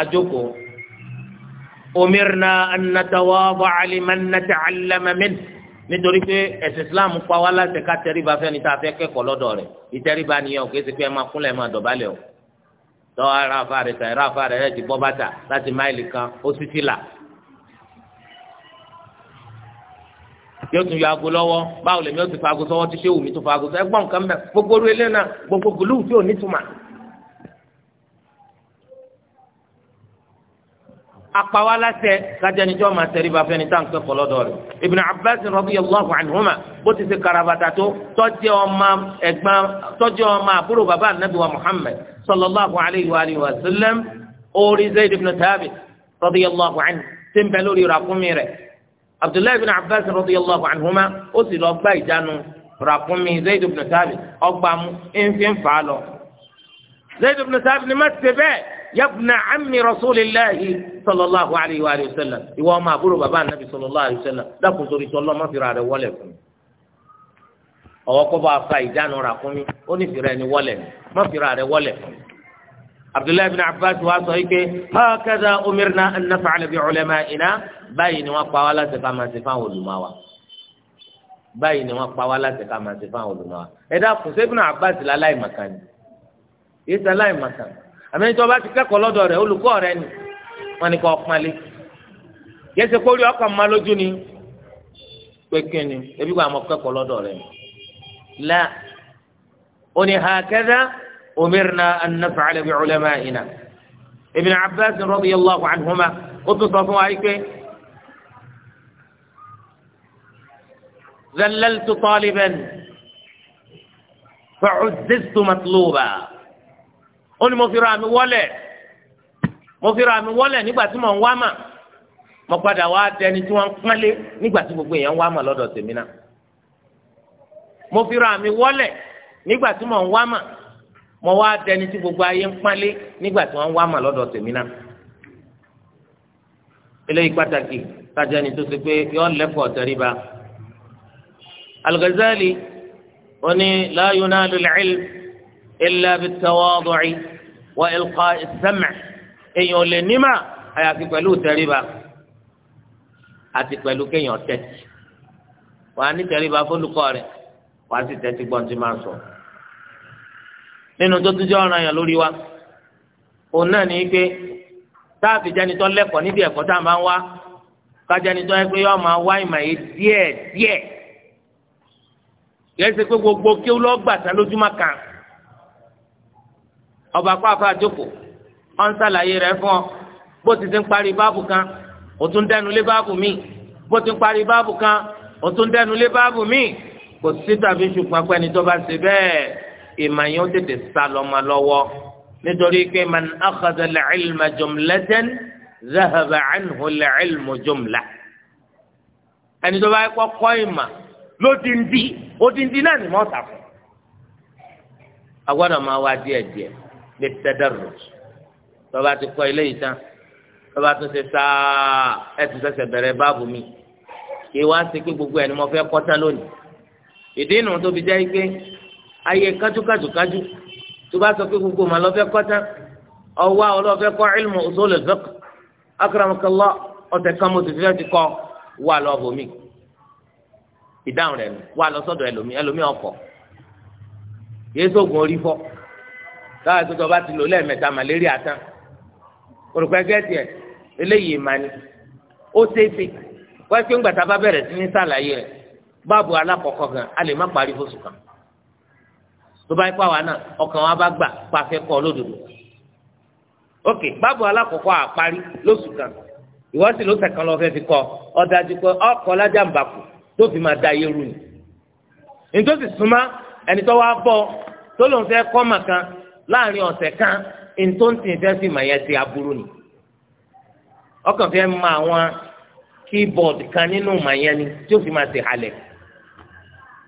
àjókòó omirna anatawa bọ alimanata alamamin nítorí pé ẹ̀sìn islam pa wá láti ká tẹríba fẹ́ni tá a fẹ́ kẹ́kọ̀ọ́ lọ́dọ̀ rẹ̀ ìtẹríba nìyẹn o kì í ṣe pé ẹ máa kúnlẹ̀ ẹ máa dọ̀bálẹ̀ o tọ́ ara afa rẹ̀ tàn ara afa rẹ̀ ẹ̀ ti bọ́ bàtà láti máìlì kan ó sì ti là yóò tún yọ aago lọ́wọ́ báwo lèmi yóò ti fa aago sọ́wọ́ ti ṣé wùmí tó fa aago sọ́wọ́ ẹgbọ́n nǹkan mẹ́ gbogbo orí ilé náà gbogbo gòlúù tí ò ní tuma. apawalasẹ kájẹnijọ máa tẹrí ba fẹni tá à ń pẹ kọlọdọ rẹ Ibn Abbas radiyallahu anhuma bó ti ṣe karabata tó tọjẹ ọmọ ẹ̀gbọ́n tọjẹ ọmọ àbúrò bàbá anabi wa Muhammad sallallahu alayhi wa alihi wa sallam orí Zayd ibn Thabit radiyallahu anhu tí lórí ràkúnmí rẹ̀ Abdullahi ibn Abbas radiyallahu anhuma ó sì lọ gbá ìjánu ràkúnmí Zayd ibn Thabit ọgbàmú ẹnfin fàá lọ ibn Thabit ni má ti ṣe bẹ́ẹ̀ yabna ami rasulillahi sallallahu alayhi wa sallam ìwọ ọmọ àbúrò bàbá anabi sallallahu alayhi wa sallam dákun sórí sọlọ má fi ra rẹ wọlé fún mi ọwọ́ kọ́ bá fa ìdáná ra fún mi ó ní fi ẹni wọlé má fi rẹ wọlé fún mi. abdullahi bin abbas wa sọ yìí pé hakadha umirna an naf'ala bi ulama'ina báyìí ni wọ́n pa wá láti ká máa ṣe fáwọn olùmọ̀ wa báyìí ni wọ́n pa wá láti ká máa ṣe fáwọn olùmọ̀ wa ẹ dákun sẹ́bùnà abbas láláì màkàn yìí sẹ́ láì màkàn yìí àmì ẹni tí wọn bá ti kẹ́kọ̀ọ́ lọ́dọ̀ rẹ̀ olùkọ́ rẹ̀ ni wọn ni kò ọpọnlé yẹsẹ kó rí ọkàn má lójú ni pé kí ni ebi wà mọ kẹ́kọ̀ọ́ lọ́dọ̀ rẹ̀ ni la oní hakadha umirna an naf'ala bi ulama'ina Ibn Abbas radiyallahu anhuma ó tún sọ fún wa yìí pé zallaltu taliban fa'uzziztu matluba. ó ní mo fi ra mi wọ́lẹ̀ mo fi ra mi wọ́lẹ̀ nígbà tí mò ń wá mà mo padà wá dẹni tí wọ́n ń pọ́nlé nígbà tí gbogbo èèyàn ń wá mà lọ́dọ̀ tèmi náà mo fi ra mi wọ́lẹ̀ nígbà tí mò ń wá mà mo wá dẹni tí gbogbo ayé ń pọ́nlé nígbà tí wọ́n ń wá mà lọ́dọ̀ tèmi náà eléyìí pàtàkì tájà ni tó ṣe pé yọ lẹ́kọ̀ọ́ tẹríba Al-Ghazali ó ní la illa bit-tawadu'i wa ilqa'i as-sam' èèyàn ò lè nímà àyàfi pẹ̀lú tẹríba àti pẹ̀lú kéèyàn tẹ́tí wàá ní tẹríba fólùkọ́ rẹ̀ wàá sì tẹ́tí gbọ́n tí máa sọ. nínú tó tún jẹ́ ọ̀ràn yẹn lórí wa òun náà ní pé táàfì jẹ́nitọ́ lẹ́kọ̀ọ́ níbi ẹ̀kọ́ tá a máa ń wá kájẹ́nitọ́ yẹn pé yọ́ọ́ máa wá ìmọ̀ yìí díẹ̀ díẹ̀ yẹ́n ṣe pé gbogbo kí ó lọ́ọ́ gbàtà lójúmọ́ kan ọba pàápàá jókòó ọ̀n sàlàyé rẹ̀ fún ọ bó ti ti ń parí báàbù kan ó tún dẹnu lé báàbù míì bó ti ń parí báàbù kan ó tún dẹnu lé báàbù míì kò sí tàbí ṣùgbọ́n pẹ́ni tó bá ṣe bẹ́ẹ̀ ìmọ̀ yẹn ó tètè sá lọ́mọ lọ́wọ́ nítorí pé man akhadha al-ilma jumlatan zahaba anhu al-ilmu jumla ẹni tó bá kọ́kọ́ ìmọ̀ lódìndí odindi náà ni mọ́ta fún agbọ́dọ̀ máa wá díẹ̀ díẹ̀ lè tẹ́dẹ̀rù tọ́ba ti kọ́ ilé yìí tán tọ́ba tún ṣe sáà ẹ̀ tún ṣẹ̀ṣẹ̀ bẹ̀rẹ̀ báàbù mi kí wá sí pé gbogbo ẹ̀ ni mo fẹ́ kọ́ tán lónìí ìdí inú tó fi jẹ́ pé ayé kájúkájúkájú tó bá sọ pé gbogbo màá lọ fẹ́ kọ́ tán ọwọ́ ọlọ́fẹ́ kọ́ ilmu usul al-fiqh ọ̀tẹ̀ kan mo ti ti kọ́ wà lọ bòmí ìdáhùn rẹ̀ wà lọ sọ́dọ̀ ẹlòmí ẹlòmí ọkọ̀ yéésù ògùn orí fọ́ táwọn àtúntò bá ti lò lẹ́ẹ̀mẹ́ta malaria tán òrùka gẹ́tì ẹ̀ eléyìí mà ní ó ṣeéṣe wọ́n ti ń gbàtà bá bẹ̀rẹ̀ sí ní sàlàyé rẹ̀ báàbù alákọ̀ọ́kọ́ gan a lè má parí fóṣù kan tó bá ipá wa náà ọkàn wa bá gbà pàfẹ́ kọ́ lódodo ok báàbù alákọ̀ọ́kọ́ àparí lóṣù kan ìwọ ló sẹ̀kan lọ́ọ́ fi kọ́ ọ̀dájú pé ọkọ̀ lájà tó fi máa da iye rú ni nítòsí súnmá ẹni tó wá bọ́ tó lòun fẹ́ kọ́ màkan láàrin ọ̀sẹ̀ kan ntòǹtì fẹ́ fi mà yẹ ti aburú ni ọkàn fẹ́ ma àwọn keyboard kan nínú mà yẹn ni tí ó fi máa ti halẹ̀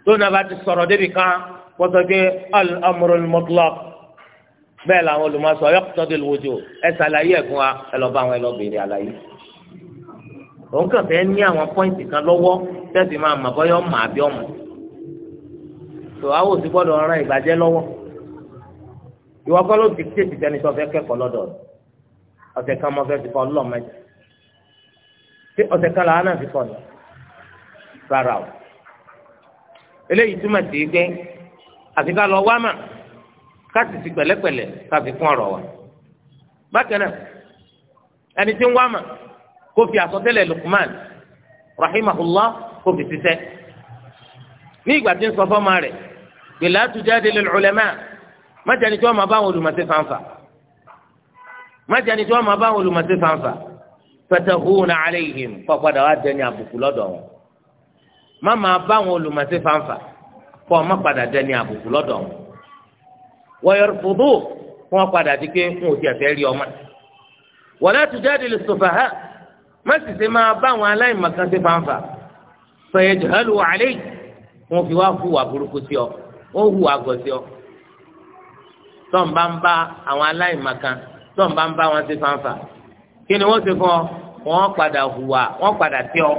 tóun náà bá ti sọ̀rọ̀ débi kan pọ́tọ́gé al-amrul mutlaq bẹ́ẹ̀ làwọn olùmọ̀sọ yaqtadil wujub ẹ ṣàlàyé ẹ̀fún wa ẹ lọ́ọ́ bá àwọn ẹlọ́bìnrin àlàyé òun kàn fẹ́ ní àwọn pọ́ìntì kan lọ́wọ́ tẹ́sí máa mọ̀ bọ́yọ́ mọ̀ àbí ọ̀mọ̀ tó àwọn òsì gbọ́dọ̀ rán ìbàjẹ́ lọ́wọ́ ìwọ kọ́ ló dictate tẹni tó fẹ́ kẹ́kọ̀ọ́ lọ́dọ̀ ọ̀sẹ̀ kan mo fẹ́ ti fọ́ ọlọ́mọdé tí ọ̀sẹ̀ kan làwọn náà ti fọ́ ni rárá o eléyìí túmọ̀ sí pé àti ká lọ wá mà ká sì ti pẹ̀lẹ́pẹ̀lẹ́ ká fi kún ọ̀rọ̀ wa bákan náà ẹni tí ń wá mà kó fi àsọtẹ́lẹ̀ Luqman rahimahullah kó fi ṣiṣẹ́ ní ìgbà tí ń sọ fọ́ọ̀mà rẹ̀ gbèlà tujadilul ulama májàni tí wọ́n máa bá àwọn olùmọ̀ọ́sẹ́ fanfa májàni tí wọ́n máa bá àwọn olùmọ̀ọ́sẹ́ fanfa fatahuna alayhim kọ́kọ́dà wá dẹni àbùkù lọ́dọ̀ wọn má máa bá àwọn olùmọ̀ọ́sẹ́ fanfa kọ́ má padà dẹni àbùkù lọ́dọ̀ wọn wọ́yọ̀rọ̀fọ̀dọ̀ wọn padà di pé wọn ò tiẹ̀ fẹ́ rí ọmọ wala tujadilu sufaha má sì ṣe máa bá àwọn aláìmọ̀kànṣe fanfa fẹ̀yẹ̀jọ̀ hẹ́lù wàlẹ́ tọ́n bá ń bá àwọn aláìmọ̀kan tọ́n bá ń bá wọn ṣe fanfa kí ni wọ́n ṣe fún ọ wọ́n padà hùwà wọ́n padà tẹ́ ọ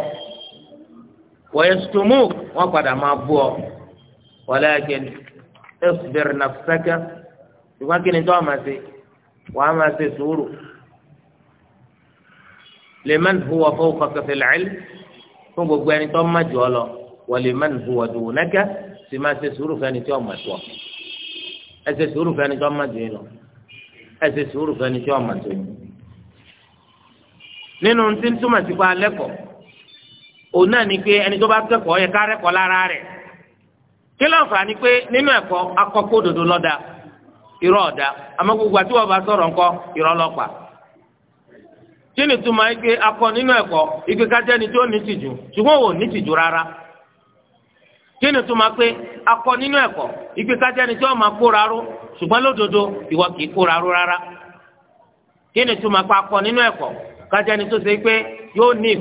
wọ́yẹ̀sùtùmù wọ́n padà máa bú ọ walakin isbir nafsaka ṣùgbọ́n kí ni tọ́ máa ṣe wàá máa ṣe sùúrù liman huwa fawqaka fil ilm fún gbogbo ẹni tó má jù ọ lọ wa liman huwa dunaka sì máa ṣe sùúrù fẹ́ni tí ó má ẹ ṣe sùúrù fẹ́ni tó ọmọ jù yín lọ tó yín. nínú tí ń túmọ̀ sí pa lẹ́kọ̀ọ́ òun náà ni pé ẹni tó bá kẹ́kọ̀ọ́ yẹ ká rẹ́kọ̀ọ́ lára rẹ̀ kí lọ pé nínú ẹ̀kọ́ lọ́dà irọ́ ọ̀dà àmọ́ gbogbo àti bá sọ̀rọ̀ ńkọ́ irọ́ kí ni túmọ̀ ike akọ nínú ẹ̀kọ́ ike kájẹ́ni tó ní tìjú ṣùgbọ́n ní tìjú kí ni tó máa pé akọ nínú ẹ̀kọ́ ìgbé kájá ni tí máa kóra ró lódodo ìwọ kóra ró rárá tó máa pé akọ nínú ẹ̀kọ́ kájá ni tó ṣe pé yóò ní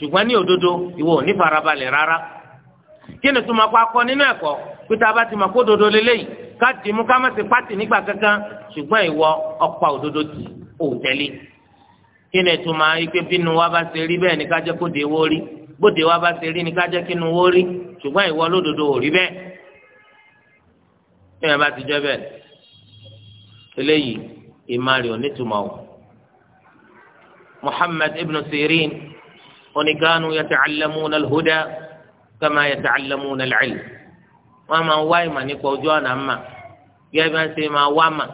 ṣùgbọ́n ní òdodo ìwọ ní ìfarabalẹ̀ rárá kí tó máa pé akọ nínú ẹkọ pété abá ti dodo mú ká má ti pàtì nígbà kankan ìwọ òdodo tì ò ikpe bínú wa bá ṣe rí bẹ́ẹ̀ ni ká ṣùgbọ́n ìwọ lódodo ò rí bẹ́ẹ̀ bí wọn bá ti jẹ́ bẹ́ẹ̀ eléyìí ìmárì ò nítumọ̀ o Muhammad ibn Sirin oníkanu yata'allamuna al-huda kama yata'allamuna al-ilm wọn máa wá ìmọ̀ nípa ojú ọ̀nà mà gẹ́gẹ́ bí wọ́n ṣe máa wá mà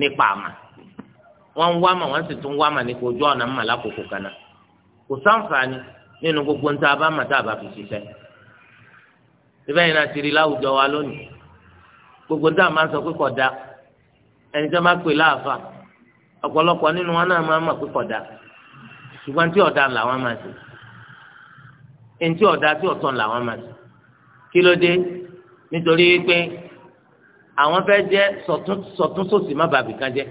nípa àmà wọ́n wá mà wọ́n sì tún wá mà nípa ojú ọ̀nà mà lákòókò kan náà kò sáǹfààní nínú gbogbo ń tá tá a bá fi ṣiṣẹ́. síbẹ̀ yìí náà ti rí láwùjọ wa lónìí gbogbo dáa máa ń sọ pé kọ̀dá ẹni tó máa pè láàfà ọ̀pọ̀lọpọ̀ nínú wọn náà máa mọ̀ pé kọ̀dá ṣùgbọ́n tí ọ̀dà làwọn máa ṣe ẹni tí ọ̀dà tí ọ̀tọ̀ làwọn máa ṣe kí ló dé nítorí pé àwọn fẹ́ jẹ́ sọ̀tún má bàbí kan jẹ́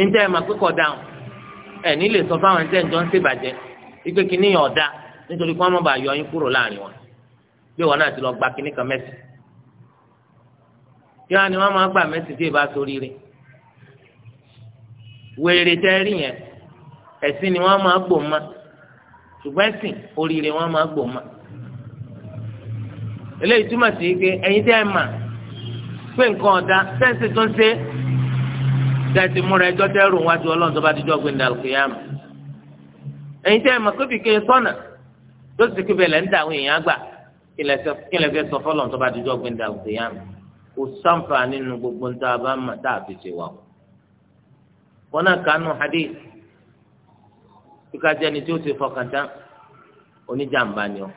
ẹni tẹ́ máa pé ẹ̀ sọ fáwọn bí wọn náà ti lọ gba kínní kan mẹsì kí a ni wọn máa gba mẹsì tí ìbá sórí rẹ wèrè rí yẹn ẹsìn ni wọn máa gbò ma ṣùgbọ́n ẹsìn oríire wọn máa gbò ma eléyìí túmọ̀ sí pé ẹ̀yin tẹ́ ẹ mà pé nǹkan ọ̀dà sẹ́ǹsì tó ń ṣe múra ẹjọ́ tẹ́ rò wájú ọlọ́run tó bá kí lè fẹ́ sọ fọlọ́n tó bá dijọ́ gbẹ̀ndà òkèèyàn kò sáǹfà nínú gbogbo níta bá mà tá a fi ṣe wà o. wọn náà kánú hadith kíkájẹ́ ni tí ó ti fọkàn tán oníjàmbá ni ọ.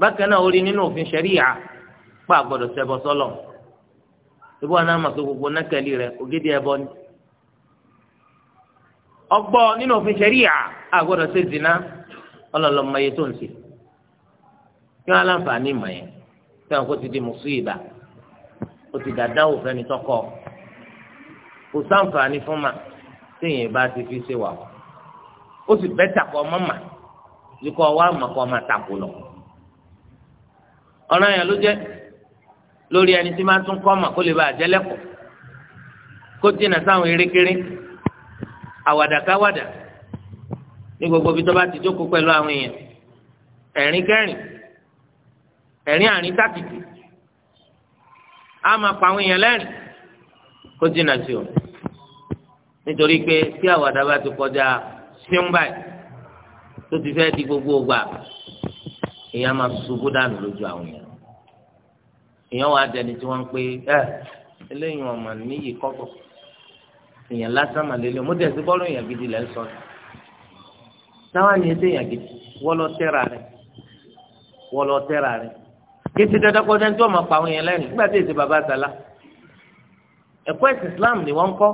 bákan náà ó rí nínú òfin ṣẹ̀ríyà pa gbọ́dọ̀ ṣẹbọ sọ́lọ̀ ibi wọn náà mọ̀ pé gbogbo nákẹ́lì rẹ ògidì ẹbọ ni. ọgbọ́ nínú òfin ṣẹ̀ríyà a ṣe zina ọlọ́lọ́ mọ iye tó ń ṣe kí wọn aláǹfààní mọ yẹn fẹ́ràn kó ti di mùsùlùmí ó ti dàda wò fẹ́ni tọkọ kò sáǹfààní fún mà téèyàn bá ti fi ṣe wà ó sì bẹ́ tàkọ ọmọ mà ikọ̀ wa mà kọ́ ọmọ tàkù lọ. ọ̀ràn yẹn ló jẹ́ lórí ẹni tí máa tún kọ́ mà kó lè bá àjẹlẹ́kọ̀ọ́ kó jìnnà sáwọn erékeré àwàdàkáwàdà ní gbogbo ibi tó bá ti jókòó pẹ̀lú àwọn èèyàn ẹ̀rín kẹ́rìn ẹ̀rín àrín tàkìtì á máa pa àwọn èèyàn lẹ́rìn kó jìnnà sí o nítorí pé tí àwàdà bá ti kọjá síún báyìí tó ti fẹ́ di gbogbo ògbà èèyàn máa ṣubú dànù lójú àwọn èèyàn èèyàn wà á dẹni tí wọ́n ń pè ẹ́ eléyìí wọn mà níyì kọ́kọ́ èèyàn lásán mà lélẹ̀ mo dẹ̀ sí bọ́ọ̀lù èèyàn gidi lẹ́ sọ táwọn ni ẹsẹ̀ èèyàn gidi wọ́lọ́ tẹ́ra rẹ̀ wọ́lọ́ tẹ́ra rẹ̀ kéṣe dandan kọ́ sẹ́ni tí wọ́n máa pa àwọn yẹn lẹ́nu nígbà tí èsì bàbá àtàlà ẹ̀kọ́ ẹ̀sìn Islam ni wọ́n ń kọ́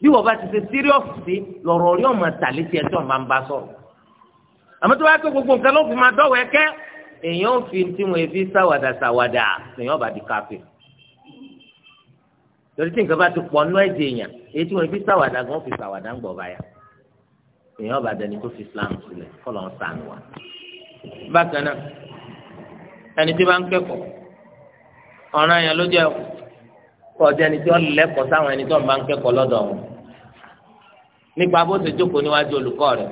bí wọ́n bá ti ṣe serious sí lọ́rọ̀ rí ọ̀mà tàlé tiẹ̀ tí wọ́n máa ń bá sọ̀rọ̀ àmọ́ tó bá tó gbogbo nǹkan ló fi máa dọ́wọ́ ẹ̀kẹ́ èèyàn ò fi tí wọ́n fi sáwàdà sáwàdà lèèyàn bá di káfíìn torí tí nǹkan bá ti pọ̀ nú ẹ̀jẹ̀ èèyàn èyí tí wọ́n fi sáwàdà gan fi sáwàdà ń gbọ̀ báyà èèyàn bá dẹni tó fi Islam sílẹ̀ kọ́ lọ́n sànù wa bákan náà ẹni tí bá ń kẹ́kọ̀ọ́ ọ̀ràn yẹn ló jẹ́ kọjá ẹni tí wọ́n lẹ́kọ̀ọ́ sáwọn ẹni tó ń bá ń kẹ́kọ̀ọ́ lọ́dọ̀ wọn nípa bó ti jókòó níwájú olùkọ́ rẹ̀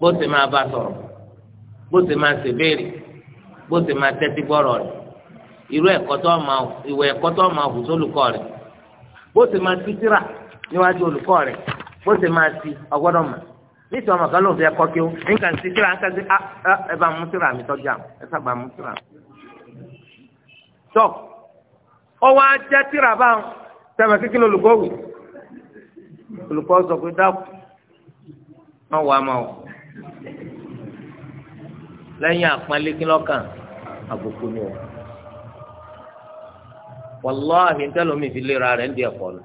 bó ti máa bá sọ̀rọ̀ bó ti máa ṣèbéèrè bó ti máa tẹ́tí gbọ́rọ̀ rẹ̀ irú ẹ̀kọ́ tó máa hù sólùkọ́ rẹ̀ bó ti máa níwájú olùkọ́ nítorí ọmọ kan lóun fẹ́ kọ́ kí ó nǹkan sí kíra nǹkan sí ah, ah, ẹ bá mú síra mi tọ́jú àwọn ẹ sábà mú síra mi. tọ́ ọwọ́ ajá síra báwọn sẹ́mi kíkí ló lùkọ́ wù olùkọ́ sọ pé dáàbò má wàá ma o lẹ́yìn àpọ́nlé lọ́kàn àbùkù ni o wàlláhi ntẹ́lómi fi léra rẹ̀ ń di ẹ̀kọ́ lọ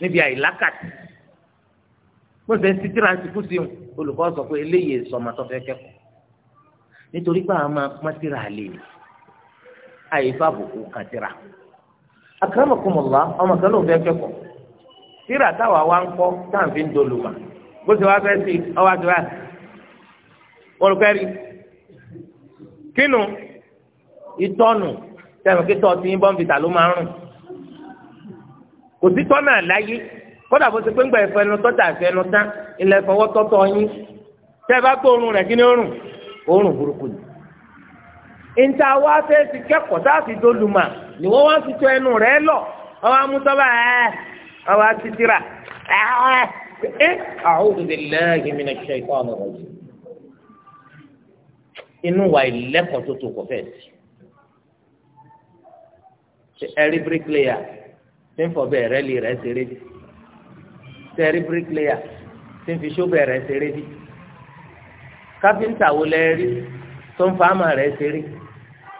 níbi àyílákàtì. wọ́n fẹ́ sí tíráǹtì kú sí olùkọ́ sọ pé eléyìí sọmọ tó fẹ́ kẹ́kọ̀ọ́ nítorí pé àwọn máa tíra àlè àyè fáàbùkù kan tíra àkàràmọ̀kùmọ̀lá ọmọ kan ló fẹ́ kẹ́kọ̀ọ́ tíra táwa wá ń kọ́ táǹfì ń dolùmọ̀ bó wá fẹ́ sí ọwọ́ kínú ìtọ́nù tẹ̀wọ̀n kí tọ́ ti ń ló máa ń rùn kò sí tọ́nà kódà bó ṣe pé ńgbà ẹ̀fọ́ ẹnu tọ́tà ẹ̀fọ́ ẹnu tán ilẹ̀ ìfọwọ́ tọ́tọ̀ yín tẹ́ ẹ bá gbọ́ òórùn rẹ̀ kí ni òórùn òórùn burúkú ni. ìta wa fẹ́ ti kẹ́kọ̀ọ́ sáàfì dolùmọ̀ ni wọ́n wá ti tọ ẹnu rẹ̀ lọ ọwọ́ amútọ́ba ẹ̀ ọwọ́ ẹ̀ a'udhu billahi minash shaytanir rajim. inú wa ìlẹ́kọ̀ọ́ tó tó tí ń fọ bẹ́ẹ̀ rẹ́lì rẹ̀ ṣeré bíi sẹ́rí bíríkìlẹ́yà tí ń fi ṣóbẹ̀rẹ̀ ṣeré bí káfíńtà wo lẹ rí tó ń fa rẹ̀ ṣeré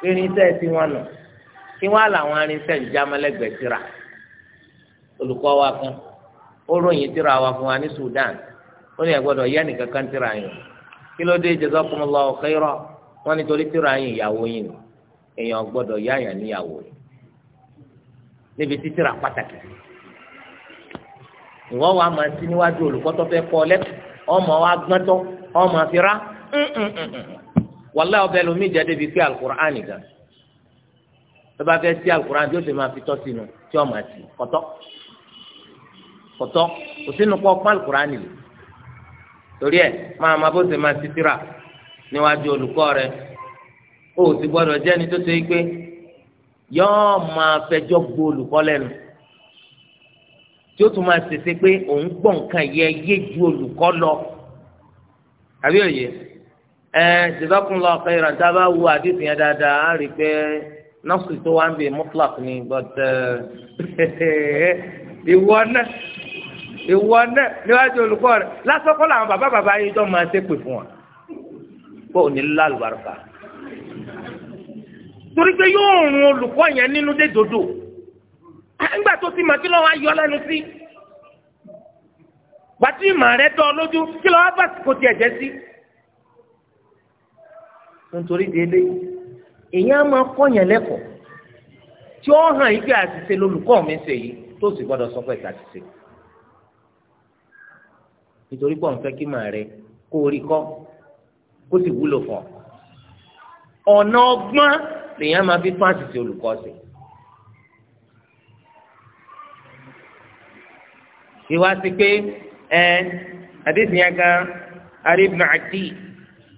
irinṣẹ́ tí wọ́n nà kí wọ́n làwọn irinṣẹ́ síra olùkọ́ wa kan ó ròyìn tíra wa fún wa ní Sudan ó ní ẹ̀gbọ́dọ̀ yẹ́ tíra yẹn kí ló dé wọ́n nítorí tíra yẹn ìyàwó yẹn èèyàn gbọ́dọ̀ yáyàn níyàwó níbi pàtàkì ìwọ wa máa ti níwájú olùkọ́ tó fẹ́ kọ́ lẹ́kọ̀ọ́ ọmọ wa gbọ́ntọ́ ọmọ àfira wàlá ọbẹ̀ lomi jẹ́ débi pé alukur'an gan tó bá fẹ́ sí alukur'an tí ó sì máa fi tọ́ sínú tí ọmọ àti kọ́tọ́ kọ́tọ́ kò sínú kọ́ pọ́n alukur'an lè torí ẹ̀ máa ma bó ṣe máa ti tira níwájú olùkọ́ rẹ o sì gbọ́dọ̀ jẹ́ ni tó ṣe é pé yọ́ọ́ máa fẹjọ́ gbó olùkọ́ lẹ́nu tí ó tún máa ṣèṣe pé òun gbọ́ nǹkan yẹ yé ju olùkọ́ lọ àbí òye ẹ jazakumullahu khairan tá a bá wo àdéhùn yẹn dáadáa á rí i pé nọ́ọ̀sì tó wá ń bè mutlaq ni but ìwọ náà ìwọ náà níwájú olùkọ́ rẹ lásọkọ́ làwọn bàbá bàbá yìí jọ máa ṣe pè fún wa kó o ní lálùbáràkà torí pé yóò rún olùkọ́ yẹn nínú dé dodo nígbà tó ti mà kí lọ́wọ́ ayọ́ lẹ́nu sí gbàtí ìmọ̀ rẹ tọ́ lójú kí lọ́wọ́ bá kò tiẹ̀ jẹ́ sí. nítorí délé èèyàn máa kọ́yàn lẹ́kọ̀ọ́ tí ó hàn yí pé àṣìṣe lolùkọ́ mi ṣe yìí tó sì gbọ́dọ̀ sọ pé ṣàṣìṣe. nítorí pọ̀ ń fẹ́ kí màá rẹ kó orí kọ́ kó sì wúlò fún ọ. ọ̀nà ọgbọ́n lèèyàn máa fi tún àṣìṣe olùkọ́ sí i. ìwà sí pé ẹ àdéhùn yẹn gan arib nàcàdì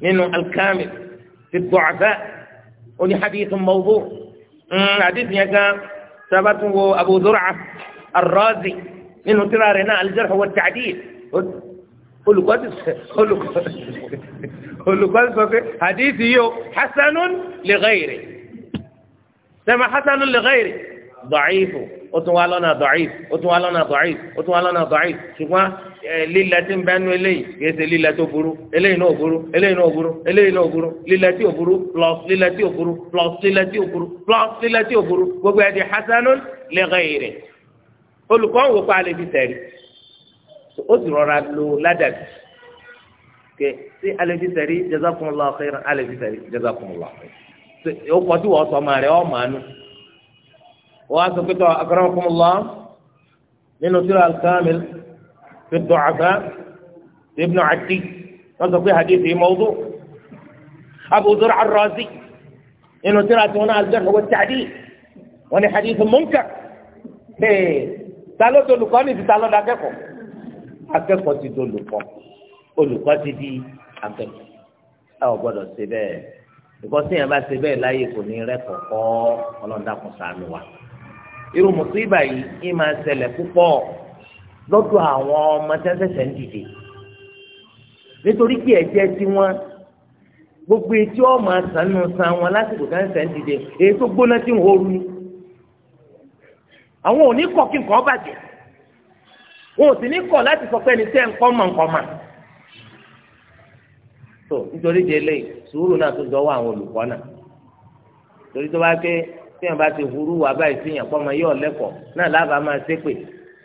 nínú alkamil ti dọ̀càfẹ́ oní hadithu mawdu àdéhùn hmm, yẹn gan sabatun wo abu zur'a arrazi nínú tírarẹ̀ náà aljarh wa ta'dil olùkọ́ sọ pé hadithu yìí o hasanun li sẹ́mi hasanun li ghayri. dọ̀ọ́ìfù ó tún wá lọ́nà dọ̀ọ́ìfù ó tún wá lọ́nà dọ̀ọ́ìfù ó tún wá lọ́nà ṣùgbọ́n lílẹ̀ tí ń plus lílẹ̀ plus lílẹ̀ plus lílẹ̀ gbogbo ẹ̀ di olùkọ́ ń wò wọ́n á sọ pé tọ́ akramakumullah nínú tírà al-kamil fi du'afa ibnu ati wọ́n sọ pé hadithi mawdu abu zura ar-razi nínú tírà tí wọ́n náà al-jarh wa at-ta'dil wọ́n ní hadith munkar ta ló dolùkọ́ ní ti ta lọ́dọ̀ ti di akẹ́kọ̀ọ́ ẹ ò gbọ́dọ̀ ṣe bẹ́ẹ̀ yẹn bá ṣe bẹ́ẹ̀ láyé kò ní rẹ́ kọ̀ọ̀kọ́ ọlọ́dà kò wa. irú mùsíbà yìí yìí máa ṣẹlẹ̀ púpọ̀ lọ́dọ̀ àwọn ọmọ tẹ́sẹ̀sẹ̀ ń dìde nítorí kí ẹ̀jẹ̀ tiwọn gbogbo etí ọmọ san wọn lásìkò tẹ́sẹ̀sẹ̀ ń dìde èyí tó gbóná tí ò horu ni àwọn ò ní kọ̀ kí nǹkan bàjẹ́ wọn ò sì ní kọ̀ láti sọ pé ẹni tẹ́ ń kọ́ mọ̀ nǹkan mọ̀ tó nítorí délé sùúrù náà tó tí yẹn bá ti hurú wà báyìí sí yẹn pọ́nmọ yóò náà lábàá máa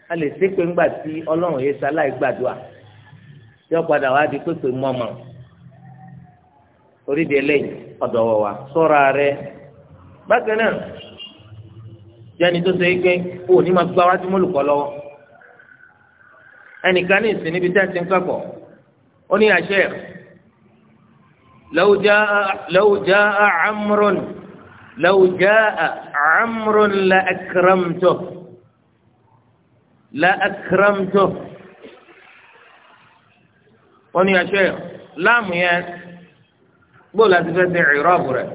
a lè ṣépè ńgbà tí ọlọ́run yẹn ṣaláì gbàdúrà yóò padà wá di pépè mọ́mọ́ orídìí eléyìí ọ̀dọ̀ wọ̀ wá sọ́ra rẹ bákan náà jẹ́ni tó ṣe é o ní máa gbá wá sí mọ́lùkọ́ lọ́wọ́ ẹnìkan ní ìsìn لو جاء عمرو لأكرمته لأكرمته wọ́n ní aṣọ láàmù yẹn gbọ́dọ̀ láti fẹ́ ṣe ìrọ́bù rẹ̀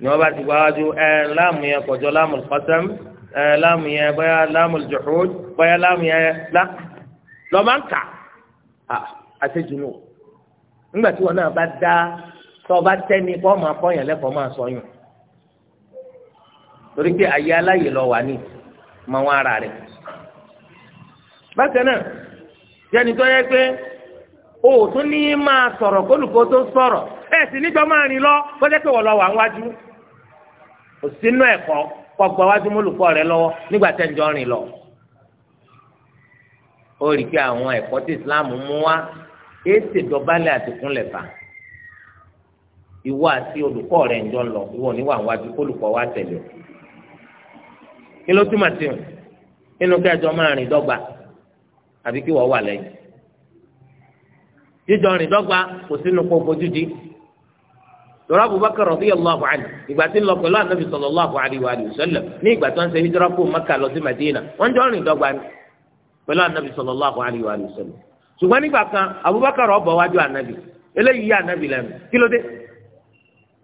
ni wọ́n bá ti gba wájú ẹ láàmù yẹn kọjọ láàmù kọ́sẹ́m ẹ láàmù yẹn bóyá láàmù jùhùd bóyá láàmù yẹn lá lọ́mọ ń kà á àṣejù nù nígbà tí wọn náà bá dá tọ́ ọ bá tẹ́ ni kọ́ máa kọ́ yẹn lẹ́kọ̀ọ́ máa sọ yùn torí pé ayé aláyè lọ wà ní mọ wọn ara rẹ bákan náà jẹni tó yẹ pé o tún ní máa sọ̀rọ̀ kólùkó tó sọ̀rọ̀ ẹ sì níjọ máa rìn lọ kọjá pé wọn lọ wà wájú kò sínú ẹ̀kọ́ kọ gba wájú mólùkọ́ rẹ lọ́wọ́ nígbà tẹ ń jọ rìn lọ ó rí i pé àwọn ẹ̀kọ́ tí Islam mú wá èsì dọ̀bálẹ̀ àtìkúnlẹ̀ fà á ìwọ àti olùkọ́ rẹ̀ ń jọ lọ ìwọ níwà wájú olùkọ́ wa tẹ̀lé kí ló túmọ̀ sí o nínú kẹjọ máa rìn dọ́gba àbí kí wọ́n wà lẹ́yìn jíjọ rìn dọ́gba kò sínú ìgbà tí ń lọ pẹ̀lú anabi wa sallam ní ìgbà tó ń ṣe hijira kó lọ Madina wọ́n jọ rìn dọ́gba anabi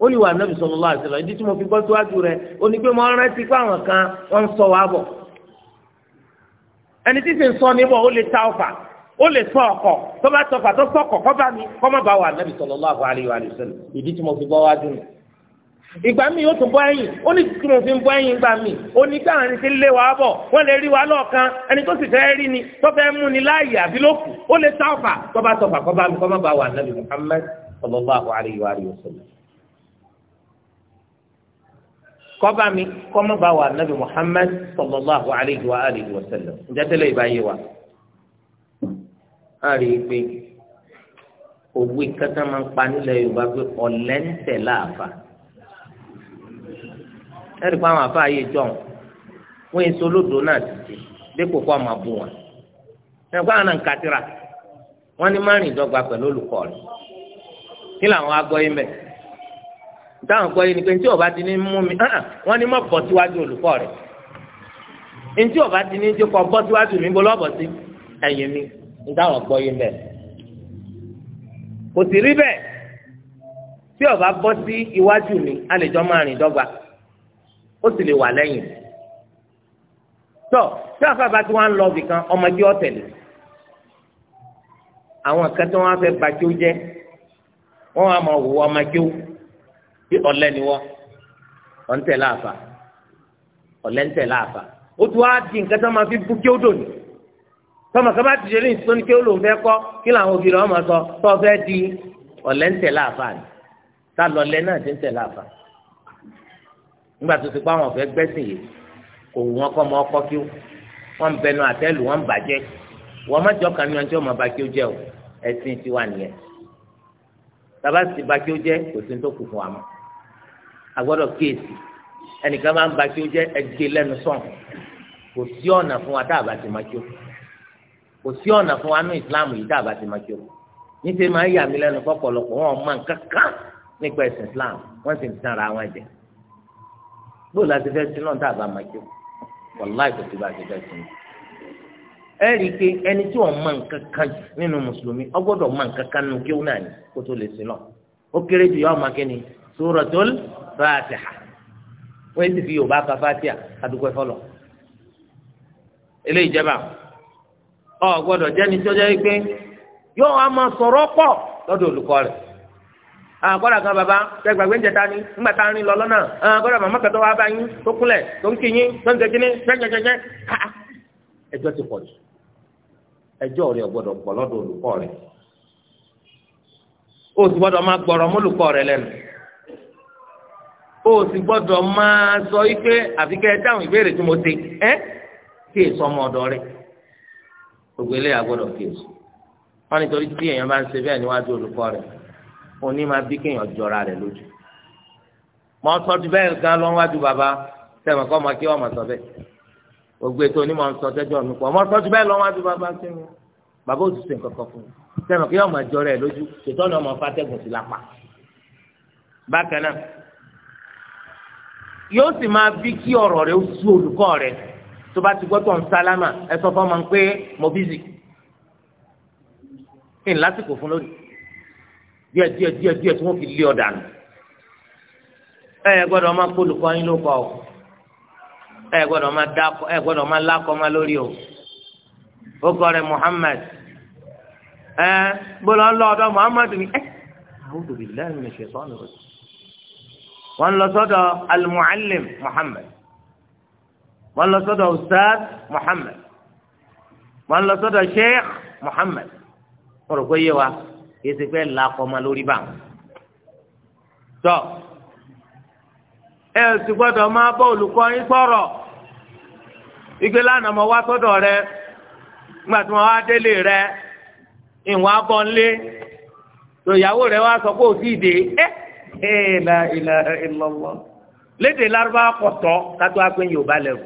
ó lè wà nàbì sallallahu alaihi wasallam ìdí tí mo fi gbọ́ síwájú rẹ̀ ó ní pé mo rántí pé àwọn kan wọ́n ń sọ wá bọ̀ ẹni tí sì ń sọ níbọ̀ ó lè ta ọfà ó lè sọ ọkọ tó bá tọfà tó sọkọ kọ́ bá mi kọ́ má bá wà nàbì sallallahu alaihi wasallam ìdí tí mo fi gbọ́ wájú mi ìgbà míì ó tún bọ́ ẹ̀yìn ó ní tí mo fi ń bọ́ ẹ̀yìn gbà míì ó ní káwọn ẹni tí ń lé wa bọ̀ wọ́n lè rí wa lọ́ọ̀kan ẹni tó sì fẹ́ rí ni tó fẹ́ mú ni láàyè àbí ló kọba mi kọmọ bá wa nabi muhammad sallallahu alayhi wa alayhi wa sallam njẹtẹlẹ ìbáyé wa a rí i pé òwe kẹta máa ń pa nílẹ̀ yorùbá pé ọ̀lẹ́ ń tẹ̀ láàfà ẹ̀rí pa àwọn àfa ayé jọ̀hún wọ́n yẹn so lódò náà títí dípò kó àwọn abu wọn ẹ̀ kó àwọn nkatira wọ́n ní márùn-ún ìdọ́gba pẹ̀lú olùkọ́ rẹ̀ kí làwọn agbọ́ yín bẹ́ẹ̀ táwọn gbọ́ yìí ni pé ntí ọba ti ní mú mi wọ́n ní mọ̀ bọ́ síwájú olùkọ́ rẹ̀ ntí ọba ti ní jókòó bọ́ síwájú mi bọ́ lọ́bọ̀ sí ẹ̀yìn mi ntáwọn gbọ́ yìí bẹ́ẹ̀ kò sì rí bẹ́ẹ̀ tí ọba bọ́ sí iwájú mi a lè jọ máa rìn dọ́gba ó sì lè wà lẹ́yìn tọ́ tí àfàbà tí wọ́n á lọ bìkan ọmọdé ọ̀tẹ̀lẹ̀ àwọn kẹtọ́ wọn á fẹ́ bàjẹ́ jẹ́ wọ́n á máa wò ọmọdé ó bí ọ̀lẹ ni wọ́n ọ̀ ń tẹ̀ láàfà ọ̀lẹ ń tẹ̀ láàfà ó ti wá di nǹkan tó máa fi bú kí ó dòní tọmọ kaba ti ṣe ní kí ó lòun fẹ́ kọ́ kí làwọn òbí rẹ̀ ọmọ sọ tó fẹ́ di ọ̀lẹ ń tẹ̀ láàfà ni tá lọ́lẹ́ náà ti ń tẹ̀ láàfà nígbà tó ti pa àwọn ọ̀fẹ́ gbẹ́sìn yìí kò wù wọn kọ́ ọmọ ọkọ́ kí wọ́n ń bẹnu àtẹ́lù wọ́n bàjẹ́ wọ́n má jọ kànú ẹni tí wọ́n kí ó jẹ́ o ẹ̀sìn tiwa nìyẹn tàbá sì kí ó jẹ́ kò sí ní tó kù fún wa mọ́. agbọdọ kíyèsí ẹnìkan máa ń ba kí ó jẹ́ ẹgbẹ́ lẹ́nu sàn kò sí ọ̀nà ti ma o kò sí ọ̀nà fún wa nú ti ma o níṣẹ́ máa ń yà mí lẹ́nu pọ̀pọ̀lọpọ̀ wọn islam wọ́n sì ń tan ara wọn jẹ bóòlù àti fẹ́ sí náà tá a bá o wàláì kò sí bá a ti fẹ́ sí i ẹ rí i pé ẹni tí kan jù nínú mùsùlùmí mọ nǹkan kan kí ó náà ní kó tó lè suratul fatiha wọ́n ti fi yorùbá ka fatiha adúgbò fọlọ́ eléyìí jẹba ọ gbọ́dọ̀ jẹni tó jẹ́ pé yóò wá máa sọ̀rọ̀ pọ̀ lọ́dọ̀ olùkọ́ rẹ̀ àgọ́dà kan bàbá tẹgbàgbé ń jẹta ni ńgbà tá a rìn lọ lọ́nà àgọ́dà màmá kẹtọ́ wa bá yín tó kúnlẹ̀ tó ń kí yín tó ń jẹjẹrẹ jẹjẹjẹjẹ ẹjọ́ ti pọ̀ jù ẹjọ́ rẹ̀ gbọ́dọ̀ pọ̀ lọ́dọ̀ olùkọ́ rẹ̀ o sì gbọ́dọ̀ máa gbọ́rọ̀ mọ́ olùkọ́ rẹ̀ lẹ́nu o sì gbọ́dọ̀ máa sọ wípé àfikẹ́ dáhùn ìbéèrè tí mo ṣe ẹ́ kí èso ọmọ ọ̀dọ́ rẹ̀ gbogbo eléyà gbọ́dọ̀ kí èso wọn nítorí tí èèyàn bá ń ṣe bẹ́ẹ̀ níwájú olùkọ́ rẹ̀ òní máa bí kéèyàn jọra rẹ̀ lójú mọ sọdún bẹ́ẹ̀ gan lọ wájú bàbá sẹmọ kọ mọ kí wọn mọ sọ bẹ́ẹ̀ gbogbo ètò onímọ̀ ń sọ tẹ́jọ́ mi pọ̀ mọ sọdún bẹ́ẹ̀ lọ wájú bàbá sẹmọ bàbá ò sì ṣe fún mi sẹmọ kí wọn jọra rẹ̀ lójú ṣètọ́ ni wọn mọ sí lápá bákan náà yóò sì máa bí kí ọ̀rọ̀ rẹ ó sú olùkọ́ rẹ tó bá ti gbọ́tọ̀ ń sálámà ẹ sọ fún ọmọ pé mo bízì kí n lásìkò fún lónìí díẹ̀ díẹ̀ díẹ̀ díẹ̀ tí wọ́n fi lé ọ̀dà nù ẹ gbọ́dọ̀ máa kó olùkọ́ yín ló ọ ẹ gbọ́dọ̀ máa dákọ ẹ gbọ́dọ̀ máa lákọ máa lórí o ó kọ rẹ Muhammad ẹ gbọ́dọ̀ ń lọ ọ̀dọ̀ Muhammad ni ẹ àwọn òbí lẹ́yìn ìṣẹ̀tọ́ ọ̀nà rẹ̀ wọ́n lọ sọ́dọ̀ almuallim muhammed wọ́n lọ sọ́dọ̀ ustaz muhammed wọ́n lọ sọ́dọ̀ sheikh muhammed wọ́n rò pé yé wa kì í ti fẹ́ la kọ́mọ lórí bá wọn. tọ́ ẹ ò sì gbọ́dọ̀ máa bọ́ olùkọ́ yín sọ̀rọ̀ igbe lánàá mo wá sọ́dọ̀ rẹ nígbà tí mo wá délé rẹ ìwọ̀n abọ́ tòyàwó rẹ wá sọ pé ò tí dé ẹ́. Eh? la ilaha illallah lédè Lárúbá kọ̀tọ́ kátó wá pé Yorùbá lẹ́rù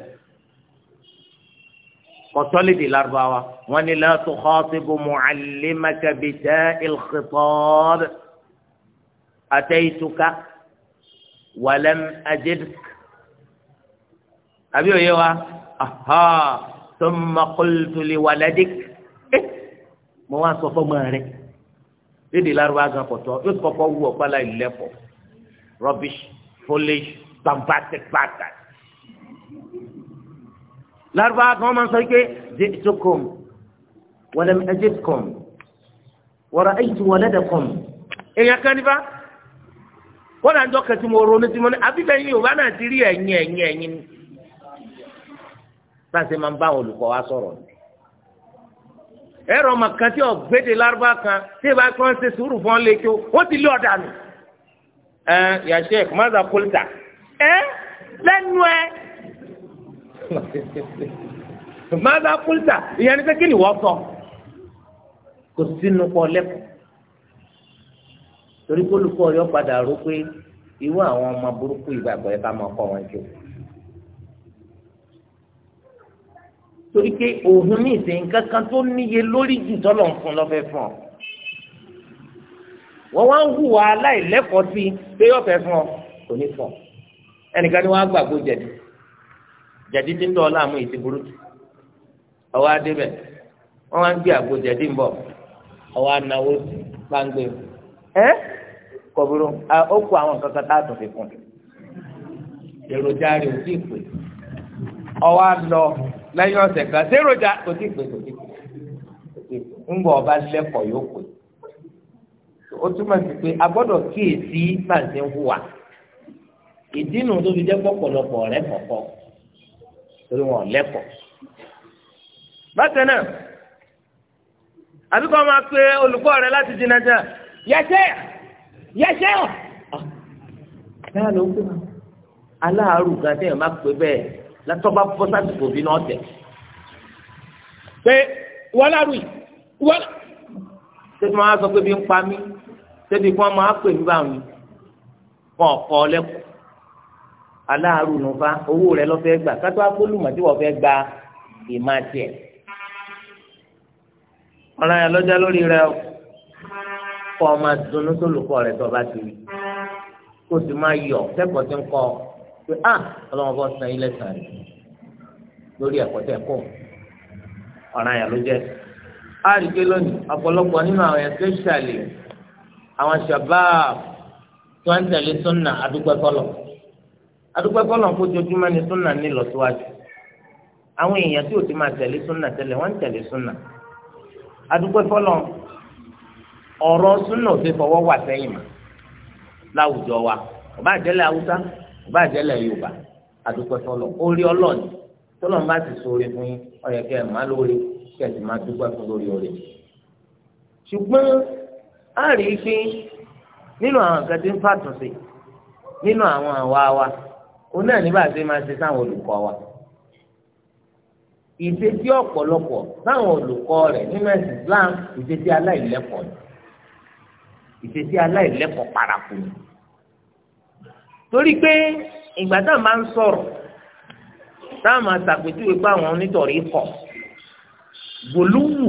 kọ̀tọ́ lédè Lárúbá wa wọ́n ní la tukhatibu mu'allimaka bita'il khitab ataytuka wa lam ajidka àbí òye wa aha thumma qultu li waladik eh! mo wá sọ fọ́mọ rẹ̀ lédè lárúbá gan kọtọ yóò kọ́kọ́ wú ọpá láì lẹpọ rubbish foliage bombastic bastard lárúbá gan máa ń sọ pé jẹtukum wọlé ẹjẹtukum wọlé ẹjẹtu wọlé dẹkum èèyàn kan níbà kọ́nà àjọ kẹtì mo ronú tí mo ní àbíkẹ́ yín yorùbá náà ti rí ẹ̀yìn ẹ̀yìn ẹ̀yìn ni. sáà máa ń bá olùkọ́ wa sọ̀rọ̀ ni ẹ̀rọ ọmọ kan tí ọ̀gbẹ́dẹ lárúbá kan tí ìbá kí wọ́n ṣe sùúrù fún ọ́n lé kí ó ti lé ọ̀dà nù. ẹ yà sheikh maza kulta ẹ lẹ́nu ẹ maza kulta ìyẹn ni pé kí ni wọ́n sọ kò sínú pọ̀ lẹ́kọ̀ọ́ torí kólukọ́ yọ padà rò pé irú àwọn ọmọ burúkú ìgbàgbọ́ ẹ ká máa kọ́ wọn jù. torí pé òun ní ìsìn kankan tó níye lórí jù tọ́lọ̀ ń fún lọ́fẹ́ fún ọ wọ́n wá ń hùwà aláìlẹ́kọ̀ọ́ sí pé yóò fẹ́ fún ọ kò ní fún ọ ẹnìkan ni wọ́n á gbàgbó jẹ̀dí jẹ̀dí ti ń dọ̀ ọ́ láàmú ìsì burúkú ọwọ́ adébẹ̀ wọ́n wá ń gbé àgbo jẹ̀dí ń bọ̀ ọwọ́ anáwó gbàngbé ẹ́ kọ̀bùrù ó kó àwọn nǹkan kan táàtò fi kún èròjà rẹ̀ ò tí pè ọwọ́ á lẹ́yìn ọ̀sẹ̀ kan sèròjà kò tí ọba lẹ́kọ̀ọ́ yóò pè Otu túmọ̀ sí pé a gbọ́dọ̀ kíyèsí bàǹtí ń hùwà ìdínú tó fi jẹ́ pọ̀pọ̀lọpọ̀ torí wọn lẹ́kọ̀ọ́ náà àbíkọ́ máa pe olùkọ́ rẹ láti ọ̀ ah, ló ń pè wá aláàárù gan pè bẹ́ẹ̀. látọ́ba bọ́ sásìkò bí náà tẹ̀. pé wọ́n lárú yìí wọ́n. tẹ́tí máa sọ pé bí ń pa mí tẹ́tí kí wọ́n máa pè mí báwọn wọn kọ́ ọ lẹ́kọ̀ọ́ aláàrú nù fa owó rẹ lọ́ fẹ́ gbà kátó akólùmọ̀ tí wọ́n fẹ́ gba ìmá tiẹ̀. ọ̀ràn yẹn lọ́jà lórí rẹ kọ́ ọ máa dunnú tó lùkọ́ rẹ tó bá ti rí kó o sì máa yọ̀ kẹ́kọ̀ọ́ ti ń kọ́ ọ. pé a ọlọ́wọ́n bọ́ lórí ló jẹ́ a lónìí ọ̀pọ̀lọpọ̀ nínú àwọn especially àwọn shabab tí wọ́n ń tẹ̀lé sunna adúgbẹ́ kọ́lọ̀ kó jojúmọ́ ni sunna ní ìlọsíwájú àwọn èèyàn tí ò ti máa tẹ̀lé sunna tẹ́lẹ̀ wọ́n ń tẹ̀lé sunna ọ̀rọ̀ sunna ò ti fọwọ́ wà ìbáàjẹ́lẹ̀ yorùbá àdúpẹ́ fọlọ́ orí ọlọ́ọ̀ni tọ́lọ́n bá ti sóore fún yín ọ̀yẹ̀ kẹ́ ẹ̀ má lóore kẹ́ ẹ̀ sì má dúpẹ́ fún lórí oore. ṣùgbọ́n a rí i pé nínú àwọn nǹkan tí ń fàtúnṣe nínú àwọn àwa wa òun náà ní bàtí máa ṣe sáwọn olùkọ́ wa ìṣesí ọ̀pọ̀lọpọ̀ sáwọn olùkọ́ rẹ̀ nínú ẹ̀sìn Islam ìṣesí aláìlẹ́kọ̀ọ́ ìṣesí aláìlẹ́kọ̀ọ́ paraku ni torí pé ìgbà tá a máa ń sọ̀rọ̀ tá a máa ṣàpèjúwe pé àwọn onítọ̀rí kọ̀ gbòlúwù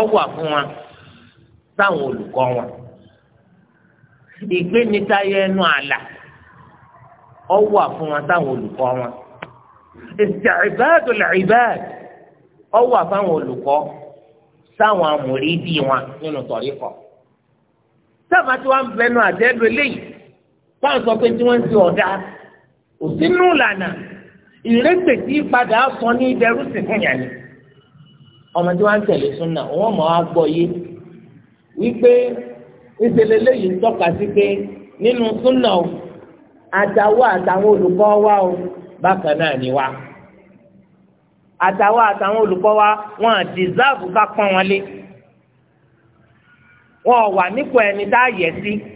ọwà fún wa táwọn olùkọ́ wọn ìgbénitayọ ẹnu àlà ọwà fún wa táwọn olùkọ́ wọn ìsìtìrìbáàdù làrìbáàdù ọwà fáwọn olùkọ́ sáwọn amòrídìí wọn nínú tọ̀rí kọ̀ sábà tí wọ́n ń bẹnu àtẹ́lu eléyìí táwọn sọ pé tí wọ́n ń ṣe ọ̀dà kò sínú ìlànà ìrètè tí padà sọ ní ìdẹrù sí fún yàn ni ọmọ tí wọ́n ń tẹ̀lé súnà wọ́n mọ̀ á gbọ́ yé wípé ìṣẹ̀lẹ̀ lẹ́yìn tọ́ka sí pé nínú súnà o àtàwọn àtàwọn olùkọ́ wa o bákan náà ni wa àtàwọn àtàwọn olùkọ́ wa wọn à dìsáàbù bá pọ́n wọn lé wọn wà nípò ẹni tá a yẹ sí. Si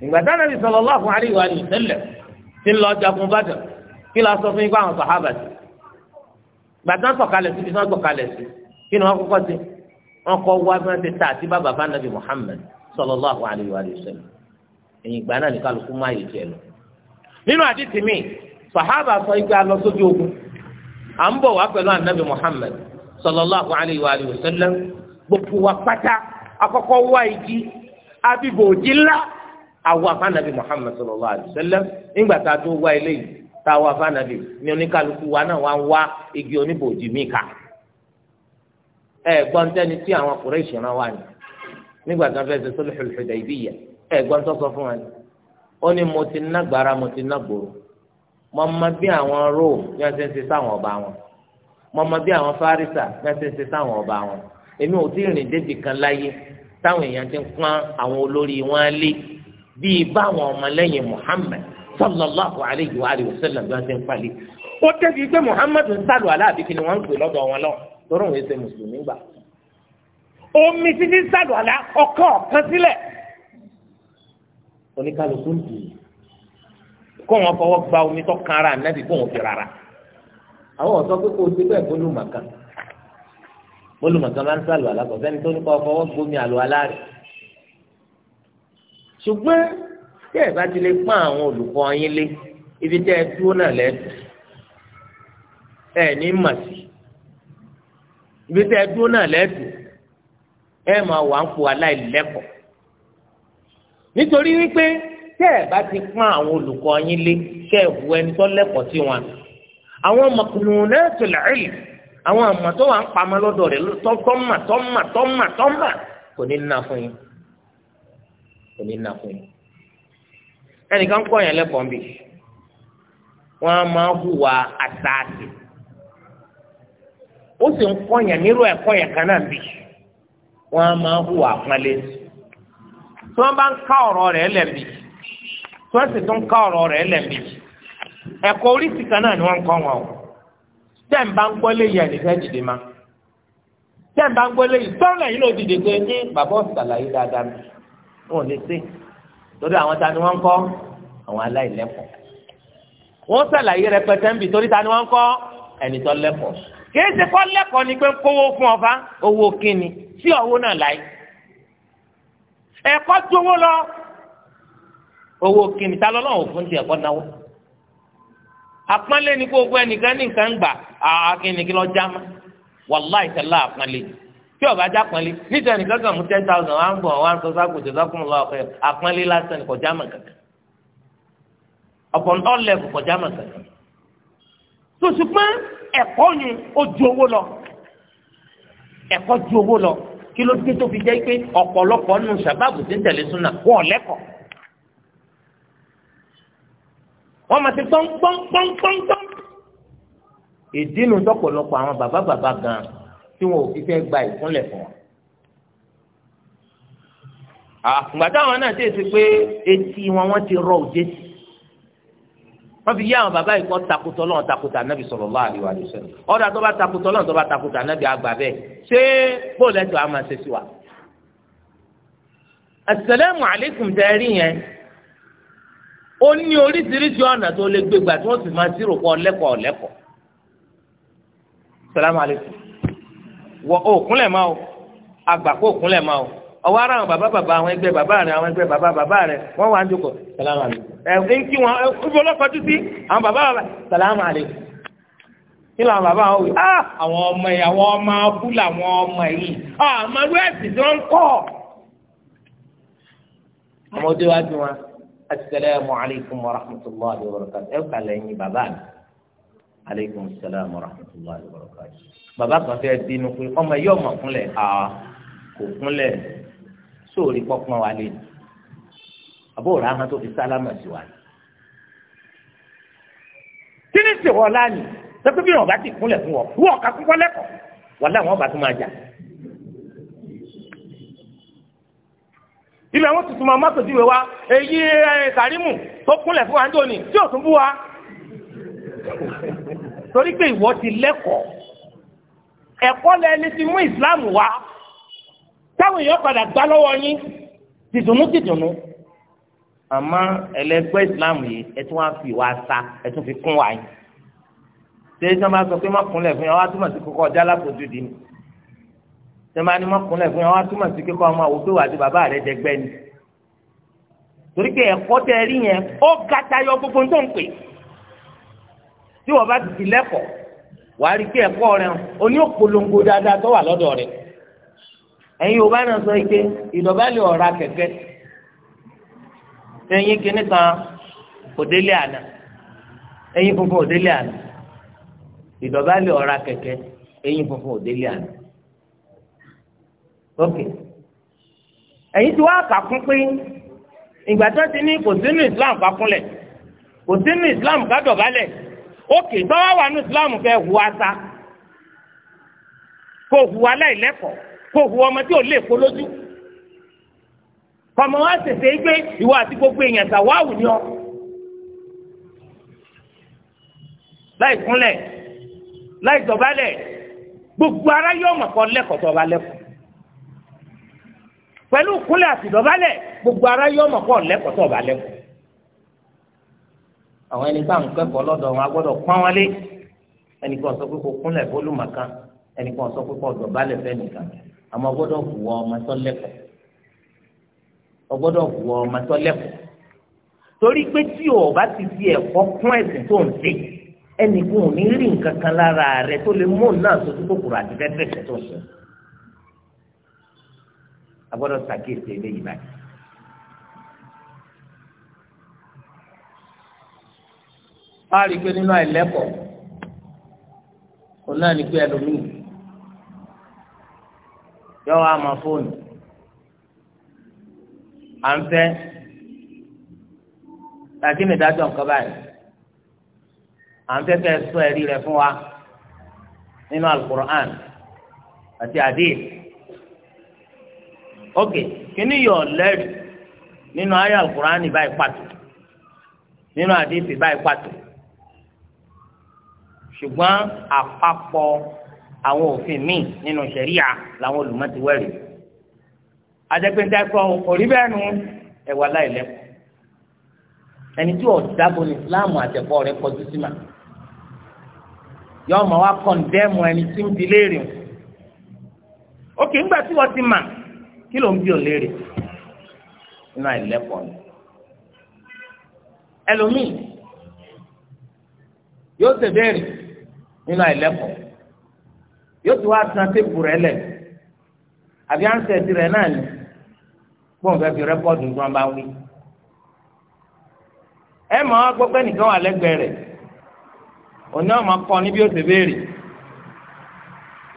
ìgbàdá nàbì sallallahu alaihi wa sallam ti lọ jagun Badr kí la sọ fún yín pé àwọn sàhábà sí gbàdá sọ̀kalẹ̀ sí ibi sọ sọ̀kalẹ̀ sí kí ni wọ́n kọ́kọ́ sí wọ́n kọ́ wá bí wọ́n ti ta àti bàbá bá nàbì Muhammad sallallahu alaihi wa sallam ẹ̀yìn ìgbà náà ní kálukú má yé tiẹ̀ lọ. nínú àdìsí mi sàhábà sọ ike alọ sójú ogun à ń bọ̀ wá pẹ̀lú ànábì Muhammad sallallahu alaihi wa wa pátá akọ́kọ́ awọ afánabi muhammed sallallahu alayhi wa sallam nígbà tá a tó wá eléyìí tá a wá afánabi ní oníkálukú wa náà wá ń wá igi oníbòjì míka ẹ gbọ́n tẹ́ni tí àwọn Quraysh rán wá ni nígbà tí wọ́n fẹ́ ṣe Sulhul Hudaybiyah ẹ gbọ́n tó sọ fún wa ni ó ní mo ti ná gbàrà mo ti ná gbòòrò mo mọ bí àwọn Rome ní wọ́n ṣe ń ṣe sáwọn ọba wọn mo mọ bí àwọn Fárísà ní wọ́n ṣe ń ṣe sáwọn ọba wọn bíi báwọn ọmọlẹ́yìn Muhammad sallallahu alayhi wa alihi wa sallam bí wọ́n ti ń palẹ̀. ó tẹ́bi pé Muhammad ń sálù aláàbí kí ni wọ́n ń pè lọ́dọ̀ wọn lọ lọ́rọ̀ wọn ṣe mùsùlùmí gbà. omi ti fi sálù alá ọkọ̀ kan sílẹ̀. oníkàlùkù ń bì í kó wọn fọwọ́ gba omi tó kan ara ànábì kó wọn fi rárá. àwọn ọ̀sọ́ pé kó o ti bẹ́ẹ̀ bólúmọ̀kan bólúmọ̀kan máa ń sálù alá kọ̀ ṣùgbọ́n tẹ́ ẹ bá ti lè pọ́n àwọn olùkọ́ yín lé ibi tẹ́ ẹ dúró náà lẹ́sù ẹ ní mà sí ibi tẹ́ ẹ dúró náà lẹ́sù ẹ máa wà ń fò aláìlẹ́kọ̀ọ́ nítorí wípé tẹ́ ẹ bá ti pọ́n àwọn olùkọ́ yín lé kẹ́ ẹ hu ẹni tó lẹ́kọ̀ọ́ sí wọn àwọn makununatul ilm àwọn àmọ̀ tó wà ń pamọ́ lọ́dọ̀ rẹ̀ tọ́mà tọ́mà tọ́mà tọ́mà kò ní ná fún yín kò ní nà fún yín ẹnìkan kọ́ yẹn lẹ́kọ̀ọ́ bí wọ́n á máa hùwà àtàtì ó sì ń kọ́ yẹn nírú ẹ̀kọ́ yẹn kan náà bí wọ́n á máa hùwà àpọ́nlé tí wọ́n bá ń ká ọ̀rọ̀ rẹ̀ lẹ́bi tí wọ́n sì tún ká ọ̀rọ̀ rẹ̀ lẹ́bi ẹ̀kọ́ oríṣi kan náà ni wọ́n ń kọ́ wọn o tẹ́ ń bá ń gbọ́ léyìí ẹnìkan dìde ma tẹ́ ń bá ń gbọ́ léyìí tọ́lá yìí ló dìde pé ní bàbá ọ̀sàlàyé dáadáa mi wọn ò lè ṣe torí àwọn ta ni wọ́n ń kọ́ àwọn aláìlẹ́kọ̀ọ́ wọ́n ṣàlàyé rẹpẹtẹ ń bì torí ta ni wọ́n ń kọ́ ẹni tó lẹ́kọ̀ọ́ kì í ṣe kọ́ lẹ́kọ̀ọ́ ni pé kówó fún ọba owó kíni tí ọwọ́ náà láì ẹ̀kọ́ jówó lọ owó kíni ta lọ́lọ́ òfin ti ẹ̀kọ́ náwó àpọ́nlé ni kó gbọ́ ẹnìkan ní nǹkan gbà àkínní kí lọ́ọ́ já má wàláì tẹ́lá àpọ́nlé yìí tí ọba ajá pọnlé níta nìkan kan mú ten thousand wà ń bọ̀ wà ń sọ sákòjò sákòmùlọ ọ̀fẹ́ àpọnlé lásán ní kọjá mọ̀ kankan ọ̀pọ̀ ọ̀lẹ́bù kọjá mọ̀ kankan. sòṣùpọ́n ẹ̀kọ́ yẹn ó ju owó lọ ẹ̀kọ́ ju owó lọ kí ló dé tó fi jẹ́ pé ọ̀pọ̀lọpọ̀ nù sàbáàbù tí ń tẹ̀lé súnà wọ́n lẹ́kọ̀ọ́ wọ́n máa ti pọ́npọ́npọ́npọ́n tí wọn ò fi fẹ́ gba ìkúnlẹ̀ fún wọn. àgbà táwọn náà tẹ̀ sí pé etí wọn wọ́n ti rọ òjé sí wọ́n fi yé àwọn bàbá yìí kọ́ lọ́wọ́ takuta anábì sallallahu alaihi wa sallam ọ̀dà tó bá takutọ́ lọ́wọ́ tó bá takuta àgbà bẹ́ẹ̀ ṣé bóòlù ẹ̀tọ́ ó ní oríṣiríṣi ọ̀nà tó lè gbégbà tí wọ́n sì máa ṣírò kọ́ lẹ́kọ̀ọ́ lẹ́kọ̀ọ́. salaamu wọ òkúnlẹ̀ máa o àgbàkó òkúnlẹ̀ máa o ọwọ́ ara àwọn bàbá bàbá àwọn ẹgbẹ́ bàbá rẹ àwọn ẹgbẹ́ bàbá bàbá rẹ wọ́n wà ń jókòó sàlámù àlè ẹ̀ ń kí wọn ibi ọlọ́kọ̀ọ́jú sí àwọn bàbá bàbá sàlámù àlè kí làwọn bàbá wọn wí ah! àwọn ọmọ yìí àwọn ọmọ abú làwọn ọmọ yìí ah àmàlú ẹ̀sìn tí wọ́n ń kọ́ àwọn ọdẹ wa dùn wa asalaamu alaykum wa rahmatulahi wa barakatu ẹ kà lẹ́yìn bàbá mi alaykum salaam wa rahmatulahi wa barakatu bàbá kan fẹ́ bínú pé ọmọ yìí ọmọ kúnlẹ̀ àá kò kúnlẹ̀ sóòrí pọ́pọ́n wa lé ní àbúrò ahọ́n tó fi sálámà sí wa. kí ni ìṣèwọ́ láàyè sọ́kú bí wọn bá ti kúnlẹ̀ fún wọn wọ́n kà kúkọ́ lẹ́kọ̀ọ́ wọ́n láwọn bá tún máa jà. ilé àwọn tuntun máa mọ́tò sí ìwé wa èyí Kàrímù tó kúnlẹ̀ fún wa ń dòní tí ò tún bú wa. torí pé ìwọ ti lẹ́kọ̀ọ́ ẹ̀kọ́ lẹni ti mú ìsìláàmù wá táwọn èèyàn padà gbá lọ́wọ́ yín tìdùnnú tìdùnnú àmọ́ ẹlẹgbẹ́ ìsìláàmù yìí ẹ tún wá fi wá sa ẹ tún fi kún wá yín ṣé ṣé máa sọ pé má kúnlẹ̀ fún yẹn wá túmọ̀ sí kókó ọjà alákòóso dì ní ṣé máa ní má kúnlẹ̀ fún yẹn wá túmọ̀ sí kókó ọmọ àwòké wàá di bàbá rẹ dẹgbẹ́ ni torí pé ẹ̀kọ́ tẹ rí yẹn ó gàtayọ gbogbo tó ń pè tí wọ́n bá ti ti lẹ́kọ̀ọ́ wàá rí pé ẹ̀kọ́ rẹ o ní òpolongo dáadáa tó wà lọ́dọ̀ rẹ ẹ̀yin yorùbá náà sọ pé ìdọ̀bálẹ̀ ọ̀ra kẹ̀kẹ́ ẹ̀yin kìíní kan òdélé àná ẹ̀yin funfun òdélé àná ìdọ̀bálẹ̀ ọ̀ra kẹ̀kẹ́ ẹ̀yin funfun òdélé àná ok ẹ̀yin tí wàá kà kún pé ìgbà tó ti ní kò sínú islam kakúnlẹ̀ kò sínú islam kádọ̀bálẹ̀ òkè báwa wà ní islam fẹ́ hu asa kò hu aláìlẹ́kọ̀ọ́ kò hu ọmọ tí ò lè kó lójú kọmọ wa tètè gbé ìwọ àti gbogbo èèyàn tà wá àwùjọ láì kúnlẹ̀ láì dọ̀bálẹ̀ gbogbo ara yóò mọ̀ kọ́ lẹ́kọ̀ọ́ tó lẹ́kọ̀ọ́ pẹ̀lú kúnlẹ̀ àti dọ̀bálẹ̀ gbogbo ara yóò mọ̀ kọ́ lẹ́kọ̀ọ́ tó lẹ́kọ̀ọ́ àwọn ẹni tá à ń kẹ́kọ̀ọ́ lọ́dọ̀ wọn a gbọ́dọ̀ pọ́n wọn lé ẹnì kan sọ pé kò kúnlẹ̀ fólùmọ̀ kan ẹnì kan sọ pé kò dọ̀bálẹ̀ fẹ́nìkan àmọ́ gbọ́dọ̀ wọ ọmọ tó lẹ́kọ̀ọ́ ọgbọ́dọ̀ wọ ọmọ tó lẹ́kọ̀ọ́ torí pé tí o bá ti fi ẹ̀kọ́ kún ẹ̀sìn tó ń ṣe ẹnì kan ò ní rí nǹkan kan lára rẹ tó lè mú náà sojú kòkòrò àti fẹ́fẹ́ tó ń ṣe àgbọ́dọ̀ ṣàkíyèsí á rí i pé nínú àìlẹ́kọ̀ọ́ òun náà ní pé ẹlòmíì yọ wá máa fóònù à ń fẹ́ láti ní ìdájọ́ nǹkan báyìí à ń fẹ́ kẹ́ ẹ sọ ẹ̀rí rẹ̀ fún wa nínú alukur'an àti hadith ok kíní yọ lẹ́rìí nínú ayé alukur'an báyìí pàtó nínú hadith báyìí pàtó ṣùgbọ́n àpapọ̀ àwọn òfin míì nínú ṣẹ̀ríà làwọn olùmọ̀ ti wẹ̀rí. àjẹpẹ́ntẹ́kọ̀ òrí bẹ́ẹ̀ nu ẹ̀wà láìlẹ́kọ̀ ẹni tí ọ̀dà ní Islam àtẹ̀kọ́ rẹ̀ kọjú sí ma yọọ ma wa kọ̀ǹdẹ́mù ẹni tí ń di léèrè o òkè ńgbà tí wọ́n ti mà kí ló ń bí ò léèrè nínú àìlẹ́kọ̀ọ́ ni ẹlòmíì yóò ṣèbéèrè nínú àìlẹ́kọ̀ọ́ yóò ti wá san téèpù rẹ lẹ̀ àbí ánsẹ̀tì rẹ náà ni gbọ́n fẹ́ fi rẹ́kọ̀dù tí wọ́n bá wí. ẹ mọ̀ ọ́ gbọ́ pé nìkan wà lẹ́gbẹ̀ẹ́ rẹ̀ òní ọmọ kọ́ ní bí ó ṣe béèrè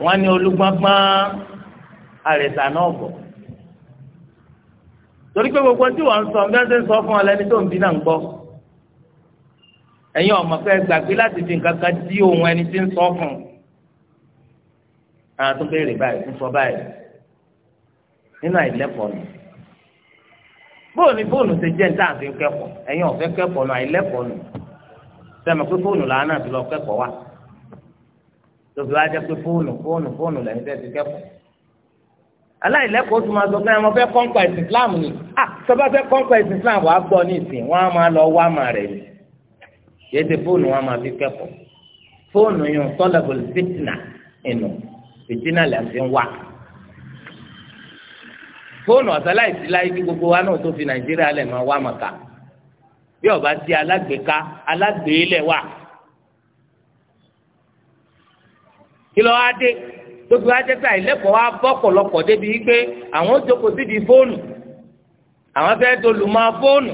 wọ́n ní olúgbọ́ngbọ́n àrẹ̀sà náà bọ̀ torí pé gbogbo tí wọ́n ń sọ bí wọ́n sọ fún ọ lẹ́ni tó ń bí náà ń gbọ́ ẹ̀yin ọmọ fẹ́ gbàgbé láti fi nǹkan kan dí ohun ẹni tí ń sọ fún un àwọn tó béèrè báyìí ń sọ báyìí nínú àìlẹ́kọ̀ọ́ nù fóònù fóònù ṣe jẹ́ níta àfi kẹ́kọ̀ọ́ ẹ̀yin ọ̀fẹ́ kẹ́kọ̀ọ́ nù àìlẹ́kọ̀ọ́ nù sẹ́mi pé fóònù làwọn náà fi lọ kẹ́kọ̀ọ́ wa lóbi wá jẹ́ pé fóònù fóònù fóònù lẹ́yìn tẹ́ ti kẹ́kọ̀ọ́ aláìlẹ́kọ̀ọ́ tó máa sọ pé àwọn fẹ́ kọ́ńpa ìsìn Islam ni ah sọ bá fẹ́ kọ́ńpa ìsìn Islam wàá gbọ́ ní ìsìn wọ́n á máa lọ wá màrẹ̀ yìí kìí ṣe fóònù wa máa fi kẹ́kọ̀ọ́ fóònù yìí tọ́lẹ̀bù fìtínà ìnù fìtínà lè fi ń wà. fóònù ọ̀sáláìsí láyé kí gbogbo wa náà tó fi nàìjíríà lẹ̀ máa wá màkà bí ọba ti alágbèéká alágbèélẹ̀ wà. kí ló wá dé gbogbo wa jẹ́ pé àìlẹ́kọ̀ọ́ wa bọ́ pọ̀lọpọ̀ débi wípé àwọn jókòó sídìí fóònù àwọn fẹ́ẹ́ dolùmọ́ fóònù.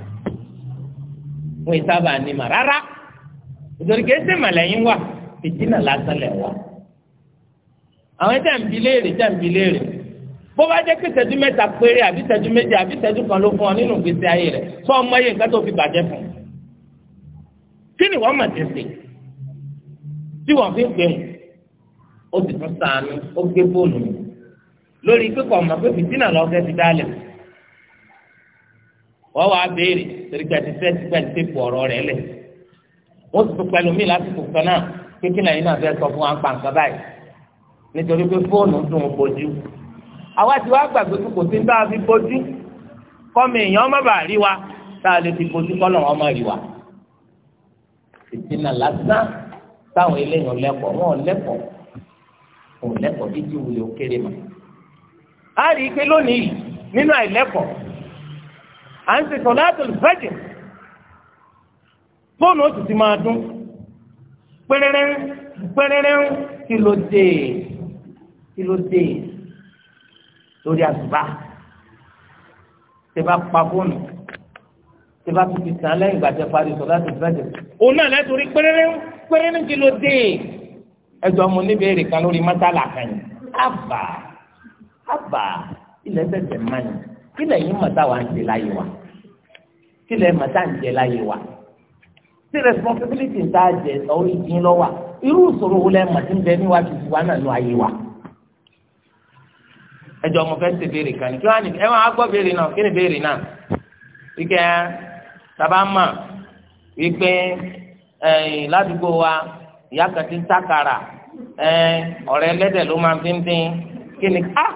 wọn yìí sábà ní ma rárá nítorí kìí ṣe màlẹ́yìn wà fìtínà lásán lẹ̀ wà. àwọn ẹ̀jẹ̀ ń bi léèrè ẹ̀jẹ̀ ń bi léèrè bó bá jẹ́ pé mẹ́ta péré àbí ìṣẹ́jú méje àbí ìṣẹ́jú kan ló fún ọ nínú ìgbésí ayé rẹ̀ fún ọmọ yìí nǹkan tó fi bàjẹ́ fún un. kí ni wọ́n mọ̀ ti sè tí wọ́n fi ń pè wọ́n ó sì tún sàánú ó gbé bóòlù lórí kíkọ́ ọmọ pé fìtínà lọ́ọ́ fẹ́ fi dálẹ̀ wọ́n wá béèrè torí pé àti sẹ́ẹ̀tì pé àti sẹ́ẹ̀pù ọ̀rọ̀ rẹ̀ lẹ̀ wọ́n sì tún pẹ̀lú mí lásìkò kan náà kékeré lẹ́yìn náà fẹ́ sọ fún wa ń pa nǹkan báyìí nítorí pé fóònù dùn bójú àwa ti wá gbàgbé tó kò sí ń bá a fi bójú kọ́mi èèyàn má bàa rí wa tá a lè fi bójú kọ́ lọ́wọ́ má rí wa ìdínà lásán táwọn eléyàn lẹ́kọ̀ọ́ wọn ò lẹ́kọ̀ọ́ ò lẹ́kọ̀ọ́ bí ti wulẹ̀ à ń ṣe sọ̀láàtùl fajr fóònù oṣù ti máa dún pẹ́rẹ́rẹ́ pẹ́rẹ́rẹ́ kí ló dé kí ló dé lórí àtúbà tẹ́bá pa fóònù tẹ́bá tó ti sàn lẹ́yìn ìgbà tẹ́ parí sọ̀láàtùl fajr òun náà lẹ́tọ̀rí pẹ́rẹ́rẹ́ pẹ́rẹ́rẹ́ kí ló dé ẹjọ́ mo níbi èrè kan lórí mọ́tàlá kan yìí àbà àbà ilẹ̀ tẹ̀sẹ̀ mọ́ kílẹ̀ yín mọ̀ táwa ń ṣe láyé wa kílẹ̀ mọ̀ táà ń ṣe láyé wa tí responsibility ń tá a jẹ ọ̀rọ̀ ìdín lọ́wọ́ irú ìṣòro wo lẹ́ẹ̀ mọ̀ tí ń bẹ níwájú tiwa náà nù ayé wa. ẹjọ mo fẹ́ ṣe béèrè kan ní kí wọ́n á ní ẹ máa gbọ́ béèrè náà kí ni béèrè náà wíkẹ́ sábà mọ̀ wípé ládùúgbò wa ìyá kan ti ń sákàrà ọ̀rẹ́ ẹlẹ́dẹ̀ ló máa ń dín kí ni ah!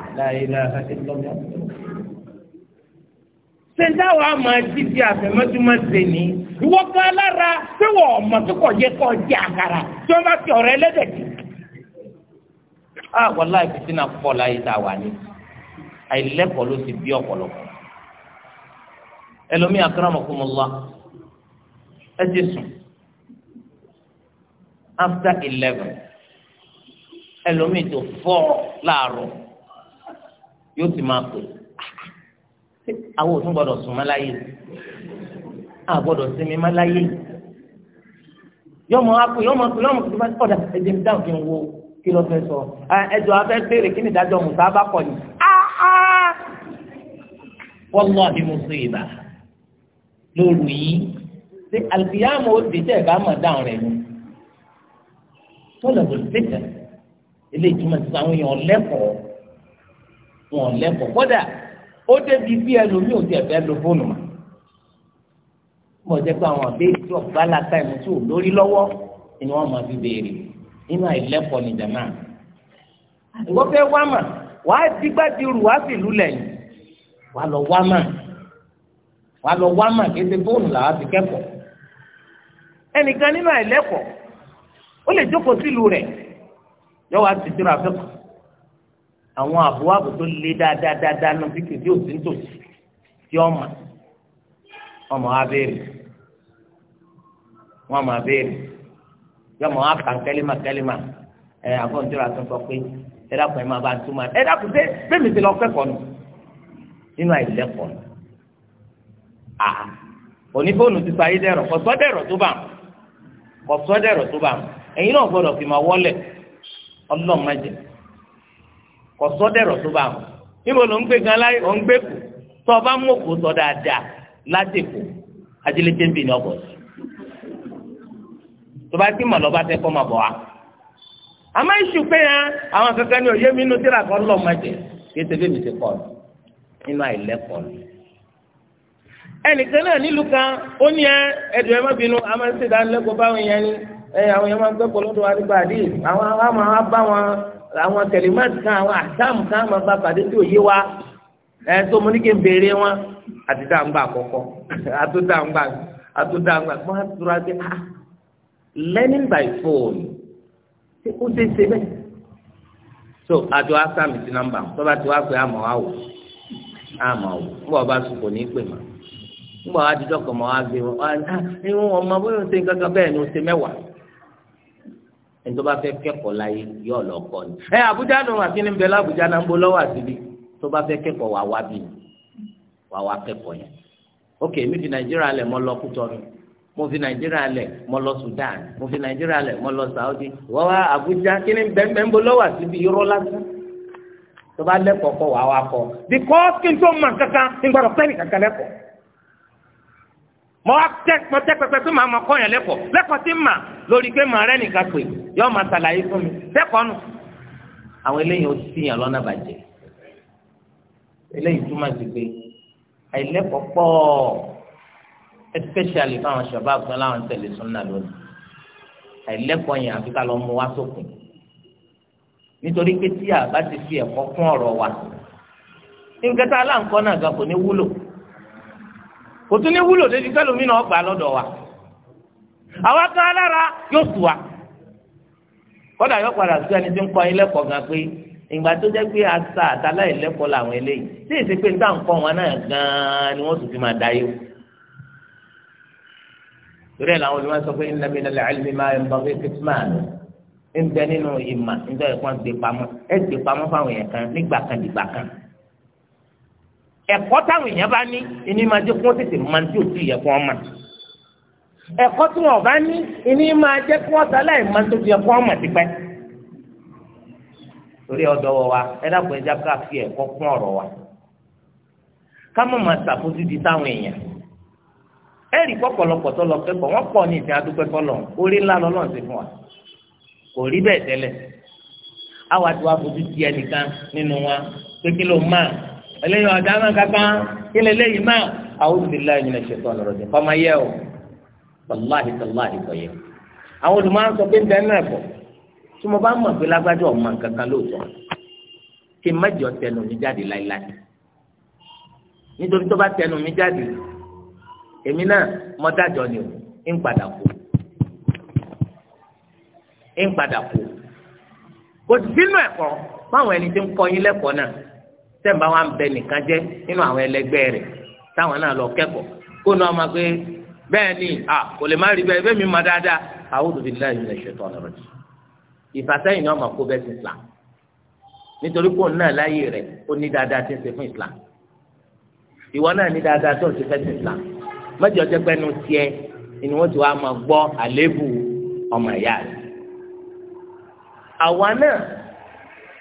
ṣe dáwàá máa jí di àfẹ̀mọ́júmọ́ ṣe ní ìwọ kan lára tí wọ́n ọmọ tó kọ̀ yẹ kọ́ jẹ àkàrà tí wọ́n bá fi ọ̀rọ̀ ẹlẹ́dẹ̀ jù. àwọn láìpẹ́ sínú àfọlá yìí dáwà ní àìlẹ́kọ̀ọ́ ló ti bí ọ̀pọ̀lọpọ̀ ẹlòmíì akramakumullah ẹ ti sùn after eleven ẹlòmíì tó fọ́ láàárọ̀ yóò ti máa pè é àwọn òtún gbọ́dọ̀ sùn máláyé àgbọ́dọ̀ sinmi máláyé yọmọ akpọ yọmọ akpọ yọmọ akpọ bá ọdà ẹdí mi dáhùn kí n wo kí ló fẹ́ sọ ẹjọ abẹ béèrè kí ni ìdájọ́ musa bá kọ ni aa wallahi musiba lóru yìí ṣe àlùfíàmù ó di tẹ ẹ bá mọ dáhùn rẹ ni tó lọ bọ tẹtẹ eléyìí túmọ̀ sí àwọn èèyàn lẹ́kọ̀ọ́ wọn lẹ́kọ̀ọ́ kódà ó débi bí ẹlòmíì ò tiẹ̀ fẹ́ lo fóònù mọ́ mo jẹ́ pé àwọn àbẹ́rẹ́ tí ọ̀gbá làtà ẹ̀mú tí ò lórí lọ́wọ́ ni wọ́n máa fi béèrè nínú àìlẹ́kọ̀ọ́ ní jàmá ìwọ fẹ́ wá mà wàá dìgbàdìrù wàá sì lulẹ̀ yìí wàá lọ wá mà wàá lọ wá mà kéde fóònù làwọn ti kẹ́kọ̀ọ́ ẹnìkan nínú àìlẹ́kọ̀ọ́ ó lè jókòó sílùú rẹ̀ yọ wá ti dúró afẹ́kọ̀ọ́ àwọn àbúwàbù tó lé dáadáa nù fífi tí òsì ń tòsí tí ọmọ ọmọ wa béèrè wọn máa béèrè yọmọ wa kàn kẹlímà kẹlímà ẹ àkọ́ntìrà tó sọ pé ẹ dákun ẹ máa bá túmọ̀ ẹ dákun dé bẹ́ẹ̀ni ti lọ kẹ́kọ̀ọ́ nù nínú àìlẹ́kọ̀ọ́ nù à òní fóònù ti parí dẹ̀rọ̀ kọ̀sọ́ dẹ̀rọ̀ tó bá kọ̀sọ́ dẹ̀rọ̀ tó bá ẹ̀yin náà gbọ́dọ̀ fi máa wọlé ọlọ́mọdé kò sọ́dẹ̀rọ̀ tó bá wọn níbo ló ń gbé gan láyé ò ń gbé kù tó o bá mú òkú sọ dáadáa láti kù ajílété bì ní ọ̀bọ̀ sí tó bá kí mọ̀ lọ́ba tẹ́ kọ́ máa bọ̀ wá. àmọ́ iṣu pé ya àwọn kankan ní òye mi inú tíra kan lọ́ọ́ máa kí ẹsẹ̀ bẹ́ẹ̀ mi ti kọ́ ọ nínú àìlẹ́kọ̀ọ́ ni ẹnìkan náà nílùú kan ó ní ẹdùn ẹ má bínú a máa ń báwọn yẹn ni àwọn yẹn máa ń gbẹ́kọ̀ọ́ lọ́dọ̀ wa nígbà àwọn kẹlímẹ́tì kan àwọn àdáàmù kan máa bá pàdé tí òye wa ẹ tó mo ní kí n béèrè wọn àti dáńgbà àkọ́kọ́ àtó dáńgbà àtó dáńgbà wọn á tura ah, learning by phone ṣé ó ṣe ṣe so àjọ asàmì sí nọ́mbà tọ́ba tí wàá pè àmọ́ àwò àmọ́ àwò nígbà wọn bá ní ẹ ah, wọn ọmọ bóyá ṣe ni ṣe ẹni tó bá fẹ́ kẹ́kọ̀ọ́ láyé yóò lọ kọ́ ni. ẹ abuja nù àti ní bẹ́lá Àbújá náà ń bọ́ lọ́wọ́ àti bí tó bá fẹ́ kẹ́kọ̀ọ́ wà wá bí wà wá kẹ́kọ̀ọ́ yẹn. ok mi fi Nàìjíríà lẹ̀ mọ́ lọ Kútọ́nù mo fi Nàìjíríà lẹ̀ mọ́ lọ Sudan mo fi Nàìjíríà lẹ̀ mọ́ lọ Saudi wọ́n wá Àbújá kí ni bẹ́ẹ̀ ń bọ́ lọ́wọ́ àti bí irọ́ lásán tó bá lẹ́kọ̀ọ́ kọ́ wà wá kọ́ because kí n tó mọ̀ kankan n gbọ́dọ̀ pẹ́ nìkankan lẹ́kọ̀ọ́ mọ tẹ mọ tẹ pẹpẹ pé màá mọ kọ́ yẹn lẹ́kọ̀ọ́ lẹ́kọ̀ọ́ tí ń mà lórí pé màá rẹ́ nìkan pè yọ máa ṣàlàyé fún mi lẹ́kọ̀ọ́ nù. àwọn eléyìí ó sì yàn lọ́nà bàjẹ́ eléyìí túmọ̀ sí pé àìlẹ́kọ̀ọ́ pọ̀ especially fáwọn shabab tó láwọn tẹ̀lé súnà lónìí àìlẹ́kọ̀ọ́ yẹn àfi ká lọ mú wá sókun nítorí pé tí a bá ti fi ẹ̀kọ́ kún ọ̀rọ̀ wa nǹkan tá a láǹkọ́ náà gan kò ní wúlò kò tún ní wúlò débi kẹlòmínà ọgbà lọ́dọ̀ wa àwa kan alára yóò tù wa kódà yóò padà sí ẹni tí ń kọ́ ilé ẹ̀kọ́ gan pé ìgbà tó jẹ́ pé asa àtàláì lẹ́kọ̀ọ́ làwọn eléyìí tí èsì pé níta nǹkan wọn náà gan ni wọ́n sì fi máa da yó. torí ẹ̀ làwọn olùmọ̀ sọ pé ńlá mi lọ́lẹ̀ àìlèmí máa ń bọ́ pé kìtìmáà lọ ń bẹ nínú ìmà níjọ́ ìpọ́n gbé pamọ́ ẹ gbé pamọ́ fáwọn èèyàn kan nígbà kan dìgbà kan ẹ̀kọ́ táwọn èèyàn bá ní ìní máa jẹ́ kí wọ́n tètè máa ń tí ò tí ì yẹ kí wọ́n mọ̀ ẹ̀kọ́ tí wọ́n bá ní ìní máa jẹ́ kí wọ́n sáláì máa ń tó ti yẹ kí wọ́n mọ̀ tipẹ́ torí wa ẹ dàpọ̀ ẹ jáká fi ẹ̀kọ́ kún ọ̀rọ̀ wa ká mọ̀ máa ṣàfojú di táwọn èèyàn ẹ rí pọ̀pọ̀lọpọ̀ tó lọ kẹ́kọ̀ọ́ wọ́n pọ̀ ní ìsìn adúpẹ́ fọlọ́ orí ńlá lọ́lọ́run ti fún wa kò rí bẹ́ẹ̀ tẹ́lẹ̀ àwa ti wá fojú di ẹnìkan nínú wa pé kí ló máa eléyìí ọ̀dà náà kankan kí lè léyìí máa a'udhu billahi minash shaitani rajim kọ́ máa yẹ o wàláhi tàláhi kọ́ yẹ. àwọn olùmọ̀ àwọn sọ pé ń bẹ́ẹ̀ náà bọ̀ tí mo bá mọ̀ pé lágbájọ́ ọ̀ma kankan lóòótọ́ kí n má jọ tẹnu mi jáde láéláé nítorí tó bá tẹnu mi jáde èmi náà mo dájọ́ ni o ń padà kú ń padà kú kò sínú ẹ̀kọ́ fáwọn ẹni tí ń kọ́ yín lẹ́kọ̀ọ́ náà tẹ́ǹbà wa ń bẹ nìkan jẹ́ nínú àwọn ẹlẹgbẹ́ rẹ̀ táwọn náà lọ kẹ́kọ̀ọ́ kó nu ọmọ pé bẹ́ẹ̀ ni à kò lè má rí bẹ́ẹ̀ bẹ́ẹ̀ mi má dáadáa a'udhu billahi minash shaitani rajim ìfàsẹ́yìn ni ọmọ kó bẹ́ẹ̀ ti Islam nítorí kó náà láyé rẹ̀ ó ní dáadáa ti ń ṣe fún Islam ìwọ náà ní dáadáa tó ń ṣe fẹ́ ti Islam mẹ́jọ jẹ́ pẹ́nu tiẹ̀ ni wọ́n ti wá máa gbọ́ àléébù ọmọ ìyá rẹ̀ àwa náà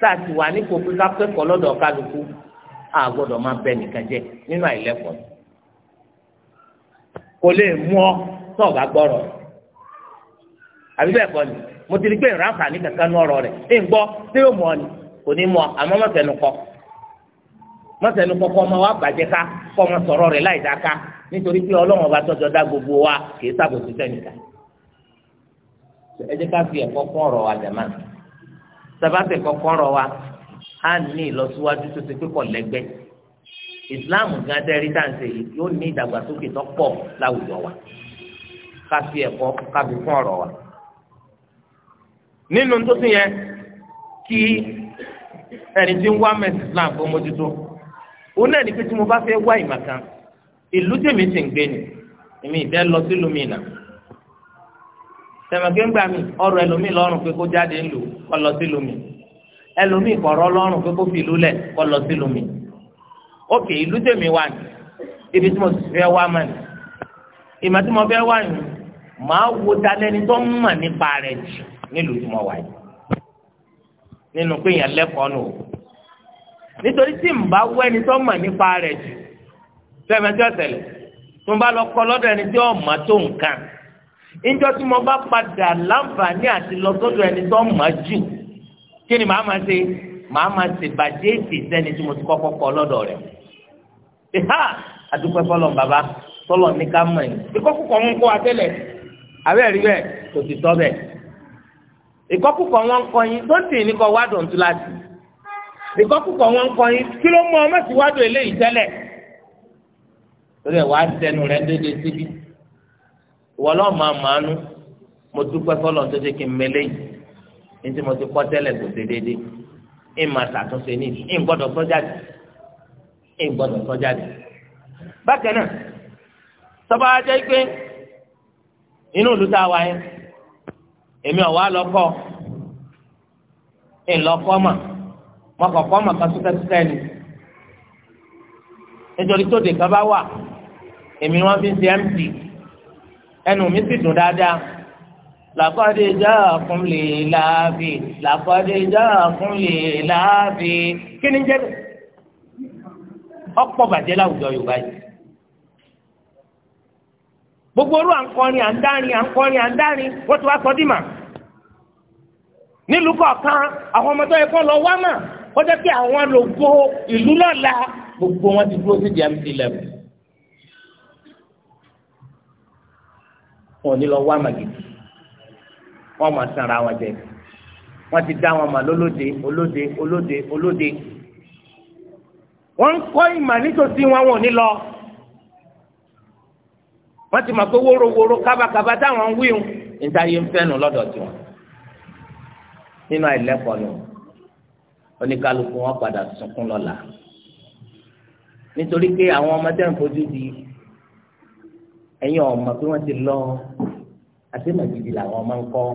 tá a ti wà ní kòkó kápẹ́kọ̀ọ́ lọ́dọ̀ kálukú a gbọ́dọ̀ máa bẹ nìkan jẹ nínú àìlẹ́kọ̀ọ́ kò lè mú ọ sọ̀gá gbọ́rọ̀ àbí bẹ́ẹ̀ kọ́ ni mo ti rí pé ìránfà ní kankan ní ọ̀rọ̀ rẹ̀ ẹ̀ ń gbọ́ tí yóò mú ọ ni kò ní mú ọ àmọ́ mọ̀sẹ̀nu kọ́ mọ̀sẹ̀nu kọ́ kọ́ ọmọ wa bàjẹ́ ká kọ́ ọmọ sọ̀rọ̀ rẹ̀ láì dáká nítorí pé ọlọ́run ọba tọ́jọ́ dá gbogbo wa kì í ṣàbòsí sẹ́nìkan ẹ jẹ́ ká fi ẹ̀kọ́ kún ọ̀rọ̀ àdàmà sabafẹ kọkọrọ wa á ní ìlọsíwájú tó ti pípọ̀ lẹ́gbẹ́ islam gan tẹ́rí tàǹsẹ̀ yóò ní ìdàgbàsókè tó pọ̀ láwùjọ wa ká fi ẹ̀kọ́ ká fi kún ọ̀rọ̀ wa. nínú tó tún yẹ kí ẹni tí ń wá mẹ́sì islam fún mójútó òun náà ní pé tí mo bá fẹ́ wá ìmọ̀ kan ìlú tèmi ti ń gbé ni èmi ìfẹ́ lọ sílùú mi náà tẹmẹkẹngbà mi ọ̀rọ̀ ẹlòmíì lọ́rùn pé kó jáde ńlò kọlọ sí lómi ẹlòmíì kọrọ lọ́rùn pé kó fi ìlú lẹ kọlọ sí lómi ókè ìlú tèmi wà ní ibi tí mo sì fẹ́ wá mọ ní ìmọ̀ tí mo fẹ́ wá yìí màá wo ta lẹni tó ń mọ̀ nípa rẹ̀ jù nílùú tí mo wà yìí nínú pé èèyàn lẹ́kọ̀ọ́ nù nítorí tí n bá wọ ẹni tó mọ̀ nípa rẹ̀ jù fẹ́mi tí tó ń bá lọ kọ́ lọ́dọ̀ ẹni tí ọ̀ níjọ́ tí mo bá padà láǹfààní àti lọ sọ́dọ̀ ẹni tó mọ̀ jù kí ni màá máa ṣe màá máa ṣe bàjẹ́ èsì sẹ́ni tí mo ti kọ́kọ́ kọ́ lọ́dọ̀ rẹ̀ ìhà àdúpẹ́ fọlọ́ bàbá fọlọ́ ní ká mọ̀ ẹ̀yìn ìkọ́kùkọ̀ ń kó atẹ́lẹ̀ àbẹ́ rí bẹ́ẹ̀ kò sì tọ́ bẹ́ẹ̀ ìkọ́kùkọ̀ wọn kọ́ yín tó sì ní kọ́ wádùn tó láti ìkọ́kùkọ̀ wọn kọ́ yín kí ló mọ ọmọ sí wádùn eléyìí tẹ́lẹ̀ lórí ẹ̀ wá sẹ́nu rẹ̀ déédéé síbi wọlọ́ máa màánú mo dúpẹ́ fọlọ́ tó ṣe kí n mẹlẹ́ yìí ní tí mo ti kọ́ tẹ́lẹ̀ kò ṣe déédéé ń máa ṣàtúnṣe ní ń gbọ́dọ̀ sọ jáde ń gbọ́dọ̀ sọ jáde. bákan náà sọba jẹ́ pé inú ìlú tá a wáyé èmi ọ̀wá lọ́kọ́ ńlọkọ́ mà mọ́kọ̀kọ́ mà kan súkẹ́súkẹ́ ni nítorí tó de kan bá wà èmi ni fi ń ṣe mc ẹnu mi sì dùn dáadáa làkọ́dé jáàkún lè láàbì làkọ́dé jáàkún lè láàbì kí ni jẹ́ ọ̀pọ̀ bàjẹ́ láwùjọ yorùbá yìí gbogbo orú à ń kọrin à ń dárin à ń kọrin à ń dárin wọ́n ti wá sọ dì mà nílùú kọ̀ọ̀kan àwọn ọmọ tó yẹ kó lọ wá mà ó jẹ́ pé àwọn lògbó ìlú lọ́la gbogbo wọn ti dúró sí di mc level. wọn ò ní lọ wá màgìdì wọn máa sanra wọn jẹ wọn ti dá wọn mà lólóde olóde olóde olóde wọn ń kọ́ ìmà nítòsí wọn wọn ò ní lọ wọ́n ti mọ̀ pé wórówóró kábàkábà táwọn ń wíwù níta yé ń fẹ́nu lọ́dọ̀ tiwọn nínú àìlẹ́kọ̀ọ́ nù oníkálukú wọn padà sunkún lọ́la nítorí pé àwọn ọmọdé ń fojú di ẹ̀yin ọmọ pé wọ́n ti lọ àti màgídì làwọn máa ń kọ́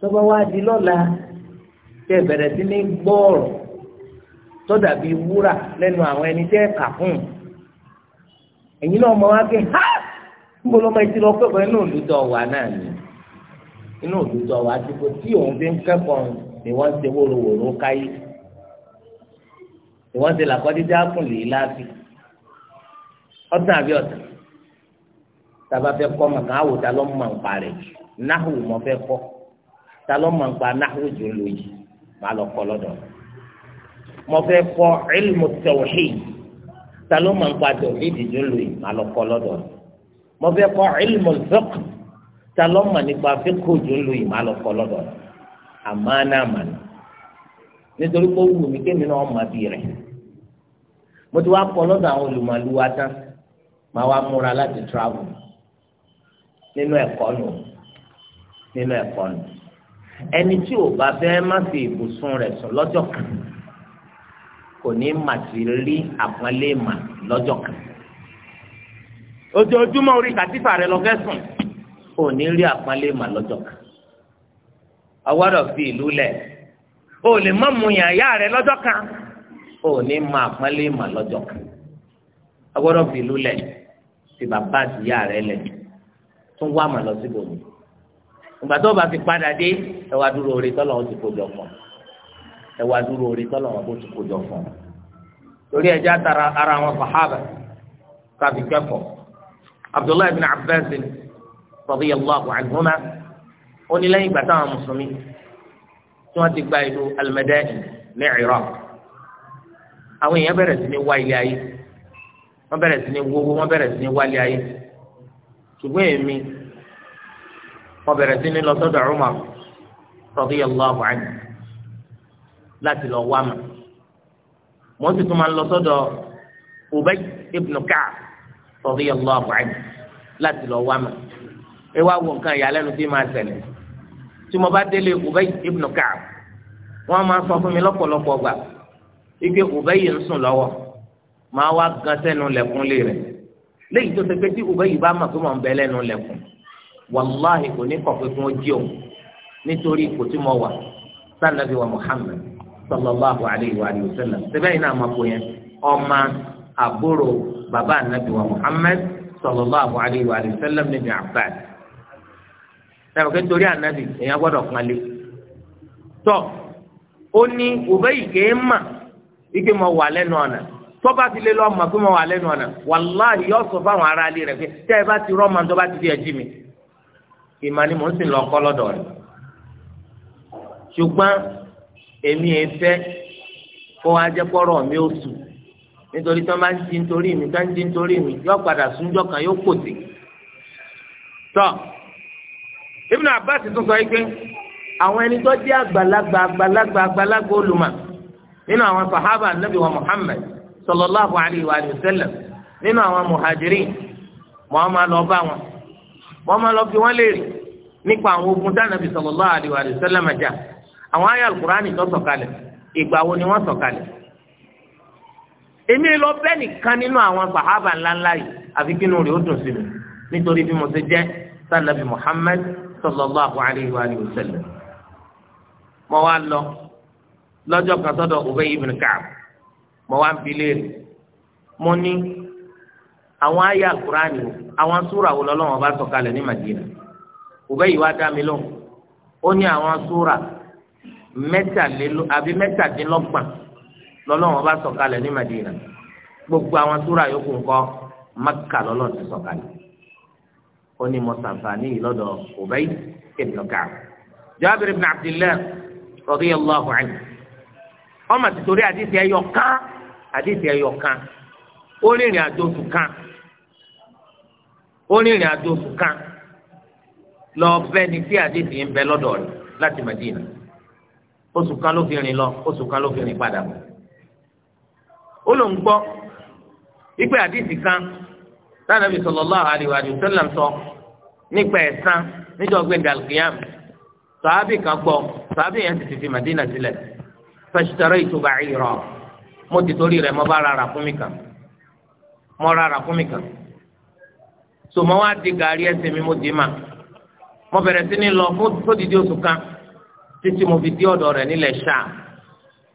tọ́ba wá di lọ́la tẹ́ bẹ̀rẹ̀ sí ní gbọ́ọ̀rọ̀ tọ́dà bíi wúrà lẹ́nu àwọn ẹni tẹ́ kà fún un ẹ̀yin náà mọ wá pé ha níbo ló máa ti lọ pẹ́pẹ́ inú òdùtọ̀ wà náà ni inú òdùtọ̀ wà ti kó tí òun fi ń kẹ́kọ̀ọ́ ni wọ́n ṣe wóróworó káyé ni wọ́n ṣe làkọ́dídá kùn lè láàfin ọ̀tún àbí ọ̀tún tàbá fẹ́ kọ́ màkà áwò ta lọ́ mọ̀ nípa rẹ̀ jù náhù mọ̀ fẹ́ kọ́ ta lọ́ mọ̀ nípa náhù jù lò yìí màá lọ kọ́ lọ́dọ̀ mọ ilmu tawhid ta ló mọ̀ nípa tawhid jù lò yìí màá lọ kọ́ lọ́dọ̀ mọ fẹ́ kọ́ ilmu fiqh ta ló mọ̀ nípa fiqh jù lò yìí màá lọ kọ́ lọ́dọ̀ àmọ́ náà mà ní nítorí pé ó wù mí kémi náà mọ̀ bí rẹ̀ mo ti wá kọ́ lọ́dọ̀ àwọn olùmọ̀lúwa tán màá wá múra láti travel nínú ẹ̀kọ́ nù nínú ẹ̀kọ́ nù ẹni tí ò bá fẹ́ má fi ibùsùn rẹ̀ sùn lọ́jọ́ kan kò ní mà sí rí àpọ́nlé mà lọ́jọ́ kan ojoojúmọ́ orí kàtífà rẹ̀ lọ sùn kò ní rí àpọ́nlé mà lọ́jọ́ kan ọwọ́dọ̀ fi ìlú lẹ̀ o lè má mu yàn yá rẹ̀ lọ́jọ́ kan o ní ma àpọ́nlé mà lọ́jọ́ kan ọwọ́dọ̀ fi ìlú lẹ̀ fi bàbá àti yá rẹ̀ lẹ̀ tó wá mà lọ síbò ní ìgbà tó bá fi padà dé ẹ wá dúró orí tọ́lọ̀ wọn ti kójọ fún ẹ wá dúró orí tọ́lọ̀ wọn bó ti kójọ fún torí ẹja tara ara wọn sàhábà káfí kẹ́kọ̀ọ́ abdullahi bin abbas radiyallahu anhuma ó ní lẹ́yìn ìgbà mùsùlùmí tí wọ́n ti gba ìlú al ní Iraq àwọn èèyàn bẹ̀rẹ̀ sí ní wá ayé wọ́n bẹ̀rẹ̀ sí ní wọ́wọ́ wọ́n bẹ̀rẹ̀ sí ní wá ayé ṣùgbọ́n èmi mo bẹ̀rẹ̀ sí ní lọ sọ́dọ̀ Umar radiyallahu anhu láti lọ wá mà mo sì tún máa ń lọ sọ́dọ̀ Ubay ibn Ka'b radiyallahu anhu láti lọ wá mà ẹ wá wo nǹkan ìyàlẹ́nu tí máa ṣẹlẹ̀ tí mo bá délé Ubay ibn Ka'b wọ́n máa sọ fún mi lọ́pọ̀lọpọ̀ gbà ike Ubay ń sùn lọ́wọ́ màá wá gan sẹ́nu lẹ̀kúnlé rẹ̀ léyìí tó ṣe pé tí Ubay bá mọ̀ pé mò ń bẹ lẹ́nu lẹ́kùn wàláhì kò ní kọ̀ pé kí wọ́n jí òun nítorí ipò tí mo wà sànàbí wa Muhammad sallallahu alayhi wa sallam síbẹ̀ yìí náà máa kó yẹn ọmọ àbúrò bàbá ànàbí wa Muhammad sallallahu alayhi wa sallam níbi Abbas sẹ́wọ̀n kí torí ànàbí èèyàn gbọ́dọ̀ pọ́nlé tọ́ ó ní Ubay kì í mà ike mo wà lẹ́nu ọ̀nà. tọ́ba ti lé lọ́mọ pé mo wà lẹ́nu ọ̀nà wàláhì sọ fáwọn ará ilé rẹ pé tẹ́ ẹ bá ti rọ́mọ tó bá ti di ẹjí mi ìmọ̀ ni mò ń sìn lọ kọ́ lọ́dọ̀ rẹ̀ ṣùgbọ́n èmi ẹ fẹ́ kó wá jẹ́ kọ́rọ̀ mi ó sùn nítorí bá ń di nítorí mi ń di nítorí mi padà súnjọ́ kan yóò sí. tún sallallahu alayhi wa sallam nínú àwọn muhajirin wọ́n máa lọ bá wọn wọ́n máa lọ fi wọ́n léèrè nípa àwọn ogun tí Ànábì sallallahu alayhi wa sallam jà àwọn àyá alukurani tó sọ̀kalẹ̀ ìgbà wo ni wọ́n sọ̀kalẹ̀ èmi lọ bẹ́ẹ̀ nìkan nínú àwọn sàhábà ńláńlá yìí àfi kínú rẹ̀ ó dùn sí mi nítorí bí mo ṣe jẹ́ sànàbì Muhammad sallallahu alayhi wa sallam wá lọ lọ́jọ́ kan sọ́dọ̀ Ubay ibn Ka'b mo wá ń bi léèrè mo ní àwọn àyà kúránì àwọn súra wo lọ́lọ́wọ́n bá sọ̀kalẹ̀ ní Madina Ubay wá dá mi lóhùn ó ní àwọn súra mẹ́tàlélo àbí mẹ́tàdínlọ́gbọ̀n lọ́lọ́wọ́n bá sọ̀kalẹ̀ ní Madina gbogbo àwọn súra yòókù ńkọ́ Makka lọ́lọ́wọ́n ti sọ̀kalẹ̀ ó ní mo sàǹfààní yìí lọ́dọ̀ Ubay ibn Ka'b Jabir ibn Abdillah radiyallahu anhu ọmọ tìtorí àdìsí ẹ̀yọ̀ kán. àdìsí ẹyọ kan ó àjò oṣù kan àjò oṣù kan lọ bẹ́ẹ̀ ni tí àdìsí ń bẹ lọ́dọ̀ rẹ̀ láti Madina oṣù kan ló fi lọ oṣù kan ló fi rìn padà bọ̀ ó ló ń ipe àdìsí kan tánàbí sallallahu alaihi wa sallam sọ nípa ẹ̀san sàábì kan sàábì yẹn ti fi mo ti torí rẹ̀ mo bá ra ràkúnmí kan mo ra ràkúnmí kan so mo wá di gàrí ẹsẹ̀ mi mo di ma mo bẹ̀rẹ̀ sí ní lọ fún dídí oṣù kan títí mo fi dé ọ̀dọ̀ rẹ̀ nílẹ̀ ṣáà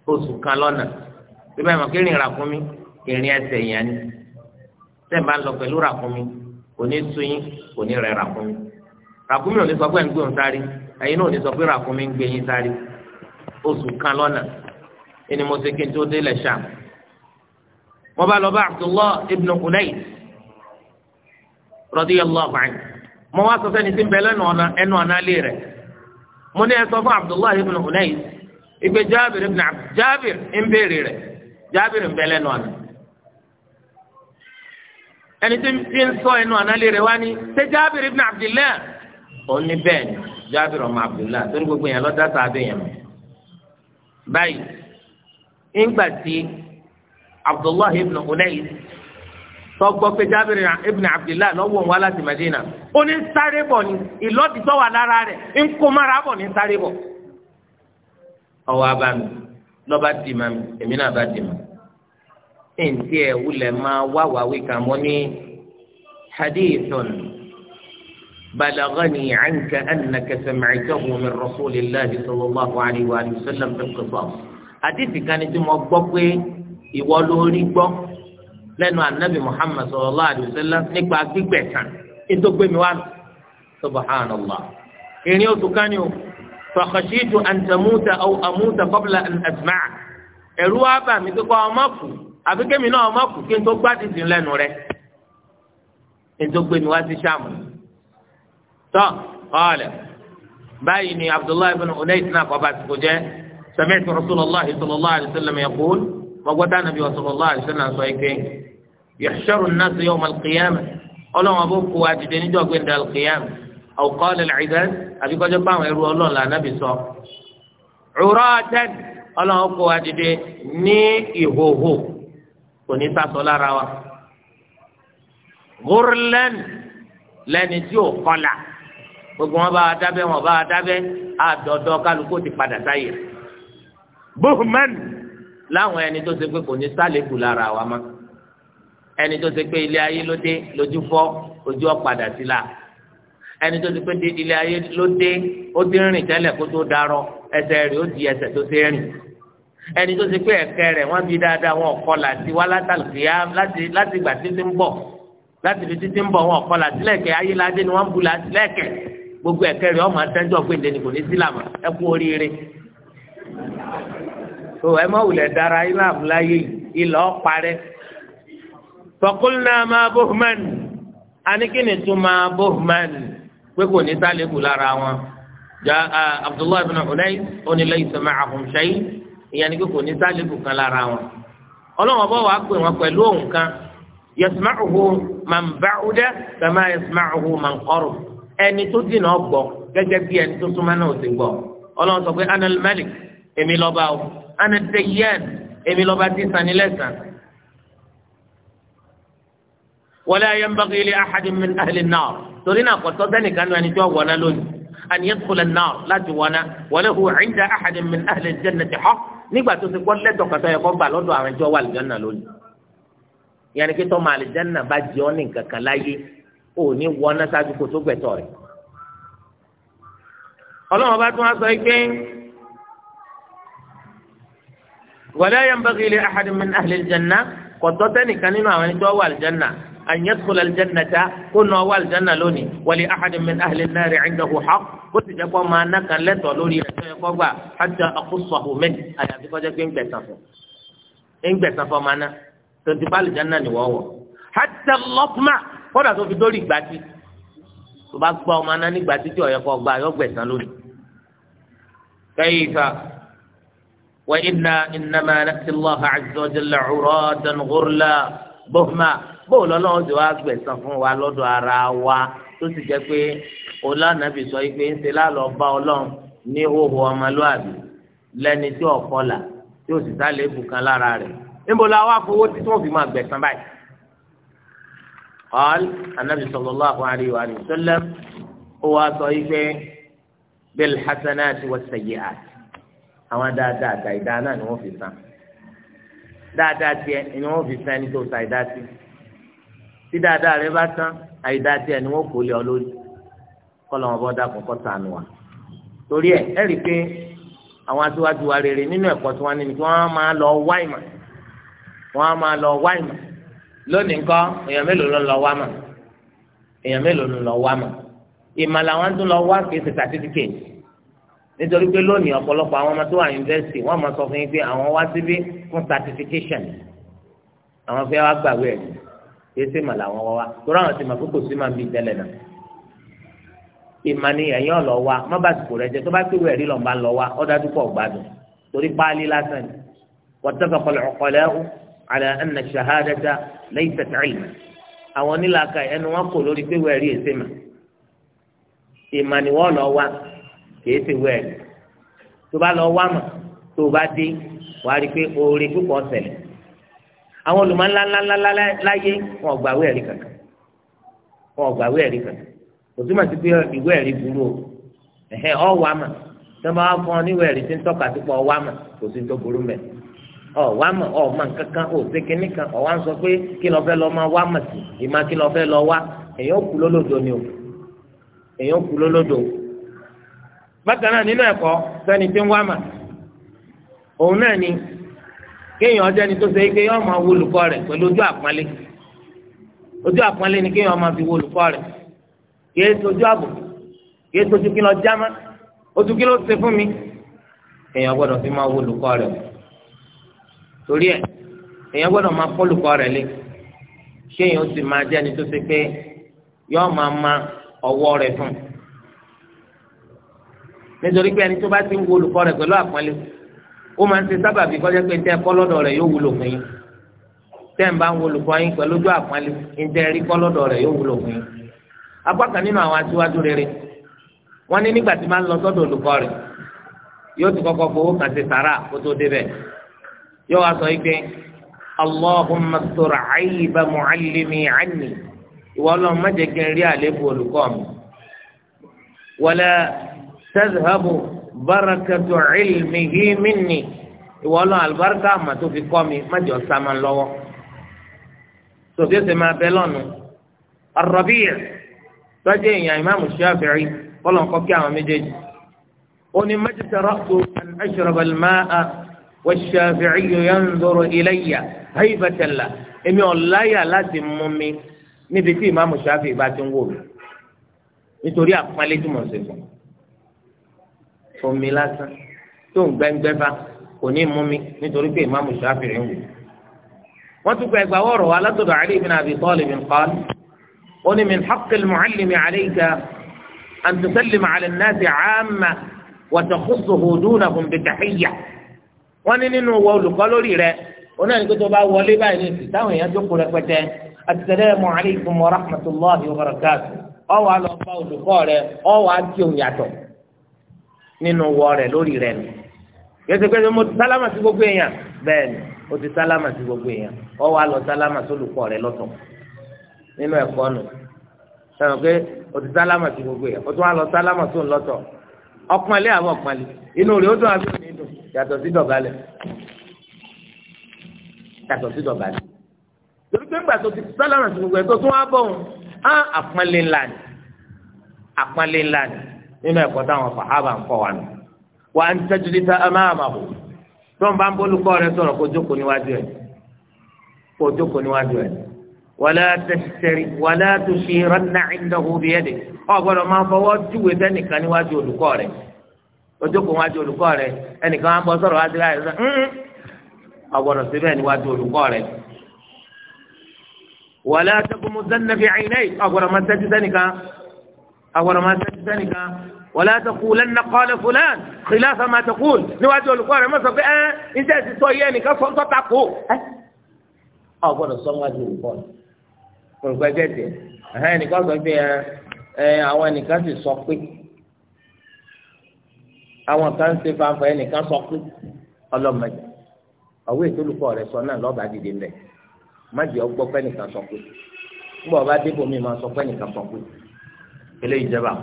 oṣù kan lọ́nà bíbá ìmọ̀ kí rìn ràkúnmí ìrìn ẹsẹ̀ yẹn ni tẹ́ẹ̀ bá ń lọ pẹ̀lú ràkúnmí kò ní sunyín kò ní rẹ̀ ràkúnmí ràkúnmí ò ní sọ pé ń gbé òun sáré ẹ̀yin náà ò ní sọ pé ràkúnmí ń gbé yín sáré oṣù kan lọ́nà ẹni mo ṣe kí n tó délẹ̀ Ṣam mo bá lọ bá Abdullah ibn Unais radiyallahu anhu mo wá sọ sẹ́ni tí ń bẹ lẹ́nu ọ̀nà ẹnu ọ̀nà alẹ́ rẹ̀ mo ní ẹ sọ fún Abdullah ibn Unais ìgbé Jabir ibn Abd Jabir ń béèrè rẹ̀ Jabir ń bẹ lẹ́nu ọ̀nà ẹni tí ń sọ ẹnu ànálẹ́ rẹ̀ wá ní ṣé Jabir ibn Abdullah ó ní bẹ́ẹ̀ ni Jabir ọmọ Abdullah torí gbogbo yẹn lọ́dá sáadé yẹn mọ́ báyìí ńgbà tí abdullahi ibn unais tọgbọ pé jábìrì ibn abdullahi lọ́wọ́ wa láti madina ó ní sáré bọ̀ ni ìlọ́dì tó wà lára rẹ̀ ń kó mara bọ̀ ní sáré bọ̀. ọwọ́ abami lọ́ba dì mà mí èmi náà bá dì mà mí ntí ẹ̀ wulẹ̀ máa wá wàwí kan mọ́ ní hadithun balagani anka annaka sami'tahu min rasulillahi sallallahu alayhi wa sallam bil qisas àdìsí kan ni tí mo gbọ́ pé ìwọ ló rí gbọ́ lẹ́nu anabi muhammad sallallahu alayhi wa sallam nípa gbígbẹ̀san ètò gbẹmí wa subhanallah ìrìn oṣù kan ni o fàkàṣìtù àǹtàmúta aw àmúta qabla an ẹ̀rú wa bà mí kíkọ́ ọmọ kù àbí kémi náà ọmọ kù kí n tó gbádùn sí lẹ́nu rẹ̀ ètò gbẹmí wa ti sàmù tọ́ ọ̀ọ́lẹ̀ báyìí ni abdullahi ibn unais náà bá ti kò jẹ́. سمعت رسول الله صلى الله عليه وسلم يقول وقد النبي صلى الله عليه وسلم سويكين يحشر الناس يوم القيامة أولهم أبوك واجدين جوك عند القيامة أو قال العباد أبي قد جبان يروى الله لا نبي صلى عراة أولهم أبوك واجدين ني إهوهو ونسا صلى روا غرلا لن قلع gbogbo wọn bá wa dábẹ wọn bá wa dábẹ àdọdọ kálukú ti padà sáyé buhman láwọn ẹni tó ṣe pé kò ní sálẹ̀kù lára wa mọ́ ẹni tó ṣe pé ilé ayé ló dé lójú fọ́ ojú ọ̀padà sí la ẹni tó ṣe pé ilé ayé ló dé ó ti rìn tẹ́lẹ̀ kó tó darọ ẹsẹ̀ rẹ̀ ó di ẹsẹ̀ tó ṣe rìn ẹni tó ṣe pé ẹ̀kẹ́ rẹ̀ wọ́n bí dáadáa wọn ọ̀kọ́ láti wá látàlùfíà láti ìgbà títí ń bọ̀ láti fi títí ń bọ̀ wọn ọ̀kọ́ láti lẹ́ẹ̀kẹ́ ayé ládé ni wọ́n ń bu láti lẹ́ẹ̀kẹ́ gbogbo ẹ̀kẹ́ rẹ̀ ọmọ atẹ́jọ́ gbèdé kò ní sílàmù ẹ̀kú oríire tó ẹ má wulẹ̀ dára ilam láyé ilẹ̀ ọ̀parẹ́ fọkúnná máa bohman anikini tún máa bohman pé kò ní sálẹ̀kù lára wọn ja abdullahi ibn hunay onílẹ̀ ìsọ̀mọ́ àhùnṣẹ́yì ìyẹn ni pé kò ní sálẹ̀kù kan lára wọn ọlọ́wọ́n bọ́ wàá pè wọn pẹ̀lú òun kan yasma'uhu man ba'uda kama yasma'uhu man qarab ẹni tó dìnnà ọgbọ gẹ́gẹ́ bí ẹni tó súnmọ́ náà ò sì gbọ́ ọlọ́wọ́n sọ anal malik èmi lọ́ba ana dayyan èmi lọ́ba ti sani lẹ́sàn. wala yanbaghi li ahadin min ahli an-nar torí náà kò tọ́ sẹ́nìkan náà ni tí wọ́n wọ̀ náà lónìí an yadkhula an-nar láti wọná walahu 'inda ahadin min ahli al-jannati haqq nígbà tó ti gbọ́ lẹ́tọ̀ kàtà yẹ kó gbà lọ́dọ̀ àwọn ẹjọ́ wà lìjánà lónìí yẹn ni kí tọ́ máa bá jẹ́ ọ́ ní nǹkan láyé ò ní wọná sáájú kó tó gbẹ̀tọ̀ rẹ̀ tún wá sọ yìí wala yanbaghi li ahadin min ahli aljanna kọtọ tẹnìkan nínú àwọn ẹni tó wà aljanna an yadkhula aljannata kó nà wà aljanna lónìí wali ahadin min ahli an-nari 'indahu haqq kó sì jẹ́ kó máa ná kan lẹ́tọ̀ lórí rẹ̀ tó yẹ kó gbà hatta aqussahu min àyàfi kọjá pé ń gbẹ̀sán fún tonti bá aljanna ni wọ́wọ́ hatta lọ́kùmá kódà tó fi dórí gbàtí tí وإنا إنما نأتي الله عز وجل عراة غرلا بهما bóòlù ọlọ́run ti wá gbẹ̀sán fún wa lọ́dọ̀ ara wa tó sì jẹ́ pé olánàbì sọ pé ń ṣe lálọ́ bá ọlọ́run ní hóhó ọmọlúàbí lẹ́ni tí ọ̀kọlà tí ó sì sálẹ̀ bùkan lára rẹ̀ níbo la wá fowó tí wọ́n fi máa gbẹ̀sán báyìí. قال النبي صلى الله عليه وآله وسلم هو صحيح بالحسنات والسيئات àwọn dáadáa àtà ìdá náà ni wọ́n fi san dáadáa tiẹ̀ ni wọ́n fi san ẹni tó sa ìdá sí tí dáadáa rẹ bá tán àìdá tiẹ̀ ni wọ́n kò lé ọ lórí kọ́lọ́ wọn bọ́ dákun kọ́ sànù wa torí ẹ̀ ẹ́ rí i pé àwọn aṣíwájú wa rere nínú ẹ̀kọ́ tí wọ́n ní ni kí wọ́n máa lọ wá ìmọ̀ wọ́n máa lọ wá ìmọ̀ lónìí ńkọ́ èèyàn mélòó ló ń lọ wá mọ̀ èèyàn mélòó ló ń lọ wá mọ̀ ìmọ̀ làwọn tún lọ wá kì í ṣe certificate nítorí pé lónìí ọ̀pọ̀lọpọ̀ àwọn ọmọ tó wà yunifásitì wọ́n máa sọ fún yín pé àwọn wá síbí fún certification àwọn fẹ́ wá gbàwé ẹ̀ kéésì mà làwọn wá wá torí àwọn ti kókò sí màá bí tẹ́lẹ̀ náà ìmà ẹ̀yìn ọ̀lọ́ wa má bá sìkò rẹ jẹ tó bá kéwé ẹ̀rí lọ́nba lọ wa ọ́ dájú pọ̀ gbádùn torí páálí lásán ni wattafaqa al-uqala'u ala anna ash-shahadata laysat 'ilman àwọn onílàkà ẹnu wọn kò lórí kéwé ẹ̀rí èsè mà ìmà ni wa kìí ṣe wẹ ẹ̀rí tó bá lọ wá mà tó bá dé wà á rí i pé oore púpọ̀ ṣẹlẹ̀ àwọn olùmọ̀ ńláńláńlá láyé wọn ò gbàwé ẹ̀rí kankan wọn ò gbàwé ẹ̀rí kankan kò túmọ̀ sí pé ìwé ẹ̀rí burú o ẹ̀hẹ́ ọ̀ wá mà tó bá wá fún ọ níwèé ẹ̀rí tí ń tọ́ka sí pọ̀ wá mà kò sí tó burú mẹ́ ọ wá mà ọ mà kankan ò sí kinní kan ọ wá ń sọ pé kí lọ fẹ́ lọ máa wá mà sí ìmá kí lọ fẹ́ lọ wá èèyàn kú lólódo ni o èèyàn kú lólódo o. bákan náà nínú ẹ̀kọ́ sẹ́ni tí ń wá mà òun náà ni kéèyàn ọjọ́ ni tó ṣe é pé máa wo olùkọ́ rẹ̀ pẹ̀lú ojú àpọ́nlé ojú àpọ́nlé ni kéèyàn máa fi wo sojú àbò sojú kí lọ ojú kí ló ṣe fún mi kéèyàn fi máa wo torí máa ma fún nítorí pé ẹni tó bá ti ń wo olùkọ́ rẹ̀ pẹ̀lú àpọ́nlé ó máa ń ṣe sábàbí kọjá pé tẹ́ kọ́ lọ́dọ̀ rẹ̀ yóò wúlò fún yín tẹ́ ń bá ń wo olùkọ́ yín pẹ̀lú ojú àpọ́nlé ǹjẹ́ rí kọ́ lọ́dọ̀ rẹ̀ yóò wúlò fún yín. apá kan nínú àwọn aṣíwájú rere wọ́n ní nígbà tí máa ń lọ sọ́dọ̀ olùkọ́ rẹ̀ yóò ti kọ́kọ́ fowó kan ṣe sàrà kó tó débẹ̀ yóò wá sọ pé allahumma stur ayba muallimi anni ìwọ ọlọ́run má jẹ́ kí tẹ́síhábù bárakẹ́tù ìlmi hí mínì ìwọ ọlọ́run àlùbáríkà àmà tó fi kọ́ mi má jọ sá máa lọ́wọ́ sòfin ṣe máa bẹ lọ́nu arọ́bíyà tọ́jú èèyàn ìmáàmù ṣáfìrí kọ́lọ́nkọ́ kí àwọn méjèèjì ó ní májèsèrọ́tù ẹ̀ṣọ̀rọ̀bàlmáà wọ́ṣáfìrí yóò ń dọ̀rọ̀ iléyà hayibatẹ̀lá èmi ọ̀láyà láti mú mi níbi tí ìmáàmù ṣáfìrí bá ti ń wò mí nítorí àpọ́nlé tí mo ṣe fún un omi lásán tó ń gbẹ́ngbẹ́ bá kò ní mú mi nítorí pé ìmáàmù Ṣáfi'í ń wò. wọ́n tún gba ẹgbàá wọ̀rọ̀ wa látọ̀dọ̀ Ali ibn Abi Talib qala ó ní min haqqil mu'allimi alayka an tusallima ala an-nasi 'amma wa takhussuhu dunahum bi tahiyya. wọ́n ní nínú wọ olùkọ́ lórí rẹ̀ oní tó bá wọlé báyìí nínú wọ rẹ̀ lórí rẹ̀ nù gbèsègbèsè mo ti sálámà sí gbogbo èèyàn bẹ́ẹ̀ ni o ti sálámà sí gbogbo èèyàn ọ wà lọ sálámà sólùkọ́ rẹ̀ lọ́tọ̀ nínú ẹ̀kọ́ nù sọ̀rọ̀ pé o ti sálámà sí gbogbo èèyàn o tún wà lọ sálámà sóun lọ́tọ̀ ọpọnlé àwọn ọpọnlé inú rẹ̀ ó dùn àbí òní dùn yàtọ̀ sí dọ̀bálẹ̀ yàtọ̀ sí dọ̀bálẹ̀ torí pé ńgbà tó ti sálámà sí gbogbo èèyàn tó tún wà bọ̀ ọ́n á àpọnlé ńlá ni àpọnlé ńlá ni nínú ẹ̀kọ́ táwọn sàhábà ń kọ́ wa nù wà á ń tẹ́júlítà amáàmàbò tó ń bá ń bólúkọ́ rẹ sọ̀rọ̀ kó jókòó níwájú ẹ̀ kó jókòó níwájú ẹ̀ wàlá tẹ̀sítẹ́rì wàlá tó ṣe rọ́nà ìdáhù bí ẹ̀ dẹ̀ ọ gbọ́dọ̀ máa fọwọ́ júwe sẹ́nìkan níwájú olùkọ́ rẹ ó jókòó níwájú olùkọ́ rẹ ẹnìkan á bọ́ sọ̀rọ̀ wájú láyé sọ ọ síbẹ̀ níwájú olùkọ́ rẹ wàlá tẹkùmù wala taqulanna qala fulan khilafa ma taqul níwájú olùkọ́ rẹ̀ má sọ pé ẹ́ iṣẹ́ ti sọ yẹ́ nìkan sọ ń tọ́ta kó. ọ gbọ́dọ̀ sọ wájú olùkọ́ rẹ̀ olùkọ́ ẹgbẹ́ tẹ̀ ẹ̀hẹ́n nìkan sọ pé ẹ àwọn nìkan sì sọ pé àwọn kan ṣe fanfà ẹnìkan sọ pé ọlọ́mọdé ọ̀wé ètò olùkọ́ rẹ̀ sọ náà lọ́ba dìde mbẹ́ má jẹ́ ọgbọ́ pẹ́nìkan sọ pé ńgbọ́ ọba débòmí máa sọ pẹ́nìkan sọ pé eléyìí jẹba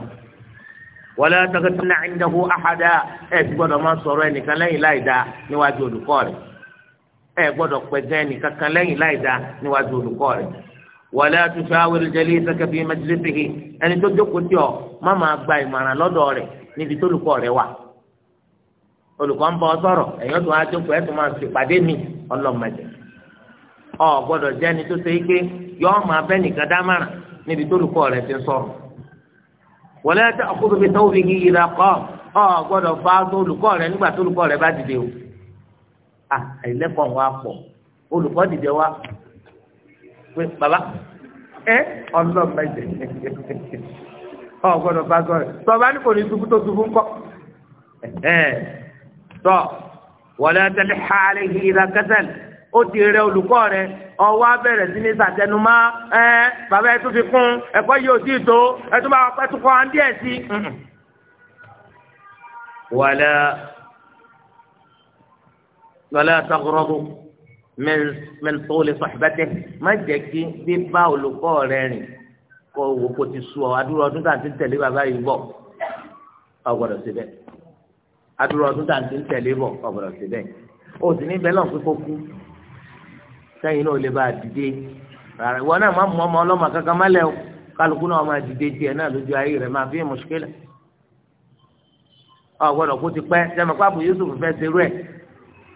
wọlé tọkẹtì náà ń dẹkọ àhàdá ẹ ti gbọ́dọ̀ máa sọ̀rọ̀ ẹnìkan lẹ́yìn láì dá níwájú olùkọ́ rẹ̀ ẹ gbọ́dọ̀ pẹ̀gẹ́ ẹnìkan kan lẹ́yìn láì dá níwájú olùkọ́ rẹ̀ wọlé àtúnṣe awèrè jẹlé sẹkẹfì mẹjìlẹsìkì ẹni tó jókòó tí ọ má máa gba ìmọ̀ràn lọ́dọ̀ rẹ̀ níbi tó olùkọ́ rẹ̀ wà olùkọ́ ń bọ sọ̀rọ̀ ẹ̀yọ́ tó wá jókòó ẹ̀ tó máa ṣèpàdé mi ọlọ́mọdé ọ gbọ́dọ̀ jẹ́ ẹni tó wala ta'khudhu bi thawbihi idha qam ọ gbọ́dọ̀ bá olùkọ́ rẹ nígbà tó olùkọ́ rẹ bá dìde o àìlẹ́kọ̀ọ́ wa pọ̀ olùkọ́ dìde wa pé bàbá ẹ ọlọ́mọdé ọ gbọ́dọ̀ bá sọ̀rọ̀ tọ́ba ní kò ní ṣubú tó ṣubú ńkọ́ tọ́ wala talihha alayhi idha kasal ó ti rẹ olùkọ́ rẹ ọwọ́ abẹ́rẹ́ sí ní sàtẹnumá ẹ bàbá ẹ tún fi kún ẹ̀kọ́ yìí ò tí ì tó ẹ tún bá tún kọ́ ọ́n díẹ̀ sí. wàlá wàlá sàkúrọ́bù mẹ́tòlè sọ̀hìbẹ́tẹ̀ má jẹ́ kí bíbá olùkọ́ rẹ rìn kọ́ owó kò ti sú ọ adúrò ọdún tàǹtí tẹ̀lé bàbá yìí bọ̀ ọgbọ́dọ̀ síbẹ̀ adúrò ọdún tàǹtí tẹ̀lé bọ̀ ọgbọ́dọ̀ síbẹ̀ òsì níbẹ̀ náà fífọ́ kú sẹ́yìn náà ò lè bá a dìde rárá ìwọ náà má mú ọmọ ọlọ́mọ kankan má lẹ́ o kálukú náà máa dìde tiẹ̀ náà lójú ayé rẹ̀ máa fi mùṣkílà ọ gbọ́dọ̀ kó ti pẹ́ sẹ́mi pápá Yusuf fẹ́ serú ẹ̀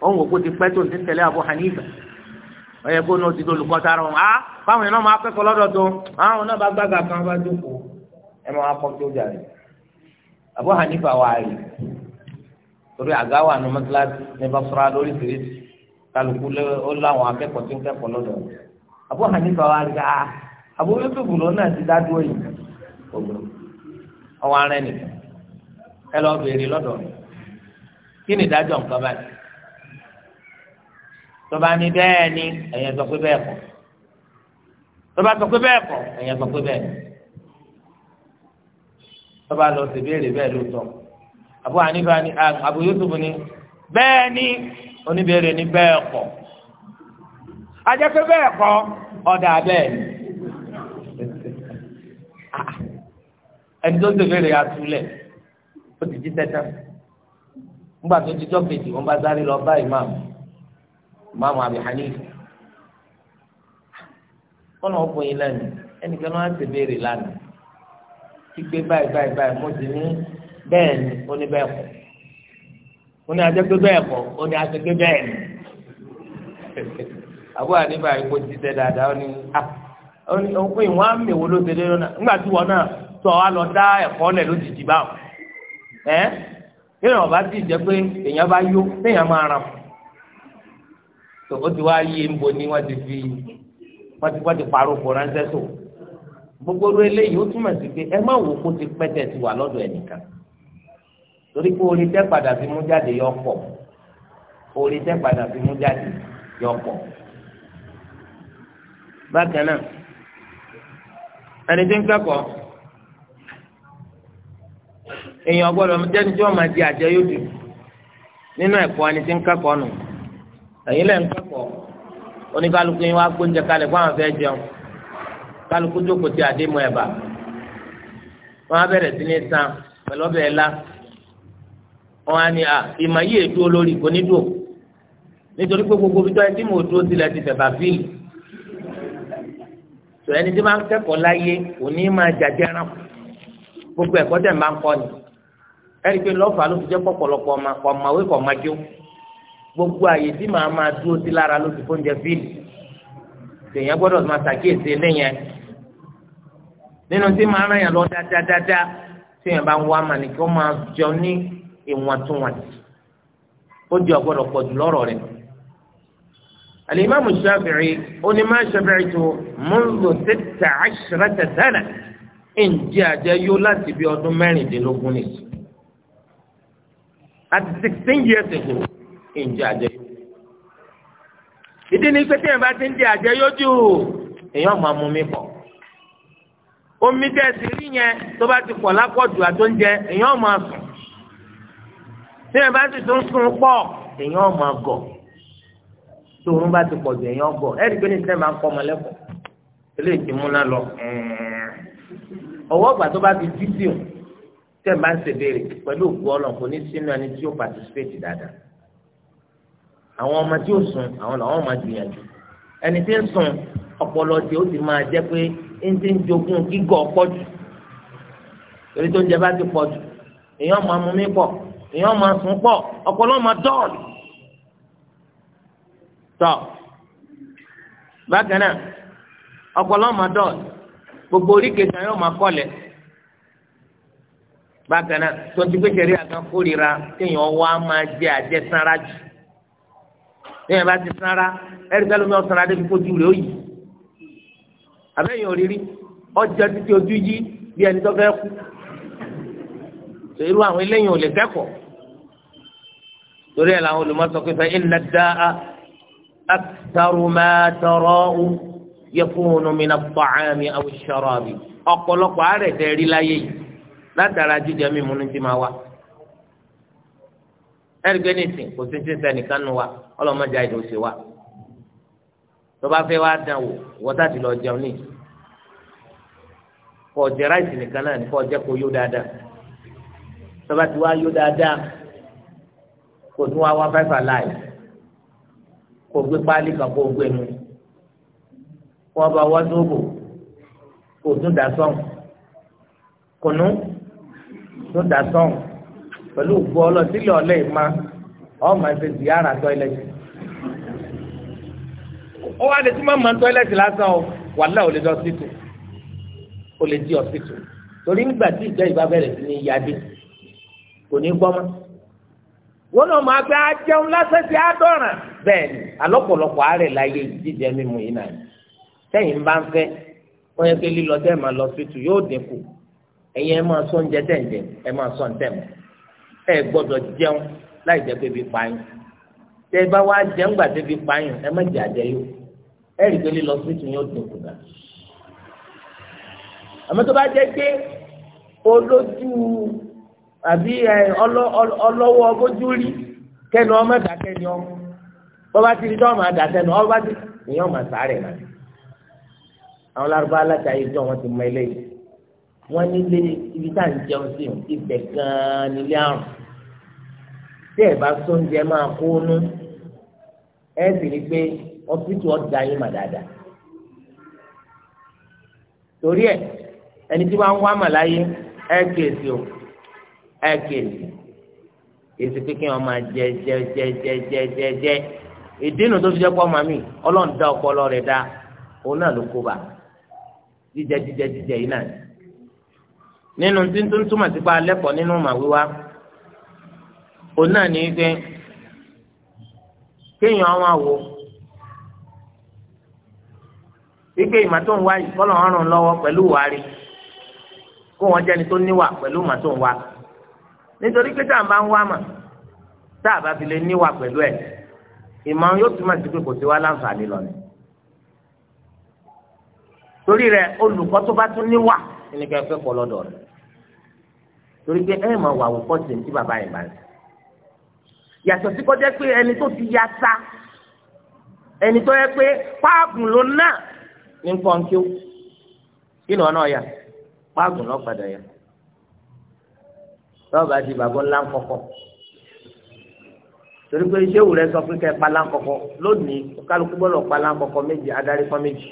òun kò kó ti pẹ́ tó ń ti tẹ̀lé Abu Hanifa ọyẹ kó náà ti di olùkọ́ sára wọn ah báwọn yẹn náà máa kẹ́kọ̀ọ́ lọ́dọ̀ tó àwọn náà bá gbága kan bá jókòó ẹ máa kọ́ tó jà rẹ̀ Abu Hanifa wà á rí torí àgáwà nu mọ́tíláṣí ní bá fúra lórí fèrèsì kálukú lé ó láwọn akẹ́kọ̀ọ́ tí ń kẹ́kọ̀ọ́ lọ́dọ̀ rẹ̀ Abu Hanifa wa rí a Abu ah, Yusuf lọ náà ti dá dúró yìí ògbó ọwọ́ arẹ́ nìkan ẹ lọ béèrè lọ́dọ̀ rẹ̀ kí ni ìdájọ́ nǹkan báyìí tọ́ba ní bẹ́ẹ̀ ni ẹ̀yẹ sọ pé bẹ́ẹ̀ kọ́ tọ́ba sọ pé bẹ́ẹ̀ kọ́ ẹ̀yẹ sọ pé bẹ́ẹ̀ tọ́ba lọ sí béèrè bẹ́ẹ̀ lóòótọ́ Abu Hanifa ni Abu Yusuf ni bẹ́ẹ̀ ni oníbèrè ní bẹ́ẹ̀ kọ́ ajẹ́pẹ́ bẹ́ẹ̀ kọ́ ọ̀dà bẹ́ẹ̀ ẹni tó ń tẹ̀lé rẹ̀ atúlẹ̀ ó ti jí tẹ́tẹ́ nígbà tó ti jọ́ kejì wọ́n bá sáré lọ bá ìmáàmù ìmáàmù Abi Hanifa náà fún yín lẹ́nu ẹnìkan náà ti béèrè lánàá gbígbé báyìí báyìí báyìí mo ti ní bẹ́ẹ̀ ni ó ní bẹ́ẹ̀ kọ́ ó ní ajẹ́ pé bẹ́ẹ̀ kọ́ ó ní ajẹ́ bẹ́ẹ̀ ni àbúrò àdébà ipò títẹ dáadáa ó ní òun ìwọ́n á mi ló délé lọ́nà nígbà tí wọ́n náà tó ọ lọ dá ẹ̀kọ́ lẹ̀ lójijì báwọn ẹ́ kí ni ọba ti jẹ́ pé èèyàn bá yó téèyàn máa ràn yé ni wọ́n ti fi ti ti tó gbogbo eléyìí ó túmọ̀ sí pé ẹ má wò kó ti ti wà lọ́dọ̀ ẹnìkan. torí pé orí tẹ́ padà fi mú jáde yọ pọ̀ orí tẹ́ padà fi mú jáde yọ pọ̀ bákan náà ẹni tí ń kẹ́kọ̀ọ́ èèyàn gbọ́dọ̀ jẹ́ni tí wọ́n máa di àjẹyódù nínú ẹ̀kọ́ ẹni tí ń kẹ́kọ̀ọ́ nù ẹ̀yin lẹ́ ń kẹ́kọ̀ọ́ oníkálukú yín wá gbóúnjẹ kalẹ̀ fún àwọn fẹ́ jẹun kálukú jókòó ti àdémù ẹ̀bà wọ́n á bẹ̀rẹ̀ sí ní san pẹ̀lú ọbẹ̀ ẹ̀la wọn á ní à ìmọ̀ yìí èdú olórí kò ní dùn nítorí pé gbogbo bí tó ẹ tí mo dúró sílẹ̀ ti fẹ̀fà fíìlì tò ẹni tí máa ń kẹ́kọ̀ọ́ láyé òní máa jàjẹrán gbogbo ẹ̀kọ́ tẹ̀ máa ń kọ́ ni ẹni pé lọ́ọ̀fà ló fi jẹ́ pọ̀pọ̀lọpọ̀ ọmọ ọmọwé kọ̀ máa jó gbogbo àyè tí màá máa dúró sí lára ló fi fóúnjẹ fíìlì tèèyàn gbọ́dọ̀ máa ṣàkíyèsí eléyẹn nínú tí màá ràn yàn lọ dáadáa tí yàn bá ń wá màní kí máa jọ ní ìwọ̀ntúnwọ̀nsì ó di ọ̀gbọ́dọ̀ pọ̀jù lọ́rọ̀ rẹ̀. alimami shafi'i oní ma shabi'tu mundu sitta ashrata sana ǹjẹ́ àjẹ́ yó láti bí ọdún mẹ́rìndínlógún ni at sixteen years ago ǹjẹ́ àjẹ́ yó. ìdí ni pé téèyàn bá ti ń di àjẹ́ yó jù èèyàn máa mú mi pọ̀ omi tẹ̀sí rí yẹn tó bá ti pọ̀ lápọ̀jù àtúnjẹ èèyàn máa sùn tí ẹ bá sì tún sun pọ̀ èèyàn ọmọ gọ̀ tí òun bá ti pọ̀ jù èèyàn gọ̀ ẹ̀rí pé ní sinẹ́ máa ń kọ́ ọmọ lẹ́kọ̀ọ́ eléyìí ti múná lọ ọwọ́ ọgbà tó bá ti dí sí bá ń ṣèbéèrè pẹ̀lú òkú ọlọ́run kò ní sínú ẹni tí ó participate dáadáa àwọn ọmọ tí ó sùn àwọn làwọn máa gbìyànjú ẹni tí ń sùn ọpọlọ tí ó ti máa jẹ pé ń ti ń jogún gígọ pọ̀ torí tó ń jẹ bá ti pọ̀ èèyàn máa mú mi pọ̀ èèyàn máa sùn pọ̀ ọpọlọ máa dọ́ọ̀lù. tọ́ bákan náà ọpọlọ máa dọ́ọ̀lù gbogbo oríkèé kan yóò máa kọ́lẹ̀ bákan náà tó ti gbé sẹ́rí àgán kórìíra téèyàn wá máa jẹ àjẹsára jù téèyàn bá ti sára ẹ̀rí bẹ́ẹ̀ lómi ọ̀sán adé fi kójú rẹ̀ ó yìí àbẹ́yìn òrírí ọjà títí ojú yí bí ẹni tó fẹ́ kú tó irú àwọn eléyìí ò lè kẹ́kọ̀ọ́ torí ẹ̀ làwọn olùmọ̀sọ pé fẹ́ iná dáa akitarumatọrọ yẹfunu mina fàcámi àwọn sọrọbi ọ̀pọ̀lọpọ̀ àárẹ̀ tẹ rí láyé yìí látara jíjẹ mímu ní ti máa wá ẹrìgbẹ́ nìsín kò sí sísẹ nìkan nu wa ọlọ́mọdé àìdè òsè wa tọba fẹ́ wá dán wò wọ́tá ti lọ jẹun ní kọ̀ọ̀jẹ̀ ráìsì nìkan náà ní kọ̀ọ̀jẹ̀ kò yó dáadáa tọ́ba ti wá yó dáadáa kò tún wá wá five alive kò gbé páálí kan kó gbé nu kó wọ́n bá wọ́n tó bò kò tún dà sọ̀n kùnú tún dà sọ̀n pẹ̀lú gbọ́ ọlọ́sílẹ̀ ọ̀lẹ́ ìmá ọmọ ẹsẹ̀ ti yára tọ́ilẹ̀tì ó wá lè tí máa ma tọ́ilẹ̀tì lásán o wàhálà ò lè lọ sí tù di ọ̀sítù torí nígbà tí ìjọ ìbá bẹ̀rẹ̀ sí ní yadé. kò ní gbọ́mọ́ wọn náà máa gbé ajẹun lásẹsẹ bẹ́ẹ̀ ni alọpọlọpọ àárẹ̀ láyé jíjẹ mímu yìí náà sẹ́yìn bá ń fẹ́ lílọ máa lọ síìtù yóò dínkù ẹ̀yin ẹ máa sọ oúnjẹ tẹǹjẹ ẹ máa sọ ntẹmọ ẹ gbọ́dọ̀ jẹun láì jẹ pé bí pààyàn tẹ bá wá jẹun gbà tẹ pààyàn ẹ má àjẹ yó ẹ àbí ọlọ́wọ́ bójú rí kẹ́nu ọmọ dàkẹ́ ni ọmọ bọ́bá ti rí tọ́ọ̀mù àdàkẹ́ nu ọba ti èèyàn mà sáré náà àwọn lárúbá aláta yìí tó wọn ti mọ eléyìí wọn nílé ibi tá à ń jẹun sí ibẹ̀ gan-an nílé àrùn tí ẹ bá sóúnjẹ máa kó nú ẹ sì rí i pé ọfíìsì ọ̀dà yín mà dáadáa torí ẹ ẹni tí wọn wá mà láyé ẹ kìí sí o. ẹ̀kìlì èsì pé kí jẹ jẹ jẹ jẹ jẹ jẹ jẹ ìdínà tó fi jẹ pọ màmí Ọlọ́run dá ọpọlọ rẹ̀ dá òun náà ló kó bá jíjẹ jíjẹ jíjẹ yìí náà nínú tuntun túmọ̀ sí pa alẹ́kọ̀ọ́ nínú màá wíwá òun náà ní nítorí pé tá à ń bá ń wá mà tá a bá fi lè níwà pẹ̀lú ẹ̀ ìmọ̀ yóò túmọ̀ sí pé kò sí wá láǹfààní lọ ni. torí rẹ̀ olùkọ́ tó bá tún níwà ní kẹ́ fẹ́ kọ́ lọ́dọ̀ rẹ̀ torí pé ẹ̀ mọ̀ wà wòkọ́ sí ti bàbá yìí bá ń yàtọ̀ sí kọjá pé ẹni tó ti ya sa ẹni tó yẹ pé páàgùn ló náà ní nǹkan kí ó kí ni wọn náà yà páàgùn lọ́ọ́ padà yà tọ́ọ̀bà di bàbá ńlá kọ̀kọ̀ torí pé iṣẹ́ òwúrẹ́ sọ pé kẹ́ ẹ palá kọ̀kọ̀ lónìí kálukú bọ́lọ̀ palá kọ̀kọ̀ méjì adarí kọ́ méjì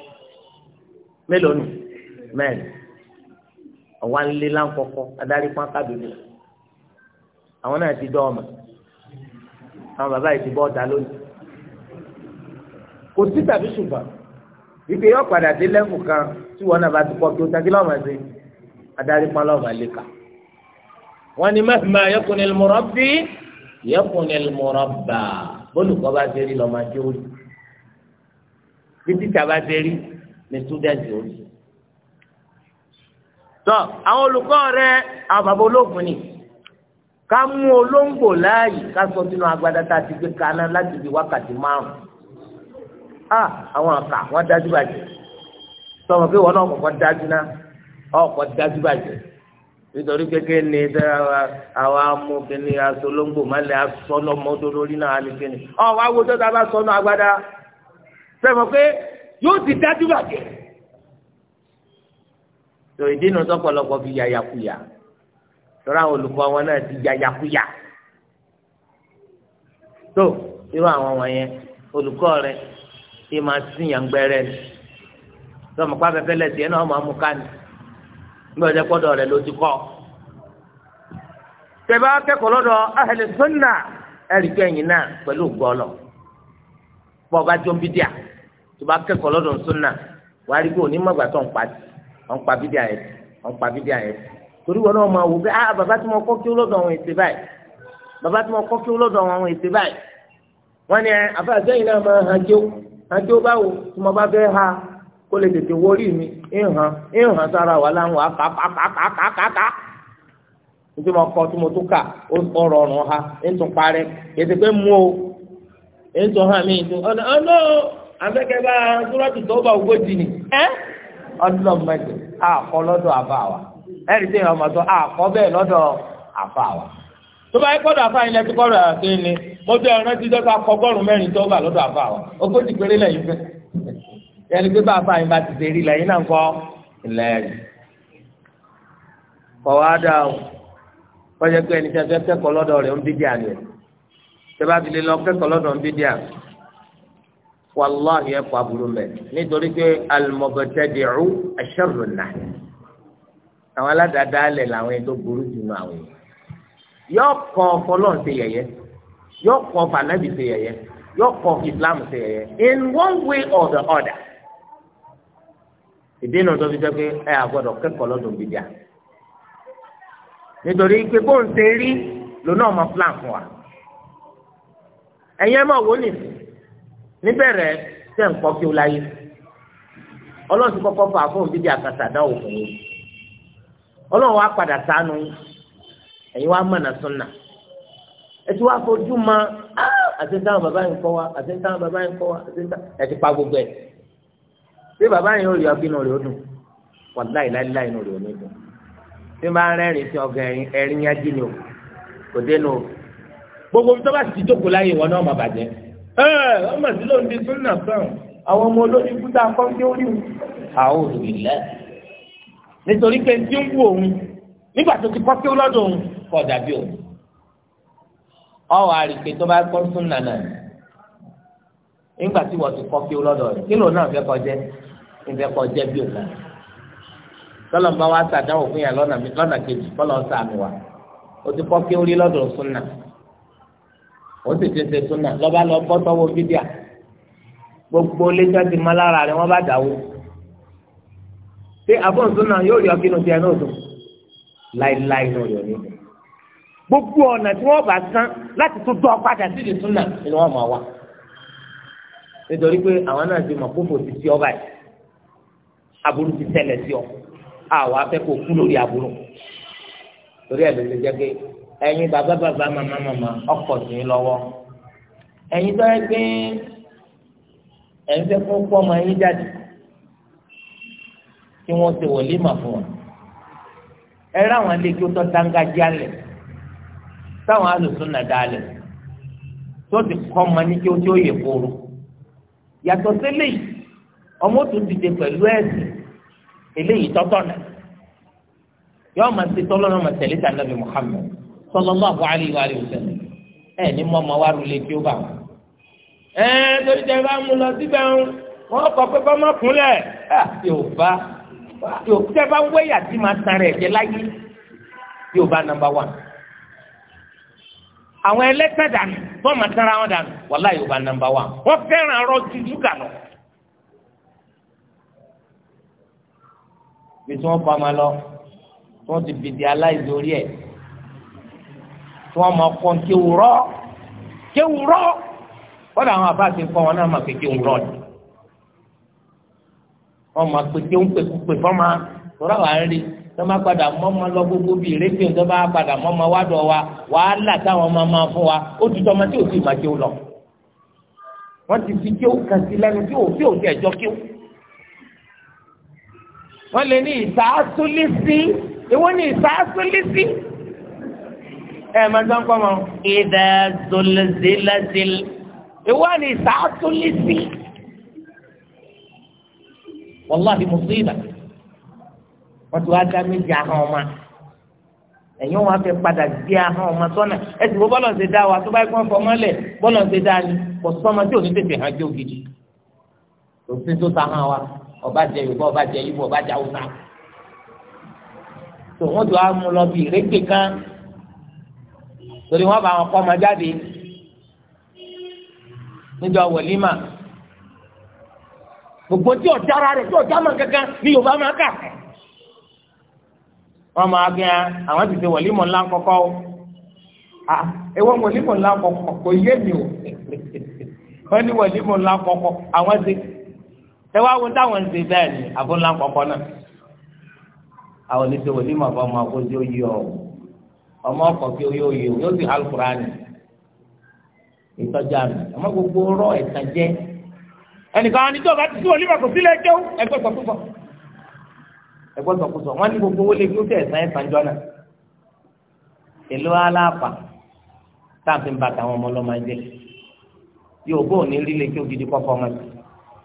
mélòó nù mẹ́rin ọ̀wá ńlé ńlá kọ̀kọ̀ adarí kọ́ kábìlì àwọn náà ti dọ́ ọmọ àwọn bàbá yìí ti bọ́ ọ̀tá lónìí kò sí tàbí ṣùgbọ́n ìgbé yọ padà dé lẹ́kùn kan tí wọn náà bá ti pọ̀ tó tàbí lọ́mọ wọ́n ní mahma yakunil murabbi yakunil murabba bólùkọ́ bá ṣe rí lọ́mọ tí ó rí bí títà bá ṣe rí ní túdẹ̀ǹtì ó rí. tọ́ àwọn olùkọ́ rẹ àwọn bàbá olóògùn ni ká mú olóńgbò láàyè ká sọ sínú agbada tá a ti gbé kaná láti di wákàtí márùn a àwọn àkà wọn dájú bàjẹ́ sọmọ pé wọn náà kọ̀ọ̀kan dájú náà ọkọ̀ dájú bàjẹ́ nítorí kékeré ni àwa amúkíní asolóńgbò mọ́lẹ̀ asọ́lọ́mọdó lórí náà nìkíní ọ wá wo tó dábàá sọnù agbada sẹ́mi pé yóò ti dájú bàjẹ́ tó ìdínà sọ́pọ̀lọpọ̀ fi yàyàkuyà tọ́ra àwọn olùkọ́ wọn náà ti yàyàkuyà tó irú àwọn wọ̀nyẹn olùkọ́ rẹ ti máa sìn yàngbẹ́rẹ́ ni sọ́mọ́pá fẹ́fẹ́ lẹ́sìn ẹ̀ náà máa mú ká ni. níbi ọjọ́ pọ́dọ̀ rẹ̀ ló ti kọ́. tẹ̀bá kẹ́kọ̀ọ́ lọ́dọ̀ ahli sunna ẹ̀ríkẹ́ ẹ̀yìn náà pẹ̀lú gbọ́lọ̀ pọ̀ bá jọ kẹ́kọ̀ọ́ lọ́dọ̀ rí kó onímọ̀gbà tó ń pa ọ̀n pa yẹn ọ̀n pa yẹn torí wọn náà máa wò pé ah bàbá tí mo kọ́ kí ó lọ́dọ̀ àwọn ètè báyìí bàbá tí mo kọ́ kí kó lè tètè wọrí mi ìhàn ìhàn sára wà láwọn àkàkàkàkàkà nítorí kọ tí mo tún ha ètò parẹ ètò pé mú o ètò hàn mí ètò ọ̀nà ọ̀nà afẹ́kẹ́ bá tó bá ni ẹ́ ọdún mẹ́jọ àkọ́ lọ́dọ̀ àbá wa àbá wa tó bá yẹ àti mo tí tó yẹni pé bàbá yín bá ti ṣe rí lẹ́yìn náà kọ́ ìlẹ́rìí kọ́ wá dà o kọjá pé ẹni tí a fẹ́ kẹ́kọ̀ọ́ lọ́dọ̀ rẹ̀ ń bí díà ni tẹ́ bá fi lè lọ kẹ́kọ̀ọ́ lọ́dọ̀ ń bí díà wàláhi ẹ̀ fọ aburú mẹ́ nítorí pé alimọ̀gọ́tẹ́dìrú ẹ̀ṣẹ̀rùnà àwọn aládàáda alẹ̀ làwọn ẹni tó burú jù nù àwọn yìí yọ kọ́ fọlọ́n ṣe yẹ̀yẹ́ yọ kọ́ fanabi ṣe yẹ̀yẹ́ yọ kọ́ Islam ṣe yẹ̀yẹ́ in one way or the other. ìdí náà tó fi jẹ́ pé ẹ àgbọ́dọ̀ kẹ́kọ̀ọ́ lọ́dọ̀ bìdíà nítorí pé bó ṣe rí náà máa fún wa ẹ̀yin ẹ wò nìsí níbẹ̀rẹ̀ tẹ̀ ń kọ́ kí ó láyé kọ́kọ́ fà fún àkàtà ọlọ́run padà sánú ẹ̀yin mọ̀nà súnà ẹtí wàá fojú ma àti bàbá kọ́ wa àti bàbá kọ́ wa àti pa gbogbo ẹ̀. ṣé bàbá yẹn ò rí ọgbìn rẹ̀ ó dùn wàláì láìláì inú rẹ̀ ò ní dùn ṣé máa rẹ́rìn sí ọgàn ẹ̀rín ẹ̀rín yẹn dín ní o kò dénú o gbogbo tó bá ti jókòó láyé ìwọ náà máa bàjẹ́ ẹ ọmọ sí ló ń di súnà sàn àwọn ọmọ olóyún kúta kọ́ńdé orí wọn. àwọn olùdílẹ̀ nítorí pé tí ń wù òun nígbà tó ti kọ́ sí lọ́dọ̀ òun kọ́ dàbí òun ọwọ́ àrìkè tó bá kọ́ súnà náà nígbà tí wọ́n ti kọ́ sí lọ́dọ̀ rẹ̀ kí lòun náà fẹ́ kọjẹ́ ìfẹ́ kọ́ jẹ́ bí òkú tọ́lọ̀ bá wa sàdáwò fún yà lọ́nà kejì kọ́lọ̀ sàmì wa o ti kọ́ kí ó rí lọ́dọ̀ súnà o sì ti ṣe súnà lọ́ba lọ bọ́ sọ́wọ́ bídíà gbogbo lẹ́jọ́ ti mọ́ lára rẹ̀ wọ́n bá dàwó ṣé àfọ̀nsúnà yóò rí ọkí nu tiẹ̀ náà dùn láíláí náà yọ̀ nínú gbogbo ọ̀nà tí wọ́n bá san láti tún dọ́ padà sí ìdí súnà ni wọ́n mọ̀ wá nítorí pé àwọn náà ti mọ̀ kófò ti ti ọ báyìí aburú ti ṣẹlẹ̀ sí ọ àwọn afẹ́ kò kú lórí aburú torí ẹ̀ ló ṣe jẹ́ pé ẹ̀yin bàbá bàbá màmá màmá ọkọ̀ sí lọ́wọ́ ẹ̀yin tó yẹ pé ẹ̀yin fẹ́ kó kọ́ ọmọ yín jáde kí wọ́n ti wọlé mà fún wọn ẹ ráwọn ilé kí ó tọ́ dángájá lẹ̀ táwọn alùsùn nà dá lẹ̀ tó ti kọ́ ọmọ ní kí ó tí yẹ kóró yàtọ̀ sílẹ̀ ọmọ tó dìde pẹ̀lú ẹ̀sìn eléyìí tọ́tọ̀ nà yọọ ma ṣe tọ́lọ́nà ma tẹ̀lé tà nàbì Muhammad sallallahu alaihi wa alihi wasallam ẹ ní mọ́ ọmọ wa rúlé tí ó bá wọn. ẹ torí tẹ bá mú lọ síbẹ̀ ń wọ́n kọ pé bọ́mọ kúnlẹ̀ Yorùbá Yorùbá bá wẹ́yà tí máa tan rẹ̀ jẹ láyé Yorùbá nàmbà wà. àwọn ẹlẹ́sẹ̀ dànù bọ́ọ̀mù tẹ́ra wọn dànù wàlá Yorùbá nàmbà wà. wọ́n fẹ́ràn arọ́ ju ṣúgà lọ. bí tí wọ́n pamọ́ lọ tí wọ́n ti fìdí aláìsí orí ẹ̀ tí wọ́n máa kọ́ kéwùrọ́ kéwùrọ́ wọ́n làwọn àbá ti kọ́ wọn náà máa fi kéwùrọ́ ni wọ́n máa pe kéwù pèkúpè fọ́mà tọ́lá wàá rí tọ́ bá padà mọ́mọ́ lọ gbogbo bíi rédíò tọ́ bá padà mọ́mọ́ wá dọ̀ wa wàhálà táwọn máa máa fún wa ó ti tọ́ ọmọ tí ò sì máa kéwù lọ wọ́n ti fi kéwù kan sí lẹ́nu tí ò sí òsì ẹ̀jọ́ kéwù wọ́n lè ní ìsàásúlísí ìwọ ní ìsàásúlísí. ẹ máa sọ ń kọ́ mọ́ ìdá zolzilazil ìwọ ní ìsàásúlísí. wàláhi mùsùlùmí wọ́n ti wá dá méjì ahọ́n ọmọ ẹ̀yin wọn fẹ́ padà gbé ahọ́n ọmọ sọ́nà ẹ sì wọ́n bọ́lọ̀ ṣe dá wa tó bá gbọ́n fọmọ́ lẹ̀ bọ́lọ̀ ṣe dá ni kò sọ́mọ tí ò ní tètè hàn jó gidi òfin tó ta hàn wa ọba jẹ yorùbá ọba jẹ ibo ọba jẹ awúsá tó wọn tó amú lọ bí ìrèké kan torí wọn bá wọn kọ́ ọmọ jáde níjọ wọlímà gbogbo tí o ara rẹ tí ọjà máa kankan ní yorùbá máa kà wọn máa gbé àwọn ti ṣe wọlímọ ńlá kọ́kọ́ o ah ewé wọlímọ ńlá kọ́kọ́ kò yé mi o wọn ní wọlímọ ńlá kọ́kọ́ àwọn ti ẹ wá wo táwọn ń ṣe bẹ́ẹ̀ ni àbúlá kọ̀ọ̀kan náà àwọn oníṣẹ́ wòlíì máa fọ ọmọ akójú oyè ọ̀ ọmọ ọkọ̀ kí oyè oyè yóò sì alukurani ìtọ́jà mi ọmọ gbogbo rọ ẹ̀sán jẹ́ ẹnìkan àwọn oníṣẹ́ ọba ti sí wòlíì máa kò sílẹ̀ jẹun ẹgbẹ́ sọkúsọ ẹgbẹ́ sọkúsọ wọn ní gbogbo wọlé kí ó tẹ̀ ẹ̀sán ẹ̀sán jọ náà èlò aláàpà táàfin bàtà àwọn ọmọ ọlọ́mọ ẹgbẹ́ yóò bó òní rí lè kí gidi kọ́kọ́ ọmọ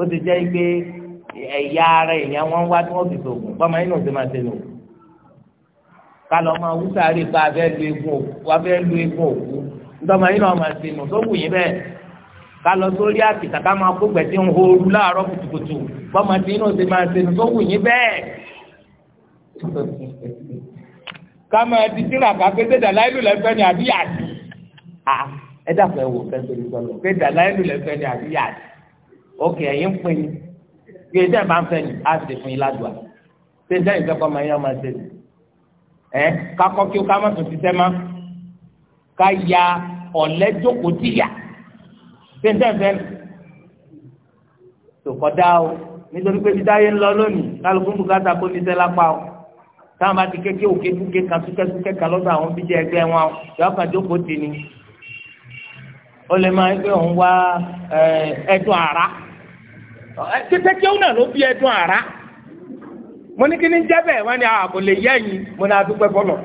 ó ti jẹ́ pé ẹ̀yà ara èèyàn wọn wá tí wọ́n fi sògùn bọ́mọ inú ti máa ṣe nù. kálọ̀ máa wú sáré pa abẹ́ lu egun òkú abẹ́ lu egun òkú ntọ́mọ inú ọmọ ṣe nù tó wù yín bẹ́ẹ̀ kálọ̀ sórí àkìtà ká máa kó gbẹ̀tì ń horu láàárọ̀ kùtùkùtù bọ́mọ inú ti máa ṣe nù tó wù yín bẹ́ẹ̀ kama ẹdi tí ra kàkpé tẹ dàlá ìlú ni àbí yàtì ẹ dàpọ̀ ẹwò kẹsìrì sọlọ pé dàlá ìlú lẹfẹ ni òkè ẹ̀yìn ń pè bí ẹ̀dá ẹ̀ ń fẹ́ ni á sì fún yín ládùá ṣé ẹ̀dá ìfẹ́ kọ́ máa yẹ ọmọ ṣe ni ẹ̀ kakọ́ kí o ká má tún ṣiṣẹ́ má ká ya ọ̀lẹ́ jókòó tìyà ṣé ẹ̀dá ìfẹ́ tòkọ́dá o nítorí pé dídá yé ń lọ lónìí kálukú bùkátà kó ní sẹ́lá pa o táwọn bá ti kéke òkè kúkè kan súkẹ́súkẹ́ kan lọ́dọ̀ àwọn bíjẹ́ ẹgbẹ́ wọn yọ̀ọ́ jókòó tì ní ó lè máa ń pé òun wá ẹ̀ẹ́dùn àrá títẹ́ kí ó náà ló bí ẹdun àrá mo ní kí ní jẹ́ bẹ́ẹ̀ wọ́n ní ààbò ah, lè yẹ yín mo ní adúpẹ́ fọlọ̀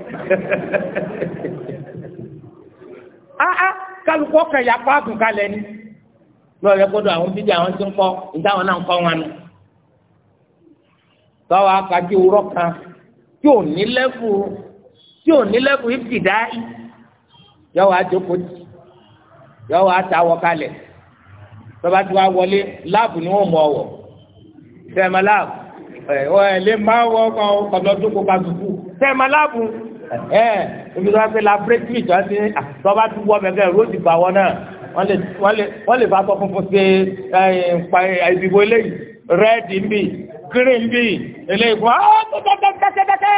áá ah, ah, kálukọ́ kan ya páàkùn kalẹ̀ ni lọ́ọ̀ yẹ kódò àwọn bíbí àwọn tí ń kọ́ ìdáwọn náà ń kọ́ wọn nù tọ́wọ́ akájú rọ́ kan tí ò ní lẹ́fù tí ò ní lẹ́fù ìfìdá yìí yọ wá jókòó kalẹ̀ tọ́ba tí wàá wọlé láàbù ni wọ́n mọ̀ ọ̀wọ̀ sẹ́ẹ̀mà láàbù ọ̀ ẹ̀ lè má wọ ọ̀dọ̀ tó kópa dùkú sẹ́ẹ̀mà láàbù ẹ̀ omi tó wá pé laboratory tó wá sí tọ́ba tí wọ́ bẹ̀rẹ̀ róòdì bá wọn náà wọ́n lè fa sọ funfun sí ìdìbò eléyìí rẹ́ẹ̀dì ń bì green bì eléyìí fún ọ́ ah, tó tẹ́tẹ́tẹ́tẹ́tẹ́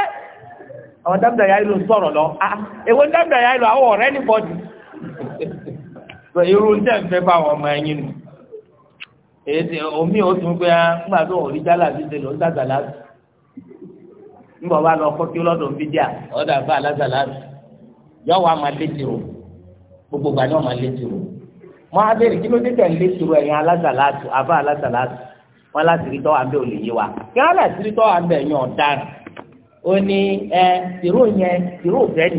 àwọn dábìdà yà ìlú sọ̀rọ̀ lọ ah, èwo dábìdà yà ìlú àwọn ọ̀rẹ́ nìbọ̀dì irú ń tẹ̀ fẹ́ bá àwọn ọmọ ẹ̀yìn nù. èyí omi ò tún pé ńgbà ah, tó òrí jálà bí ṣe lò dàgbà láti ńgbà wà lọ kọ́kí lọ́dọ̀ bí díà ọ̀dà láti yọ wà gbogbo gbà náà máa létí o mọ abẹ́rẹ́ kí ló dé tẹ̀ ń létí láti láti wọn láti rí tọ́wọ́ abẹ́ yé wa kí láti rí tọ́wọ́ abẹ́ ó ẹ yẹn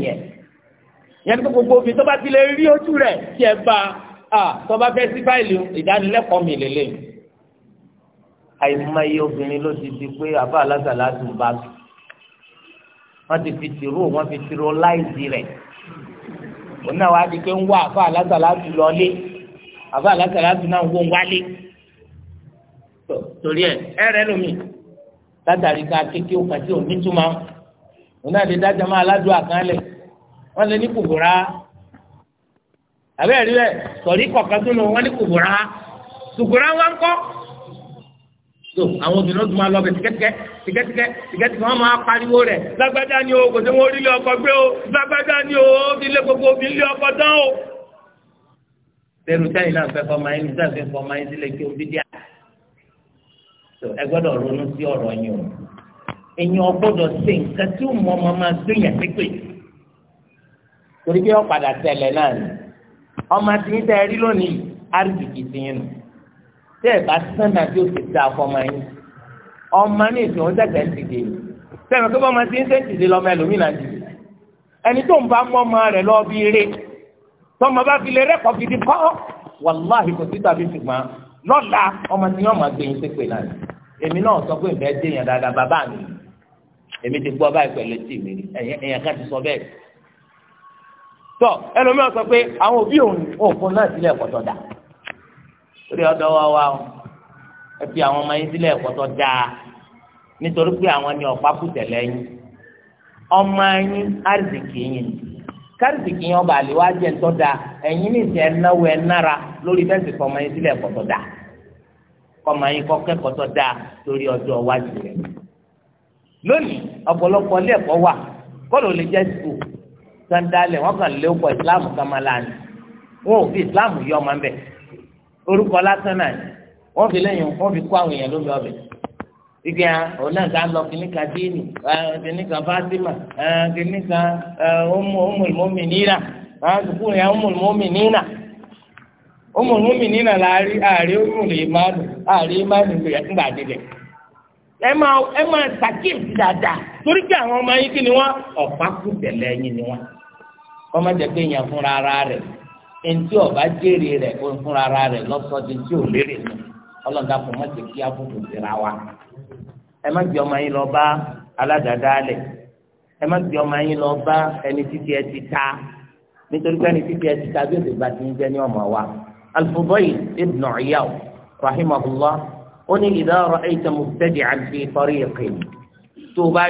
yẹn yẹn gbogbo tó bá ti lè rí ojú rẹ̀ tó bá fẹ́ sí fáìlì ìdánilẹ́kọ̀ọ́ mi lélẹ̀ àìmọye obìnrin ló ti di pé àbá alásàlá ti bá tù wọ́n ti fi tìrú wọ́n fi tìrú láìsí rẹ̀ òun náà wàá di pé ń wá àbá alásàlá ti lọlé àbá alásàlá ti náà ń wó ń wálé torí ẹ ẹ rẹ lómi látàrí ká kékeré kan tí ò òun náà lè dájọ́ máa aládùn àkànlẹ̀ wọ́n lè ní kòkòrò á àbẹ́ rí bẹ́ẹ̀ sọ̀rí kọ̀ọ̀kan tó lọ wọ́n ní kùbùrà kùbùrà so àwọn obìnrin tó máa lọ bẹ tìkẹ́tìkẹ́ tìkẹ́tìkẹ́ tìkẹ́tìkẹ́ wọn máa pariwo rẹ̀ lágbájá ni o kò sí wọn orílẹ̀ ọkọ gbé o lágbájá ni o ilé gbogbo obìnrin ọkọ dán o. bẹ́ẹ̀ni sẹ́yìn náà fẹ́ fọmọ ayé nígbà fẹ́ fọmọ ayé sílẹ̀ kí o bí díà. so ẹ gbọ́dọ̀ ronú sí ọ̀rọ̀ yín o ẹ̀yin ọgbọ́dọ̀ ṣe nǹkan tí ó mọ gbé yàn torí bí wọ́n padà náà ni ọmọ tí ń tẹ́ rí lónìí àrídìkì ti yín nù tẹ́ ẹ̀ bá sànà tí ó ti da ọmọ yín ọmọ ní ìsìn òun tẹ̀sẹ̀ ń dìde tẹ̀mẹ̀ kí ọmọ tí ń tẹ́ dìde lọ́mọ ẹlòmíràn dìde ẹni tó ń bá mọ́ ọmọ rẹ̀ lọ bí eré tọmọ bá fi lè rẹ́kọ̀ọ́ gidi kọ́ wàláhì kò sí tàbí ṣùgbọ́n lọ́la ọmọ tí yóò máa gbẹ̀yìn pépè náà èmi náà sọ pé tọ elu sọ pé àwọn òbí òun òfun náà sílẹ̀ ẹ̀kọ́tọ̀ lórí wa wa ẹ fi àwọn ọmọ yín sílẹ̀ ẹ̀kọ́tọ̀ nítorí pé àwọn ni ọ̀pá yín ọba àlè da ẹ̀yin ní ìsìn ẹ̀náwó ẹ̀ nára lórí fẹ́ǹsì kọ́ ọmọ yín sílẹ̀ ẹ̀kọ́tọ̀ dà ọmọ yín kọ́ lórí ọjọ́ rẹ̀ lónìí sàn dalẹ̀ wọ́n kàn lé islam islam yọ ọmọ mbẹ orúkọ lásán náà fi lẹ́yìn wọn fi kó àwọn èèyàn lómi ọbẹ̀ igi hàn òun lọ kìnnìkan díìnì kìnnìkan fatima kìnnìkan ọmọlùmọ́mì nínà sukùn yẹn ọmọlùmọ́mì nínà ọmọlùmọ́mì nínà láàrin àárín ọmọlùmọ́mì ìmánu àárín ẹ máa ẹ máa dáadáa torí àwọn ọmọ kí ni kọ́má jẹ́ pé èèyàn fúnra ara rẹ̀ eŋti ọba jèrè rẹ̀ kó fúnra ara rẹ̀ lọ́sọ̀dì tí ò lérè nù ọlọ́dà kò má ti kí abúkù síra wa ẹ má gbé ọmọ yín lọ bá aládàáda lẹ̀ ẹ má gbé ọmọ yín lọ bá ẹni títí ẹ ti ta nítorí pé ẹni títí ẹ ti ta bí o ti ti ń jẹ́ ní ọmọ wa al ibn Iyaw rahimahullah ó ní idha ra'ayta tó o bá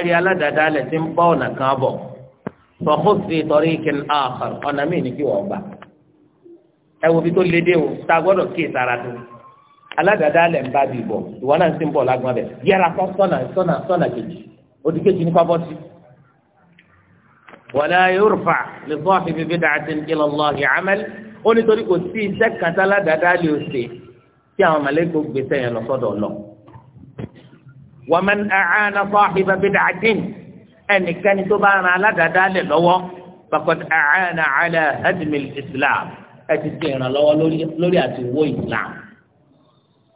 fọkùn sí ìtọ́rí kìnnì àkàr ọ̀nà míì ní kí wọ́n gbà ẹ wo bí tó lé dé o tá a gbọ́dọ̀ kí ìsara tó alágàdá lẹ̀ ń bá bí bọ̀ ìwọ náà ń sìn bọ̀ lágbọ́n bẹ̀ yẹra kọ́ sọ́nà sọ́nà sọ́nà kejì odi kejì ní kọ́bọ́ sí. wàlá yorùfà lè fọ́ àfihàn bí dàtí ní ilẹ̀ ọlọ́ọ̀hìn amẹ́lì ó nítorí kò sí iṣẹ́ kàtà alágàdá lè ṣe kí àwọn mọ̀lẹ́kọ̀ gbèsè yẹn lọ sọ́dọ̀ lọ. wàmẹ́ni àánà fọ́ àfihàn bí dàtí ẹnikẹ́ni tó bá ran aládàádáálẹ̀ lọ́wọ́ bàkọ́tà àánà àlẹ́ ẹ̀dìmìl islam ẹ lórí àti wó islam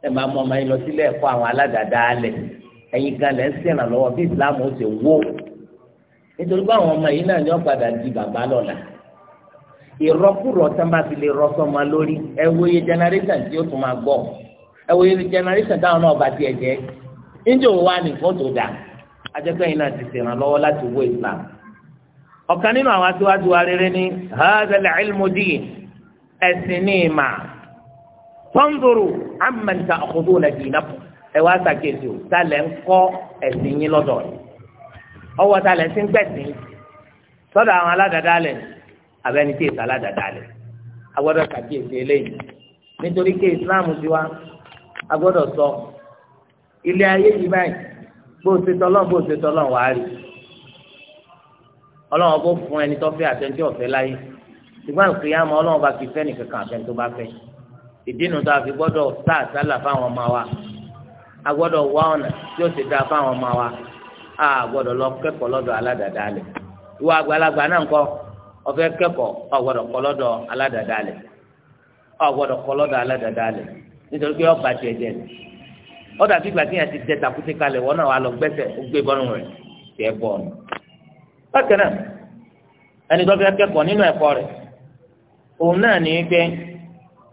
ẹ máa mọ ọmọ yín lọ àwọn ń bí islam ó ṣe wó nítorí pé ọmọ yìí náà ni wọ́n di bàbá lọ́la ìrọ́kùrọ̀ tán bá fi lè rọ sọmọ lórí ẹ wòye tí ó tún máa gbọ́ ẹ táwọn náà bá tiẹ̀ jẹ́ níjọ́ wa ajẹ́kẹ́yìn náà ti ṣèrànlọ́wọ́ láti wó islam ọ̀kan nínú àwọn aṣíwájú wa rere ni hazal ilmudin ẹ̀sìn ní ìmà tọ́ndùrù amẹ́ta ọ̀kọ́dún nàìjíríà náà ẹ wá ṣàkíyèsí o ta lẹ́ ń kọ́ ẹ̀sìn yín lọ́dọ̀ rẹ̀ ọwọ́ ta lẹ́ ń sìn gbẹ̀sìn sọ́dọ̀ àwọn aládàádáalẹ̀ abẹ́ni tí èsì aládàádáalẹ̀ agbọ́dọ̀ ṣàkíyèsí eléyìí nítorí pé islam ti wá agbọ́dọ̀ sọ ilé ayé yìí báyìí bó o ṣe tọ́lọ́n bó o ṣe tọ́lọ́n ọlọ́run bó fún ẹni tó fẹ́ àtẹ̀ntì ọ̀fẹ́ láyé ṣùgbọ́n àlùkìyàmọ́ ọlọ́run bá fi fẹ́ nìkankan àtẹ̀ntì tó bá wa a gbọ́dọ̀ wá ọ̀nà tí ó ṣe wa a gbọ́dọ̀ lọ kẹ́kọ̀ọ́ lọ́dọ̀ aládàdálẹ̀ ìwọ àgbàlagbà náà ńkọ́ o kẹ́kọ̀ọ́ kọ́ ó dàbí ìgbà yẹn ti dẹ tàkúté kalẹ̀ wọ́n náà wà lọ gbẹ́sẹ̀ ó gbé bọ́ọ̀nù rẹ̀ tẹ́ bọ́ọ̀nù. bákan náà ẹni tó fẹ́ kẹ́kọ̀ọ́ nínú ẹ̀kọ́ rẹ̀ òun náà ní pé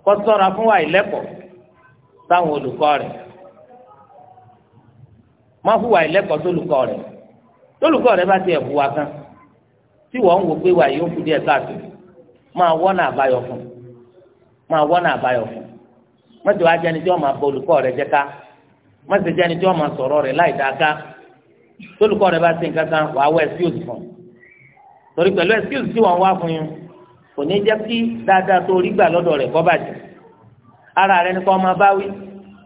kó ṣọ́ra fún wa ìlẹ́kọ̀ọ́ sáwọn olùkọ́ rẹ̀ má hùwà ìlẹ́kọ̀ọ́ sólùkọ́ rẹ̀ sólùkọ́ rẹ̀ bá ti wa kan tí wọ́n ń wò pé wà yóò káàtó máa fún máa fún mọ́tò ajẹ́ni tí wọ́n máa bọ olùkọ́ má ṣe jẹ́ ẹni tí wọ́n máa sọ̀rọ̀ rẹ̀ láì dáká tólùkọ́ rẹ̀ bá ṣe nǹkan kan wàá wọ excuse fún un torí pẹ̀lú excuse tí wọ́n wá fún yín kò ní jẹ́ kí dáadáa tó rí gbà lọ́dọ̀ rẹ̀ kọ́ bàjẹ́ ara rẹ̀ ni kọ́ máa bá wí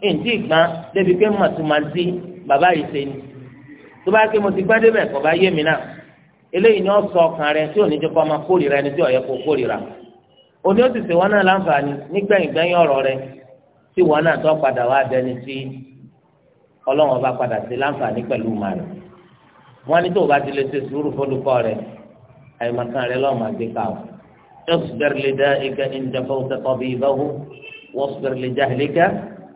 èyí ìgbọ́n débi pé màtúmàtí bàbá yìí ṣe ni tó bá ké mo ti gbá débẹ̀ kọ́ bá yé mi náà eléyìí ni ó sọ ọkàn rẹ̀ tí ò ní jẹ́ kó máa kórìíra ẹni tí ó yẹ kórìíra òní ó sì ṣe wọn náà láǹfààní nígbẹ̀yìn ọ̀rọ̀ rẹ̀ tí wọn náà tó padà wá dẹni tí ọlọ́run ọba padà sí láǹfààní pẹ̀lú màrì wọn ní tó o bá ti lè ṣe sùúrù fọlùkọ́ rẹ àyèmọ̀kan rẹ lọ́ọ́ máa gbé káwọ́ اصبر لدائك إن جفوت طبيبه واصبر لجهلك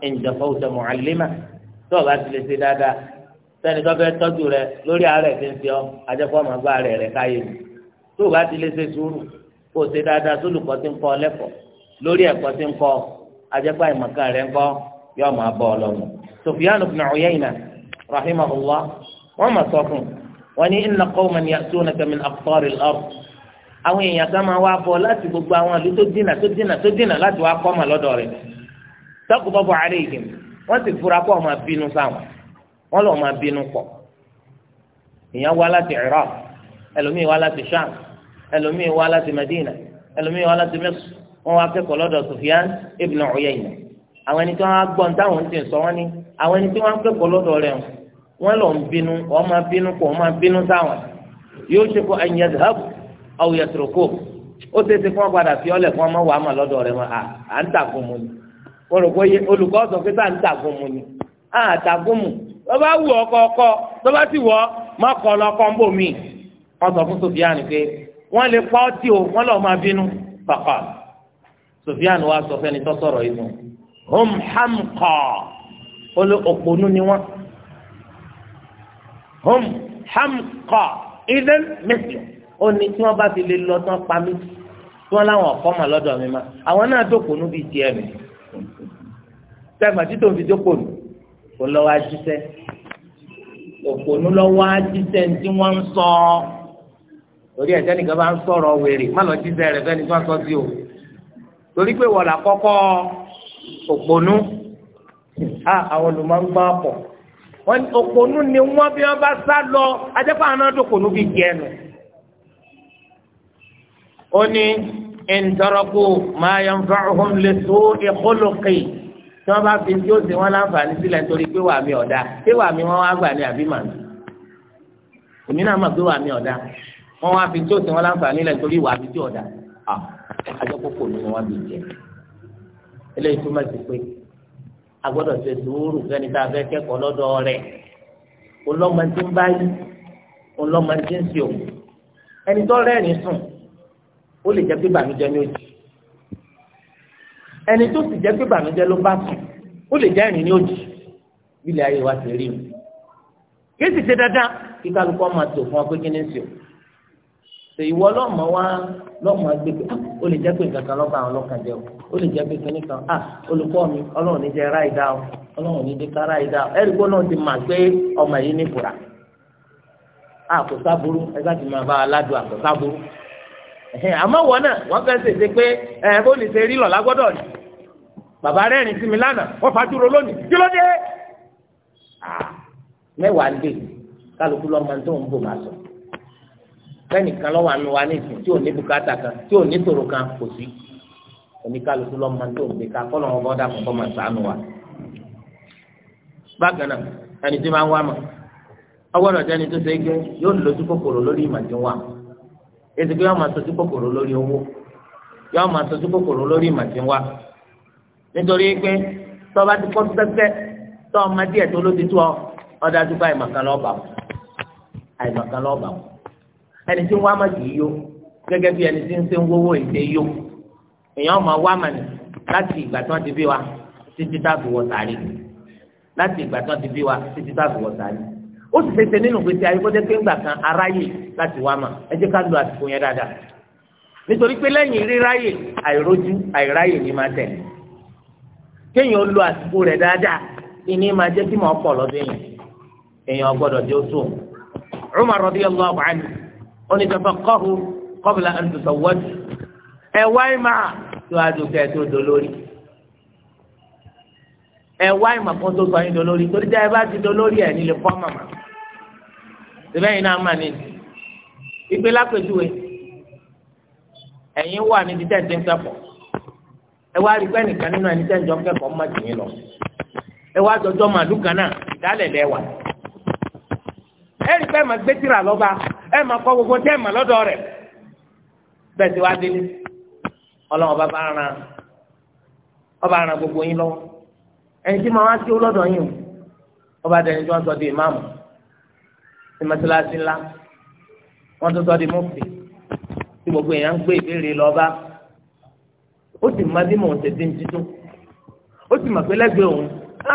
إن جفوت معلمه tó o bá ti lè ṣe dáadáa sẹ́ni tó fẹ́ tọ́jú rẹ lórí àárẹ̀ tí ń fi ọ́ ajẹ́fọ́ máa gbá rẹ̀ rẹ̀ káyé mi tó o bá ti lè rẹ̀ ń kọ́ yóò máa bọ́ ọlọ́mù Sufyan ibn Uyayna rahimahullah wọ́n máa sọ fún wọn ní inna qawman ya'tunaka min aqtar al-ard àwọn èèyàn kan máa wá bọ̀ láti gbogbo àwọn àlú tó dínà tó dínà tó dínà láti wá kọ́ mà lọ́dọ̀ rẹ̀ taqdabu alayhim wọ́n sì fura pọ̀ máa bínú sáwọn wọ́n lọ́ọ́ máa bínú pọ̀ èèyàn wá láti Iraq ẹlòmíì wá láti Sham ẹlòmíì wá láti Madina ẹlòmíì wá láti Misr wọ́n wá kẹ́kọ̀ọ́ lọ́dọ̀ Sufyan ibn Uyayna àwọn ẹni tí wọ́n á gbọ́ ní táwọn ti sọ wọ́n ní àwọn ẹni tí wọ́n á kẹ́kọ̀ọ́ lọ́dọ̀ rẹ̀ wọ́n lọ ń bínú wọ́n máa bínú kó wọ́n máa bínú táwọn yóò ṣe kó ẹ̀yìn ẹ̀dá hàbù àwọn yẹtùrù kó ó ṣe é ṣe fún wọn padà fi ọlẹ̀ fún ọmọ wàá mà lọ́dọ̀ rẹ̀ wọn à ń tàgùn mu ni wọn rò pé olùkọ́ sọ pé tá ń tàgùn mu ni à ń tàgùn mu tó bá wù ọkọ ọkọ tó bá sì wọ má kọ lọ kọ́ńbò mi wọn sọ fún Sofiani pé wọn lè pa o wọn lọ máa bínú pàpà Sofiani wa sọ fẹ́ni tó sọ̀rọ̀ yìí fún un hum hamqa olú òpònú ni wọ́n hum hamqa idan mẹsàn ó ní tí wọ́n bá fi lè lọ tán pa mí tí wọ́n láwọn ọ̀kọ́ mà lọ́dọ̀ mi ma àwọn náà dòpònú bíi tiẹ̀ mi sẹ́gbà tí tòun fi dòpònú kò lọ́wọ́ ajísẹ́ òpònú lọ́wọ́ ajísẹ́ ní tí wọ́n ń sọ torí ẹ̀jẹ̀ nìkan bá ń sọ̀rọ̀ wèrè má lọ jísẹ́ rẹ̀ fẹ́ni tí wọ́n sọ sí o torí pé wọ́n là òpònú a àwọn olùmọ̀ọ́gbà pọ̀ wọ́n òpònú ni wọ́n bí wọ́n bá sá lọ ajẹ́pọ̀ àwọn náà dòkònú bíi jẹ́ nù. ó ní ìǹtọ́rọ́kù máa yan fáwọn lè so ìkólókè tí wọ́n bá fi tí ó sì wọ́n láǹfààní sílẹ̀ nítorí pé wà mí ọ̀dà pé wà mí wọ́n wá gbà ní àbí màmí èmi náà mọ̀ pé wà mí ọ̀dà wọ́n wá fi tí ó sì wọ́n láǹfààní sílẹ̀ nítorí wà mí tí ọ̀dà àjọpọ̀ kò ní wọ́n bí jẹ́ eléyìí túmọ̀ sí pé a gbọ́dọ̀ ṣe sùúrù fẹ́ni tá a fẹ́ kẹ́kọ̀ọ́ lọ́dọ̀ rẹ̀ ọlọ́mọ tí ń báyìí ọlọ́mọ tí ń sè o ẹni tó rẹ́rìn sùn ó lè jẹ́ pé bàmíjẹ́ ní òjì ẹni tó sì jẹ́ pé bàmíjẹ́ ló bá sùn ó lè jẹ́ ìrìn ní òjì bílẹ̀ ayé wa ti rí mi kí sì ṣe dáadáa kí kálukú ọmọ àti òfin ọgbẹ́gínní sè o. tò ìwọ lọ́mọ wa lọ́mọ agbègbè pé ah, ó lè jẹ́ pé àwọn o ó lè jẹ́ pé kínní kan ah olùkọ́ mi ọlọ́run ní jẹ́ ráì o ọlọ́run ní jẹ́ ká o ẹ̀rí gbọ́n náà ti mà pé ọmọ yìí ní ìfura ah, kò sábúrú ti máa bá sábúrú àmọ́ wọn náà wọ́n ṣèṣe pé ṣe rí bẹ́ẹ̀nìkan lọ́wọ́ àánú wa nísìnyí tí ò ní kan tí ò ní tòrò kan kò sí oníkálukú lọ́mọ tó ń ká kọ́ máa sànù wa. bákan náà ẹni tí máa ń wá mọ̀ ọgbọ́dọ̀ jẹ́ni tó ṣe é gbé yóò lójú kòkòrò lórí ìmọ̀tíwá èsì pé yóò máa kòkòrò lórí owó yóò máa kòkòrò lórí nítorí pé ti kọ́ ọmọ díẹ̀ tó ló ti tó ọ ẹni tí ń wá màdì yíyó gẹ́gẹ́ bí ẹni tí ń ṣe ń wówó èdè yó èèyàn máa wá màdì láti ìgbà tí wọ́n ti bí wa títí táàbù wọ sàárì láti ìgbà tí wọ́n ti bí wa títí táàbù wọ sàárì ó sì ṣèṣe nínú gbèsè ayíkọ́jẹ́ pé ńgbà kan aráyè láti wá mà ẹ jẹ́ ká lo àsìkò yẹn dáadáa nítorí pé lẹ́yìn ríráyè àìrójú àìráyè ni máa tẹ̀ kéèyàn lo àsìkò rẹ̀ dáadáa ìní máa jẹ́ kí màá pọ̀ lọ́dún yẹn èèyàn gbọ́dọ̀ dé ó tó Umar oni tafaqahu qabla an tuzawwaju ẹ wá ìmà síwájú kẹ́ ẹ tó dolórí ẹ wá ìmà kan tó sọ yín dolórí torí tẹ́ ẹ bá ti dolórí ẹ̀ nílé fọ́ màmá síbẹ̀ yìí náà mà ní ìgbé lápẹ̀júwe ẹ̀yin wà níbi tẹ́ ẹ ti ń kẹ́kọ̀ọ́ ẹ wá rí pẹ́ nìkan nínú ẹni tẹ́ ń kẹ́kọ̀ọ́ má jì lọ ẹ wá jọjọ́ ìdálẹ̀ lẹ́wà ẹ rí pẹ́ màgbẹ́tìrà lọ́ba. ẹ máa kọ́ gbogbo tẹ́ ẹ mà lọ́dọ̀ rẹ̀ bẹ́ẹ̀ ti wá délé ọlọ́run ọba bá ọrụ ọba ọrụ gbogbo yín lọ́wọ́ ẹni tí ọrụ wá sí ọlọ́dọ̀ yín o ọba dẹni tí wọ́n sọ di ìmáàmù ní ńlá wọ́n sọ di mọ́fì tí gbogbo èèyàn ń gbé ìbéèrè lọ́ba ó sì bí mò ń ń títún ó sì mà pé lẹ́gbẹ̀ẹ́ òun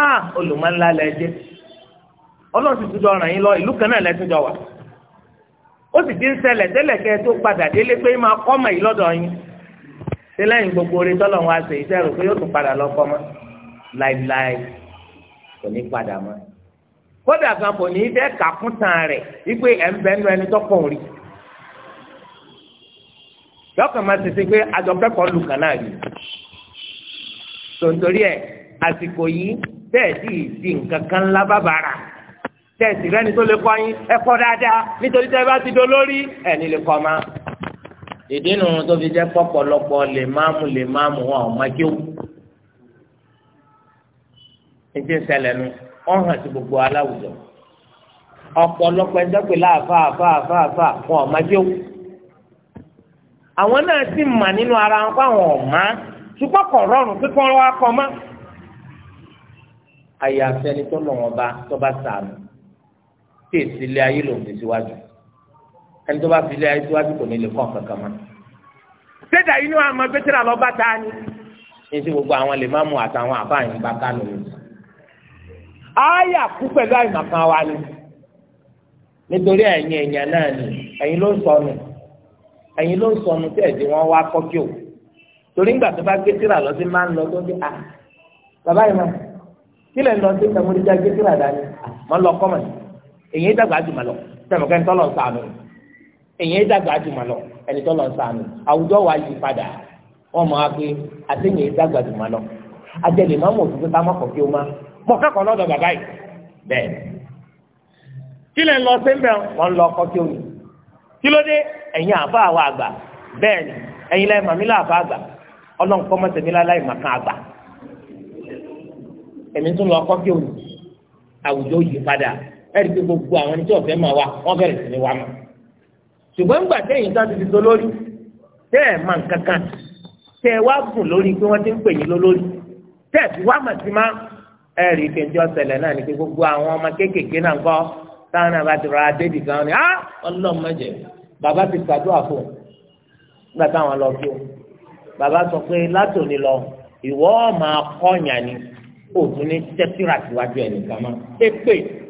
ah, olùmọ̀ńlá lẹ́jẹ́ ọlọ́run tún ó sì ti ń ṣẹlẹ̀ tẹ́lẹ̀ kẹ́ tó padà délé pé máa kọ́mọ̀ yìí lọ́dọ̀ yín ṣé lẹ́yìn gbogbo orin tọ́lọ̀ wá ṣe iṣẹ́ rò pé yóò tún padà lọ kọ́ mọ́ láìláì kò ní padà mọ́ kódà kan kò ní fẹ́ kà fún tàn rẹ̀ wípé ẹ̀ ń bẹ́ẹ̀ nu ẹni tọ́kọ̀ rí yọkàn máa ṣèṣe pé àjọpẹ́kọ̀ọ́ lù kàn náà rí tòǹtòrí ẹ̀ àsìkò yìí bẹ́ẹ̀ sì di nǹkan kan lábàbàrà tẹ̀sí rẹ́ni tó lè kọ́ yín ẹ̀kọ́ dáadáa nítorí tẹ́ bá ti do lórí ẹ̀ní lè kọ́ ma. ìdínú tó fi jẹ́ pọ̀pọ̀lọpọ̀ lè máàmù lè máàmù wọn ò má kíw. ní ti ń ṣẹlẹ̀ nu wọ́n hàn sí gbogbo aláwùjọ. ọ̀pọ̀lọpọ̀ ẹjọ́ pé láàfà àfà àfà àfà wọn ò má kíw. àwọn náà sì mà nínú ara wọn fáwọn ọ̀ma ṣùgbọ́n kọ̀ rọrùn pípọ́n wa kọ́ mọ́. àyàfẹ́ni tó lọ́wọ́ bá tó kí èsì ilé ayé lòun ti síwájú ẹni tó bá fi ilé ayé síwájú kò ní lè kọ́ kankan mọ́. sẹ́dà inú àmọ́ pétérà lọ bá ta ni. ní ti gbogbo àwọn lè má mú àtàwọn àbáyìn bá kánò ni. àyà kú pẹ̀lú àìmọ̀kan wa ni. nítorí ẹ̀yin èèyàn náà ni ẹ̀yin ló ń sọnù ẹ̀yin ló ń sọnù tí ẹ̀dín wọn wá kọ́kí o. torí ńgbà tó bá pétérà lọ sí máa ń lọ tó à ah, bàbá yìí mọ kí lè lọ sí ẹmúdíjà èyí dàgbà jùmọ̀ lọ sẹ́mi kẹ́ni tọ́lọ̀ sànù èyí dàgbà lọ ẹni tọ́lọ̀ sànù àwùjọ wa yí padà wọ́n mọ̀ á pé dàgbà jùmọ̀ lọ àjẹlẹ̀ máa mọ̀ òtútù táwọn nọ. kí o máa bàbá yìí kí lè lọ sí wọn lọ kí o kí ló dé àfa àgbà àgbà kọ́ mọ́tẹ̀mí àgbà èmi tún lọ kọ́ ẹ̀rí pé gbogbo àwọn ẹni tí ọ̀fẹ́ máa wá wọ́n bẹ̀rẹ̀ sí ni wá mọ́. ṣùgbọ́n ńgbà tẹ́yìn tó ti di tó lórí tẹ́ ẹ̀ máa nǹkan kan tẹ́ ẹ wá gùn lórí pé wọ́n ti ń pè yín lólórí tẹ́ ẹ̀ fi wá mà sí má ẹ̀rí pé tí ọ̀sẹ̀lẹ̀ náà ni pé gbogbo àwọn ọmọ kéékèèké náà kọ́ táwọn náà bá ti rọra débi gan ni ah ọlọ́mọdé bàbá ti ṣàdúrà fún un nígbà táwọn lọ kí o bàbá sọ pé látòní lọ ìwọ máa kọ́nyà ni òtún ní tẹ́tírà síwájú ẹ̀ nìkan mọ́ ẹ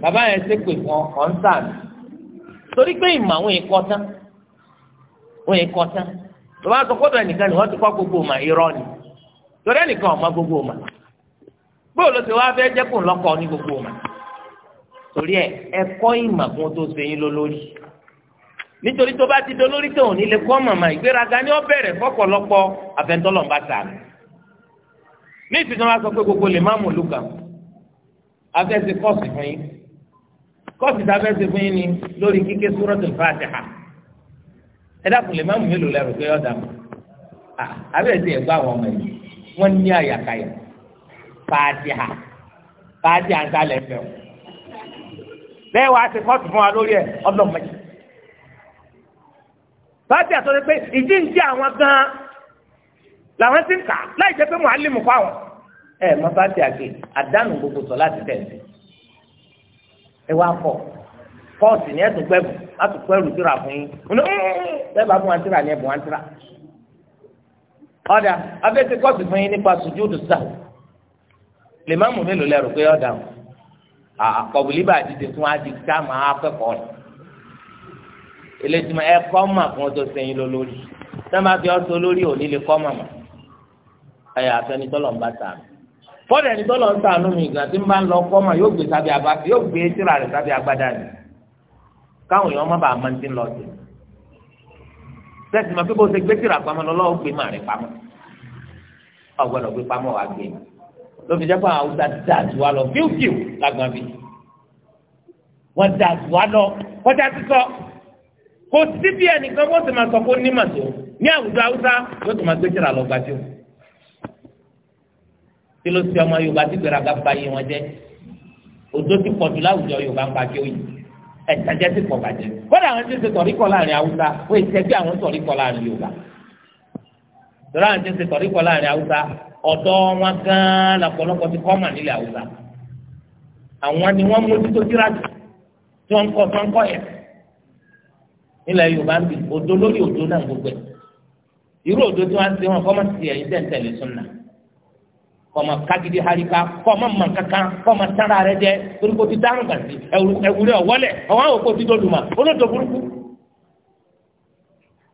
bàbá yẹn ṣe pè fún ọ ń torí pé ìmọ̀ àwọn èèkọ́ tán wọ́n èèkọ́ tán bàbá sọ kọ́dọ̀ ẹnìkan ni wọ́n ti kọ́ gbogbo ọmọ irọ́ ni torí ẹnìkan ọmọ gbogbo ọmọ bóòlù ló ti wá fẹ́ jẹ́ kó ń lọ́kọ̀ ní gbogbo ọmọ torí ẹ ẹ̀kọ́ ìmọ̀ kún tó ṣe yín lólórí nítorí tó bá ti dolórí tó ò ní lè kọ́ màmá ìgbéraga ni ó bẹ̀rẹ̀ fọ́pọ̀lọpọ̀ àfẹ́ntọ́lọ́ bá ní ìsìn sọ pé gbogbo lè má mú olùkà afẹ́sẹ̀ kọ́ọ̀sì fún yín kọ́ọ̀sì tá a fẹ́ ṣe fún yín ni lórí kíké Suratul Fatiha ẹ dákun lè má mú mélòó lẹ́rù pé ọ̀dà mọ́ abẹ́rẹ́ ti ẹ̀gbọ́ àwọn ọmọ yìí wọ́n ní àyàkáyà Fatiha Fatiha ń sálẹ̀ fẹ́ o bẹ́ẹ̀ wá ti kọ́ọ̀sì fún wa lórí ẹ̀ ọlọ́mọ yìí Fatiha tó pé ìdí ń jẹ́ àwọn gan làwọn ti ń kà láì jẹ́ pé mọ̀ á lè mú kọ́ àwọn ẹ̀ mọ́ Fatiha kì í àdánù gbogbo sọ láti tẹ̀sí ẹ wá kọ pọ́ọ̀sì ni ẹ tún pẹ́bù á tún pẹ́rù síra fún yín ọ̀nà bẹ́ẹ̀ bá fún wa síra ni ẹ bù wá síra. ọ̀dà abẹ́tẹ̀ kọ́ọ̀sì fún yín nípa sùjúdù sáà lè má mú mélòó lẹ́rù pé ọ̀dà wọn àkọ̀bùlí bá dìde fún wa di ká máa kẹ́kọ̀ọ́ rẹ̀ eléjìmọ̀ ẹ kọ́ mà fún ọjọ́ sẹ́yìn lọ lórí sábà fi ọ́ sọ lórí òní lè kọ́ mà mà ẹ̀yà àfẹnitọ́lọ̀ ń bá tààmì fọ́dà ẹni tọ́lọ̀ ń sànú mi ìgbà tí ń bá ń lọ kọ́ mà yóò gbé sábẹ́ àbá yóò gbé síra rẹ̀ sábẹ́ àgbádá rẹ̀ káwọn èèyàn má bàa máa ti lọ sí sẹ́ẹ̀tì máa fi bó ṣe gbé síra pamọ́ lọ́wọ́ gbé mà rẹ̀ pamọ́ ọ̀gbọ́dọ̀ gbé pamọ́ wàá gbé lóbi jẹ́ pé àwọn Haúsá dáa wa lọ fíwfíw lágbọ́n bí wọ́n dáa ju wa lọ kọjá sísọ kò síbi ẹnìkan wọ́n sì máa sọ kó ní màtó ní àwùjọ Haúsá yóò tó máa gbé síra lọ gbàdúrà kí ló ti ọmọ yorùbá ti gbéraga ba iye wọn jẹ òdó ti pọ̀ jù láwùjọ yorùbá ń pa kí ó yìí ẹ̀tàjẹ́ ti pọ̀ bàjẹ́ kódà àwọn tí ń ṣe tọ̀ríkọ̀ láàrin haúsá ó ń tẹ́gbẹ́ àwọn tọ̀ríkọ̀ láàrin yorùbá tọ́lá àwọn tí ń ṣe tọ̀ríkọ̀ láàrin haúsá ọ̀dọ́ wọn gan-an lọ́pọ̀lọpọ̀ ti kọ́ mà nílẹ̀ haúsá àwọn ni wọ́n mójútó síra jù tí wọ́n ń kọ́ tí wọ́n ń kọ́ yẹn yorùbá ń bì òdo lórí òdo náà gbogbo ẹ̀ irú òdo tí wọ́n ń wọn kọ́ mọ́ ti ẹ̀yìn tẹ̀ǹtẹ̀lẹ̀ kọmọ kagidi harika kọmọ mankankan kọmọ tara rẹ jẹ toroko ti dáhùn gàdí ẹwúrẹ ọwọlẹ ọwọ àwọn òkò ti dọdù ma olóòtú burúkú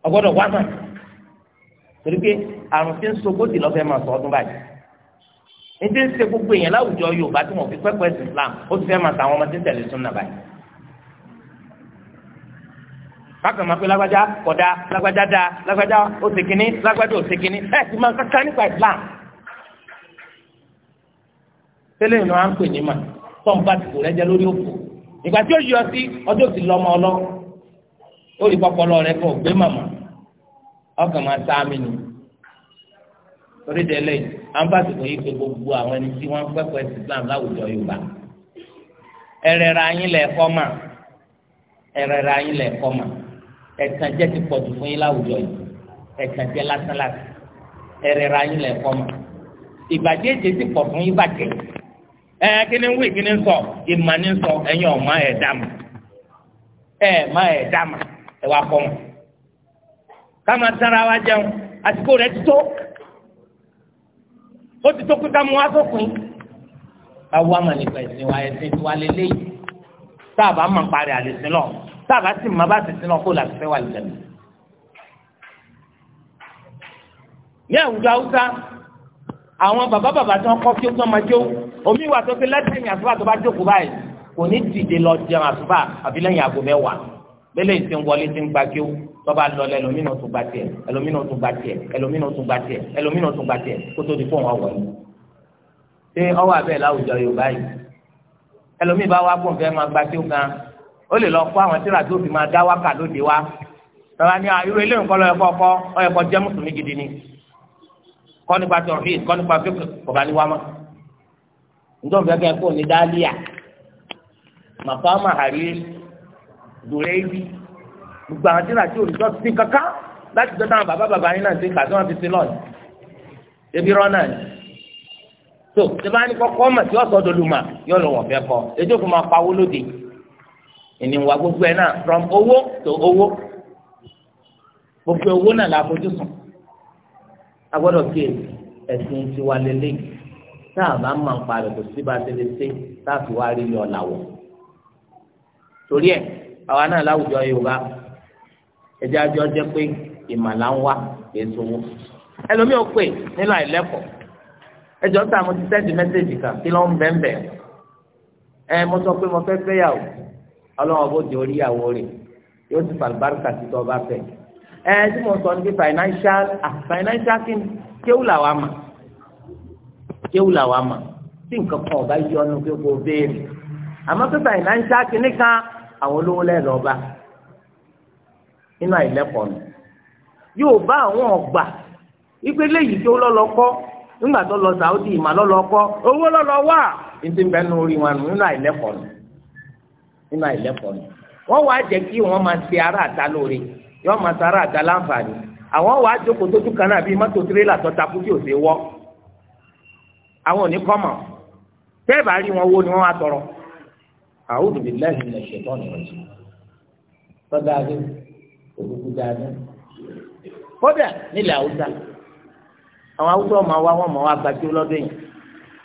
ọgbọdọ wá mà torí pé àrùn tí ń sogódì lọ́fẹ́ máa sọ ọdún báyìí ní tí ń ṣe gbogbo èèyàn láwùjọ Yorùbá tí wọ́n fi pẹ́pẹ́ sí Islam ó ti fẹ́ máa ta àwọn ọmọ tí ń tẹ̀lé súnà báyìí bákan máa pé lágbájá kódà lágbájá dáa lágbájá ó ṣe kínní lágbájá ó ṣe kínní ti máa kankan nípa Islam tẹ́lẹ̀ ìnáwó à ń pè ní mà tọ́m bá ti kò rẹ́jẹ lórí òkú ìgbà tí ó yọ sí ọjọ́ ti lọ́mọ ọlọ́ ó rí pọpọlọ rẹ kó gbé màmá ọkàn máa sá mi nù torí tẹ́lẹ̀ à ń bá ti kò yí pé gbogbo àwọn ẹni tí wọ́n pẹ́pẹ́ sí Islam láwùjọ Yorùbá ẹrẹ̀ra yín lẹ̀ kọ́ mà ẹrẹ̀ra yín lẹ̀ kọ́ mà ẹ̀kan jẹ́ ti pọ̀jù fún yín láwùjọ yìí ẹ̀kan jẹ́ lásán lásán ẹrẹ̀ra yín lẹ̀ kọ́ mà ìbàjẹ́ èjì ti pọ̀ fún yín bàjẹ́ ẹ kíni wí kíni sọ ìmà ni sọ ẹ̀yin ọmọ ẹ dàmà ẹ ma ẹ dàmà ẹ wà kọ́ wọn. káma sára wa jẹun àsìkò rẹ ti tó ó ti tó kó ká mú wá sókun káwọ àmà nípa ẹ̀sìn wa ẹ̀sìn tiwa lélẹ́yìí sáàbà máa ń parí àlèsìn lọ sáàbà sì máa bá àlèsìn lọ kó làásì fẹ́ wà lẹ́nu. ní àwùjọ haúsá àwọn bàbá bàbá tí wọn kọ kí ó máa jó omi ìwà tó fi lẹ́tẹ̀ẹ̀yìn àsùbà tó bá jókòó báyìí kò ní dìde lọ jẹun àsùbà àbí lẹ́yìn aago mẹ́wàá lélẹ̀ ìsìn wọlé ti ń gba kí ó tó bá lọ lẹ́ ẹlòmínà tó gba tiẹ̀ ẹlòmínà tó gba tiẹ̀ ẹlòmínà tó gba tiẹ̀ ẹlòmínà tó gba tiẹ̀ kó tó di fún wọn wọlé. ṣé ọwọ́ abẹ́ láwùjọ yorùbá yìí ẹlòmíì bá wá kó nfẹ́ máa gba kí ó gan ó lè lọ kó àwọn tíra tó fi máa dá wákà lóde wá. tọ́lá ní irú ilé nǹkan lọ́yọ̀kọ́ ọkọ ọ̀yọ̀kọ́ jẹ́ mùsùlùmí gidi ni kọ́ nípa tọ̀hìn kọ́ nípa fíkì ọba ní wámọ́ njọ́ bẹ́ẹ̀ kẹ́ kó ní dálíà màfàmà àríyé dùrẹ́ẹ́bí gbogbo àwọn tíra tí olùsọ ti kankan láti dọ́ táwọn bàbá bàbá yín náà ti kà tí wọ́n fi ti lọ́ọ̀nì ebi rọ́nà ni tó tẹ́lá ní kọ́kọ́ mà tí ọ̀sọ́ dolùmà yóò lọ wọ̀n fẹ́ kọ́ ètò fún ma pa owó lóde ìníwà gbogbo ẹ̀ náà from owó to owó gbogbo owó náà la fojú sùn a gbọ́dọ̀ kí ẹ̀sìn tiwa lélẹ̀ tá a bá máa ń parẹ́ kò sí bá a ti lè ṣe tá a fi wá rí ní ọ̀la wọ̀ torí ẹ̀ àwa náà láwùjọ Yorùbá ẹ̀jẹ̀ àjọ jẹ́ pé ìmàlà ń wá kì í sowó ẹlòmíì ó pè nínú àìlẹ́kọ̀ọ́ ẹjọ́ tá a mo ti sẹ́ndì mẹ́sẹ̀jì kan kí ló ń bẹ́ẹ̀ bẹ́ẹ̀ ẹ mo sọ pé mo fẹ́ fẹ́yàwó ọlọ́wọ́n bó di oríyàwó rẹ̀ yóò ti fàlùbáríkà títọ́ bá fẹ́ẹ́ ẹ tí mo sọ financial ah, financial kí ni kéwù kéwù tí ọba yọ ọnu pé kò béèrè àmọ́ pé financial kìíní kan àwọn olówó lẹ́nu ọba nínú àìlẹ́kọ̀ọ́ nù yóò bá àwọn ọgbà ìpele yìí kọ́ nígbà tó lọ Saudi ìmà lọ́lọ́ kọ́ owó lọ́lọ́ wà orí wọn nínú àìlẹ́kọ̀ọ́ nù nínú àìlẹ́kọ̀ọ́ nù wọ́n wá jẹ́ kí wọ́n máa ara àta lóore yóò máa sara àdá láǹfààní àwọn wà á jókòó tó dúkan náà bíi mọ́tò tirẹ́là tó takú tí ò sí wọ́ àwọn ò ní kọ́mọ̀ tẹ́ẹ̀bà rí wọn wo ni wọ́n wá tọrọ. a'udhu billahi minash shaitani rajim tọ́jà adé òkùnkùn dáadé kódà nílẹ̀ haúsá àwọn haúsá ọmọ wa wọn mọ wa gbàdúrà lọ́dún yìí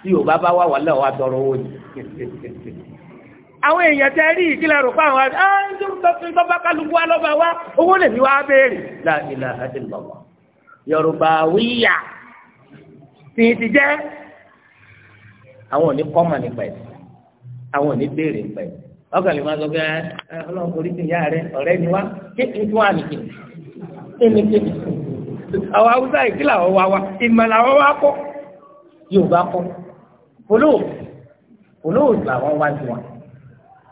tí yorùbá bá wà wọlé wa tọrọ owó yìí àwọn èèyàn tẹ́ rí ìkílẹ̀ rò pa àwọn àti ah, ọba kálukú wa lọ́ba wa owó lè fi wá béèrè la ilaha illallah yorùbá wíyà tí ti jẹ́ àwọn ò ní kọ́mà nípa ẹ̀ àwọn ò ní nípa ẹ̀ ọkàn máa sọ pé eh, eh, ọlọ́run kò rí ìyá rẹ ọ̀rẹ́ ni wá kí n tún wà nìkì kí ni kí ni àwọn haúsá ìkílẹ̀ àwọn wa wa ìmọ̀lẹ̀ àwọn wa kọ́ yorùbá kọ́ olóòtú olóòtú làwọn wá sí wọn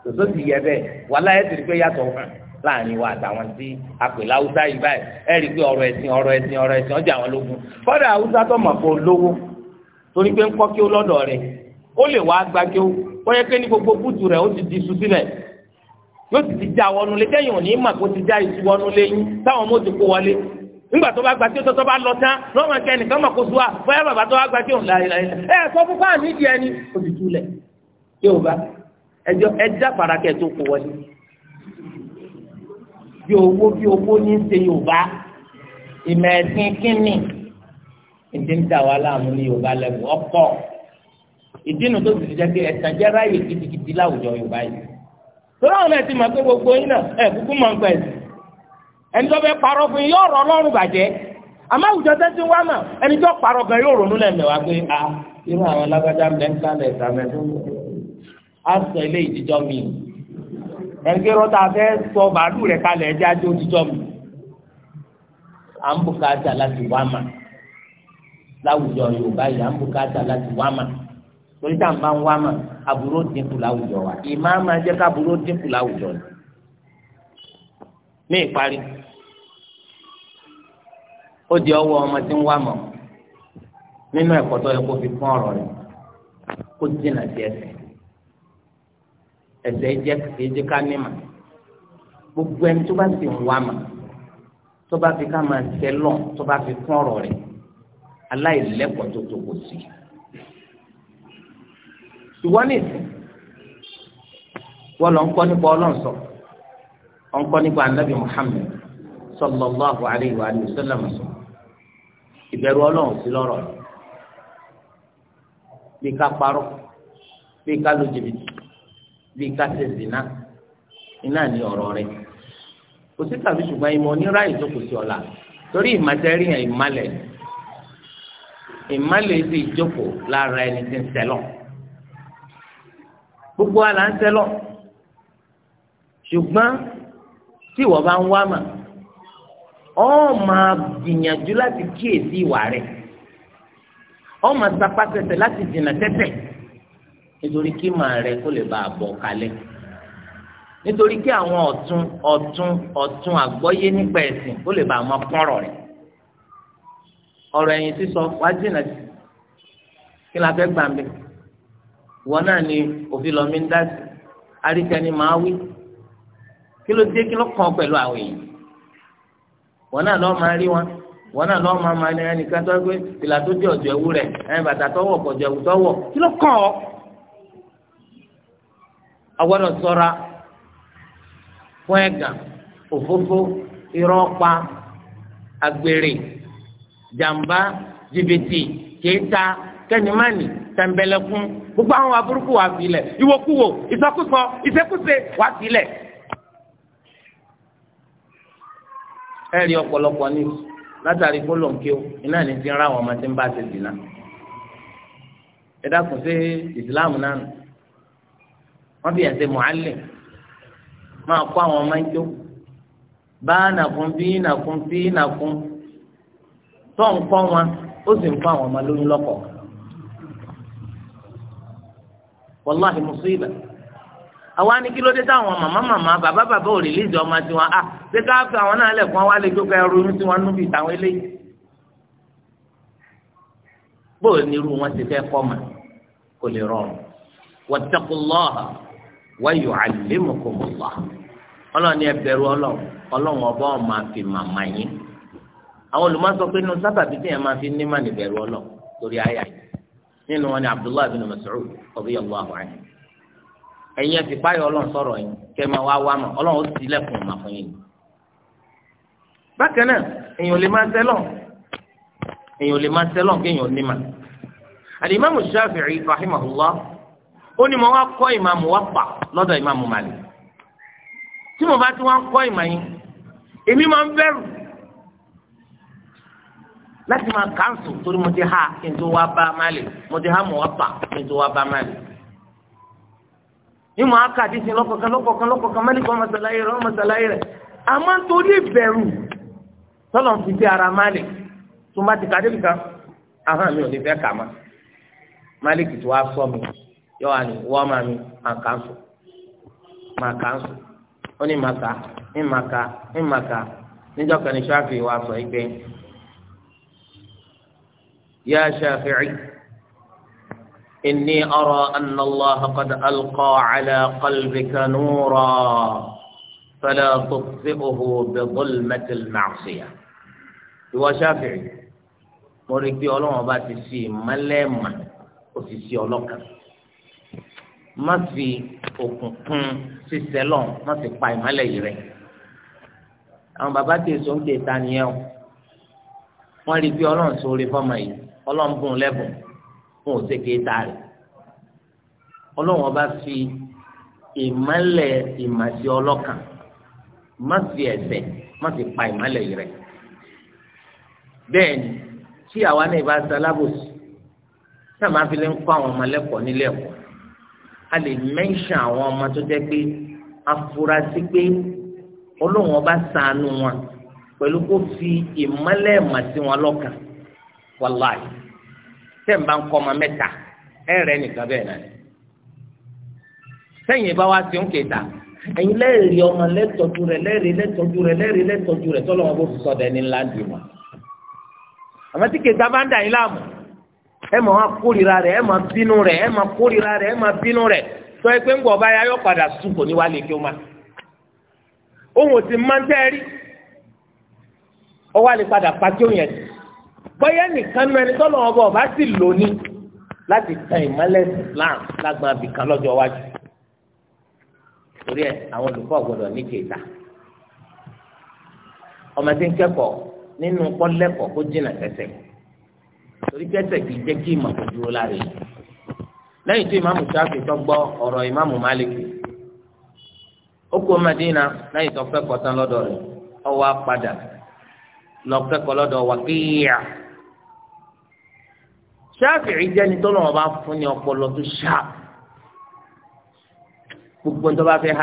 tòtò ti yẹ bẹ́ẹ̀ wàhálà ẹ̀ tìrí pé yàtọ̀ fún láàrin wa àtàwọn tí àpèlè haúsá yìí báyìí ẹ̀ rí i pé ọ̀rọ̀ ẹ̀sìn ọ̀rọ̀ ẹ̀sìn ọ̀rọ̀ ẹ̀sìn ọjà àwọn lógun kọ́dà haúsá tó mọ̀ fún olówó torí pé ń kọ́ kí ó lọ́dọ̀ rẹ̀ ó lè wá gba kí ó kọ́yẹ́ pé ní gbogbo bútu rẹ̀ ó ti di iṣu sílẹ̀ yóò ti ti já wọnú lé kẹ́yìn òní mà kó ti já iṣu wọnú lé yín táwọn ọmọ ti kó wọlé nígbà tó bá gba tí ó tọ́tọ́ bá lọ tán lọ́mọ kẹ́ nìkan mọ̀ kó sùwà bóyá bàbá tó bá gba tí òun là ẹ̀ sọ fún fáàmì ìdí ẹni ó túlẹ̀ yóò bá ẹjọ́ ẹjá parakẹ́ tó kó wọlé bí owó bí owó ní ṣe yorùbá ìmọ̀ ẹ̀sìn kínní ìdí ń dà wá láàmú ní yorùbá lẹ́wọ̀ ọ̀pọ̀ ìdí nu tó ti jẹ́ pé ẹ̀sán jẹ́ ráàyè gidigidi láwùjọ yorùbá yìí torí àwọn ẹ̀sìn máa pé gbogbo yín náà ẹ̀ kúkú máa ń gbà ẹ̀sìn ẹni tó fẹ́ parọ́ fún yín yóò rọ ọlọ́run bàjẹ́ àmọ́ àwùjọ tẹ́tí wá mà ẹni tó parọ́ gan yóò ronú lẹ́mẹ̀wá pé a ah, irú àwọn alágbádá mẹ́ńkálẹ̀ ìtàmẹ́tò á sọ ilé ìdíjọ́ mi ẹgbẹ́ rọ́tà fẹ́ sọ bàálù rẹ̀ kalẹ̀ ẹjẹ́ ajé òdíjọ́ mi à ń bùkátà láti wá mà láwùjọ Yorùbá yìí à láti wá mà torí tá à ń bá ń wá mà aburú dínkù láwùjọ wa ìmá máa jẹ́ ká aburú dínkù láwùjọ ni ní ìparí ó di ọwọ́ ọmọ tí ń wá mọ̀ nínú ẹ̀kọ́ tó fi kún ọ̀rọ̀ rẹ̀ kó dínà sí ẹsẹ̀ ẹsẹ̀ jẹ́ kéje ká ní ma gbogbo ẹni tó bá sì ń wá ma tó bá fi ká máa tẹ lọ tó bá fi kún ọ̀rọ̀ rẹ̀ aláìlẹ́kọ̀ọ́ tó tó kò sí. ìwọ ní ìsìn wọ́n lọ ń kọ́ nípa ọlọ́run sọ ń kọ́ nípa anabi Muhammad sallallahu alayhi wa sallam sọ ìbẹ̀rù ọlọ́run sí lọ́rọ̀ bí ká parọ́ bí ká lu jìbìtì bí kásẹ̀ zina iná ní ọ̀rọ̀ rẹ̀ kò sí tàbí ṣùgbọ́n ìmọ̀ oníráyè tó kò sí ọ̀la torí ìmọ̀tẹ́rì yẹn ìmọ̀lẹ̀ ìmọ̀lẹ̀ ti ìjókòó lára ẹni tí ń sẹ́lọ̀ gbogbo àlà ń sẹ́lọ̀ ṣùgbọ́n tí ìwọ bá ń wá mà ọ máa gbìyànjú láti kíyèsí ìwà rẹ̀ ọ máa sapá tẹ̀tẹ̀ láti dènà tẹ̀tẹ̀ nítorí kí màá rẹ kó lè bá a bọ̀ kalẹ̀ nítorí kí àwọn ọ̀tún ọ̀tún ọ̀tún àgbọ́yé nípa ẹ̀sìn kó lè bá mọ pọ́nrọ̀ rẹ̀ ọ̀rọ̀ ẹ̀yìn sísọ wá jìnnà sí kí la fẹ́ gbà mí wọn náà ni òfin lọ́mí ń dá sí arítẹni máa wí kí ló dé kí ló kàn pẹ̀lú àwọn èèyàn wọn náà lọ́ọ́ máa rí wọn wọn náà lọ́ọ́ máa máa ní ẹnìkan tó gbé ìlà tó dé ọ̀jọ̀ ẹ̀wú rẹ̀ ẹ̀yìn bàtà tọ́wọ̀ pọ̀jọ̀ agbọ́dọ̀ ṣọ́ra fún ẹ̀gàn òfófó irọ́ pa agbèrè jàmbá jìbìtì kéta kẹnìmánì tẹ̀m̀bẹ̀lẹ̀kún gbogbo àwọn aburúkú wà sílẹ̀ ìwòkuwò ìsọkúsọ ìṣekúṣe wà sílẹ̀. ẹ rí ọ̀pọ̀lọpọ̀ ní látàrí gbólóǹkì o iná ní ti ń ra àwọn ọmọ tí ń bá ti dì náà ẹ dákun sí ìsìláàmù náà wọ́n i ẹ̀sẹ̀ mọ̀álẹ̀ máa kó àwọn ọmọ bá nàkún bí nàkún bí nàkún tó ń wọn ó sì ń kọ́ àwọn ọmọ lóyún lọ́kọ̀ wàláhi mùsùlùmí àwa ni kí ló dé táwọn màmá màmá bàbá bàbá ò rìlíìsì ọmọ tiwọn ṣé ká àwọn náà lè jókòó ẹrú inú tiwọn eléyìí ni irú wọn ti kò lè rọrùn wa yu'allimukumullah ọlọ́ni ẹ bẹ̀rù ọlọ́run ọlọ́run ọba ọ̀ máa fi màmá yín àwọn olùmọ̀sọ pé nínú sábàbí tí yẹn máa fi ní màní bẹ̀rù ọlọ́run lórí àyà yìí nínú wọn ni Abdullahi bin Mas'ud radiyallahu anhu ẹ̀yin ẹ̀ ti báyọ̀ ọlọ́run sọ̀rọ̀ yín kẹ́ máa wá wá mọ̀ ọlọ́run ó lẹ́kùn mà fún yín. bákan náà èèyàn lè máa sẹ́lọ̀ èèyàn lè máa sẹ́lọ̀ ó ní mo wá kọ́ ìmàmù wá pa lọ́dọ̀ ìmàmù màlì tí mo bá ti wá kọ́ yín èmi máa ń bẹ̀rù láti máa torí mo ti ha kí n tó wá bá màlì mo ti ha mo wá pa kí n tó wá bá màlì ní mo á kà kan mọ̀sálàyé rẹ̀ mọ̀sálàyé rẹ̀ yọ wà ní wọ́n máa mi máa kà á sùn máa kà á sùn ó ní máa kà ní máa kà ní máa kà níjọ́ kan ní ṣáfì wa sọ ìgbẹ́ yá ṣáfì rí. إني أرى أن الله قد ألقى على قلبك نورا فلا تطفئه بظلمة المعصية هو شافعي مريكي أولوما باتي سي ملما وفي سي أولوكا má fi òkùnkùn ṣiṣẹ́ lọ má fi pa ìmọ́lẹ̀ yìí rẹ̀ àwọn bàbá tí èso ń tè ta nìyẹn o wọ́n rí bí ọlọ́run sóore fọ́mọ yìí ọlọ́run bùn lẹ́bùn fún òṣèké ta rẹ̀ ọlọ́run ọba fi ìmọ́lẹ̀ ìmàṣẹ ọlọ́kàn má fi ẹ̀ṣẹ̀ má fi pa ìmọ́lẹ̀ yìí rẹ̀ bẹ́ẹ̀ ni tí àwa náà bá ṣe alábòsí náà má fi lè ń kọ́ àwọn ọmọ lẹ́kọ̀ọ́ nílé ẹ̀kọ́ a lè mẹ́ńṣà àwọn ọmọ tó jẹ́ pé afurasí pé Ọlọ́hun ọba ṣàánú wọn pẹ̀lú kó fi ìmọ́lẹ̀ màsí wọn lọ́kàn wàláì sẹ́yìn bá ń kọ́ ọmọ mẹ́ta ẹ̀ rẹ̀ nìkan bẹ́ẹ̀ náà sẹ́yìn bá wá sí ń kéta ẹ̀yin lẹ́ẹ̀rí ọmọ lẹ́tọ́jú rẹ̀ lẹ́ẹ̀rí lẹ́tọ́jú rẹ̀ lẹ́ẹ̀rí lẹ́tọ́jú rẹ̀ tọ́lọ́wọ́n bó fi sọ̀dọ̀ ẹni ńlá dì wọ́n àmọ́ tí kéta bá ń dà yín láàmú ẹ máa wá rẹ ẹ máa bínú ẹ máa kórìíra ẹ máa bínú rẹ̀ sọ pé ńgbọ̀ bá yá yọ padà sùn ní wá lè kí o ma òun ò ti máa ń tẹ́ ọ pàtó yẹn sí bọ́yá nìkan ẹni tọ́lọ̀ ọba ọba sì lò ní láti tan ìmọ́lẹ̀ Islam lágbọn abìkan lọ́jọ́ torí ẹ àwọn olùkọ́ ní ọmọdé ń kẹ́kọ̀ọ́ nínú torí kẹsẹ̀ kì í jẹ́ kí ìmọ̀ dúró láre lẹ́yìn tó ìmáàmù Ṣáfì tó gbọ́ ọ̀rọ̀ ìmáàmù Málìkì ó kó Madina lẹ́yìn tó kẹ́kọ̀ọ́ tán lọ́dọ̀ rẹ̀ ó wá lọ kẹ́kọ̀ọ́ lọ́dọ̀ Wàkíyà ìjẹni tó lọ́wọ́ bá ọpọlọ tó gbogbo tó bá fẹ́ o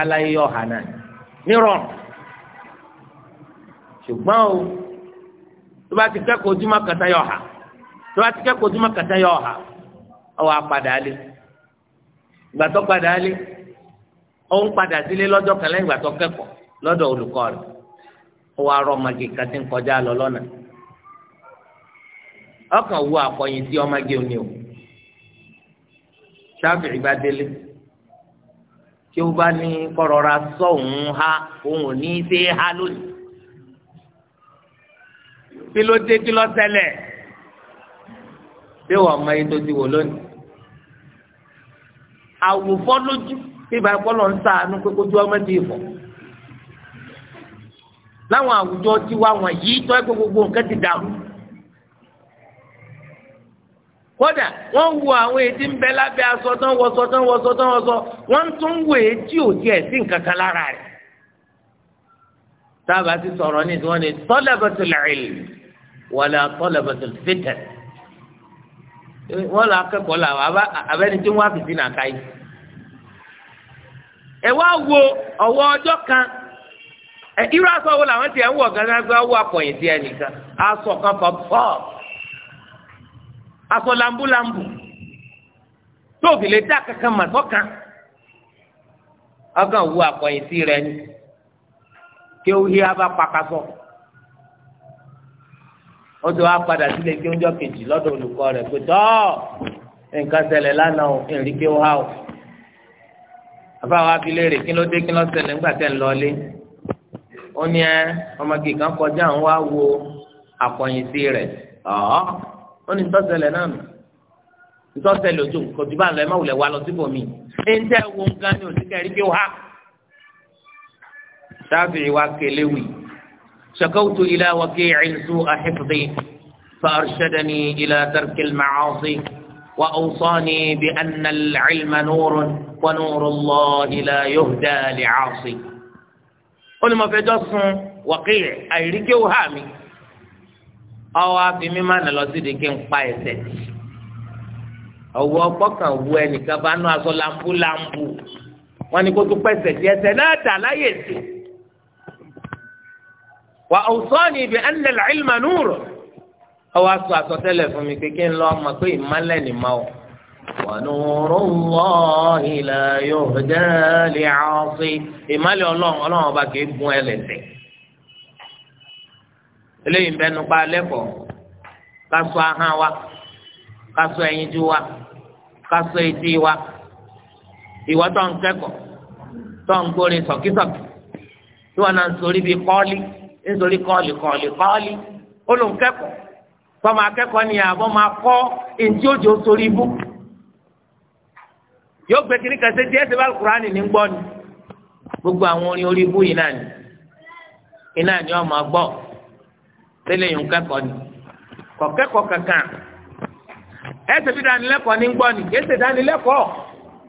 tó bá ti kẹ́kọ̀ọ́ ojúmọ́ kẹta tó bá ti kẹ́kọ̀ọ́ tó má kàtá yọ ọ̀hà ọwọ́ apàdà alẹ́ ìgbà padà alẹ́ òun padà sílé lọ́jọ́ kan kẹ́kọ̀ọ́ lọ́dọ̀ olùkọ́ rẹ̀ ọwọ́ arọ ti lọ lọ́nà ọkàn wo àkọyìn tí ọmọge òní o ha òun ò ha lónìí kí ló dé kí ṣé wàá mọ ayétó ti wò lónìí. àwòfọ́ lójú bíbá ẹ̀kọ́ lọ ń sàánú pé kójú ọmọ ti fọ̀. láwọn àwùjọ tí wá wọn yìí tọ́ ẹgbẹ́ gbogbo nǹkan ti dàrú. kódà wọ́n wo àwọn èdè ń bẹ lábẹ́ aṣọ tán wọṣọ tán wọṣọ tán tún wo èdè òdì ẹ̀ sí lára rẹ̀. táàbà ti sọ̀rọ̀ ní ìdíwọ́n ni talabatul ilm wala talabatul fitan. wọn là akẹ́kọ̀ọ́ là wà abẹni tí wọn á fìdí nàka yìí ẹ wá wo ọwọ́ ọjọ́ kan ẹ irú aṣọ wo làwọn tiẹ̀ ń wọ̀ gánà gbé ọwọ́ akọ̀yìn asọ nìkan aṣọ kan fọ pọ́ọ̀ aṣọ lambulambu tó fi lè dá kankan mà sọ́kan ọgàn wo akọ̀yìn sí rẹ ni kí ó ti wá padà sílé kí oúnjẹ kejì lọ́dọ̀ olùkọ́ rẹ̀ pé tọ́ nǹkan ṣẹlẹ̀ lánàá o èrì pé ó há o bàbá wa fi léèrè kí ló dé kí ló ṣẹlẹ̀ nígbà tẹ̀ ń lọlé ó ní ẹ ọmọge kan kọjá ń wá wo àkọyìntì rẹ̀ ọ̀ọ́ ó ní tọ́sẹ̀lẹ̀ náà nù ìtọ́sẹ̀lẹ̀ ojú kò jù bá lọ ẹ má wulẹ̀ wá lọ síbò mí ẹ ń tẹ́ wo nǹkan ní òsì kẹrí pé ó há sábìrì wa kẹlẹ́wì شكوت إلى وكيع سوء حفظي فأرشدني إلى ترك المعاصي وأوصاني بأن العلم نور ونور الله لا يهدى لعاصي قلما في جص وقيع أي ركي وهامي أو أبي مما نلوزيدي كن قايسة ọwọ ọgbọkàn wu ẹnìkan bá nú aṣọ lambu lambu wọn ni kó tó pẹsẹ wà awsani bi anna al-ilma nur ọwọ́ aṣọ àsọtẹ́lẹ̀ fún mi pé kí n lọ ọmọ pé ìmọ̀lẹ̀ ni ma wọ̀. wa nurullahi la yuhda li'asi ìmọ̀lẹ̀ ọlọ́run ọlọ́run ọba kì í gun ẹlẹ́sẹ̀. eléyìí ń bẹnu pa lẹ́kọ̀ọ́ ká ahọ́n wa ká sọ ẹyinjú wa ká etí wa ìwọ tó ń kẹ́kọ̀ọ́ tó ń gbórin sọ̀kísọ̀kí tí wọ́n náà ń sorí bíi kọ́ọ́lì nítorí kọ́ọ̀lì kọ́ọ̀lì kọ́ọ̀lì olùkẹ́kọ̀ọ́ tọ́mọ akẹ́kọ̀ọ́ ni àbọ̀ máa kọ́ èyí òjò sórí ibú yóò gbé kiri kẹsẹ díẹ̀ sí báyìí kúránì ní gbọ́ ni gbogbo àwọn orin orí ibú yìí náà ni iná ni wọ́n máa gbọ́ tẹ́lẹ̀ yìí kẹ́kọ̀ọ́ ni kọ̀kẹ́kọ̀ọ́ kankan ẹsẹ̀ bí dánilẹ́kọ̀ọ́ ní gbọ́ ni kí ẹsẹ̀ dánilẹ́kọ̀ọ́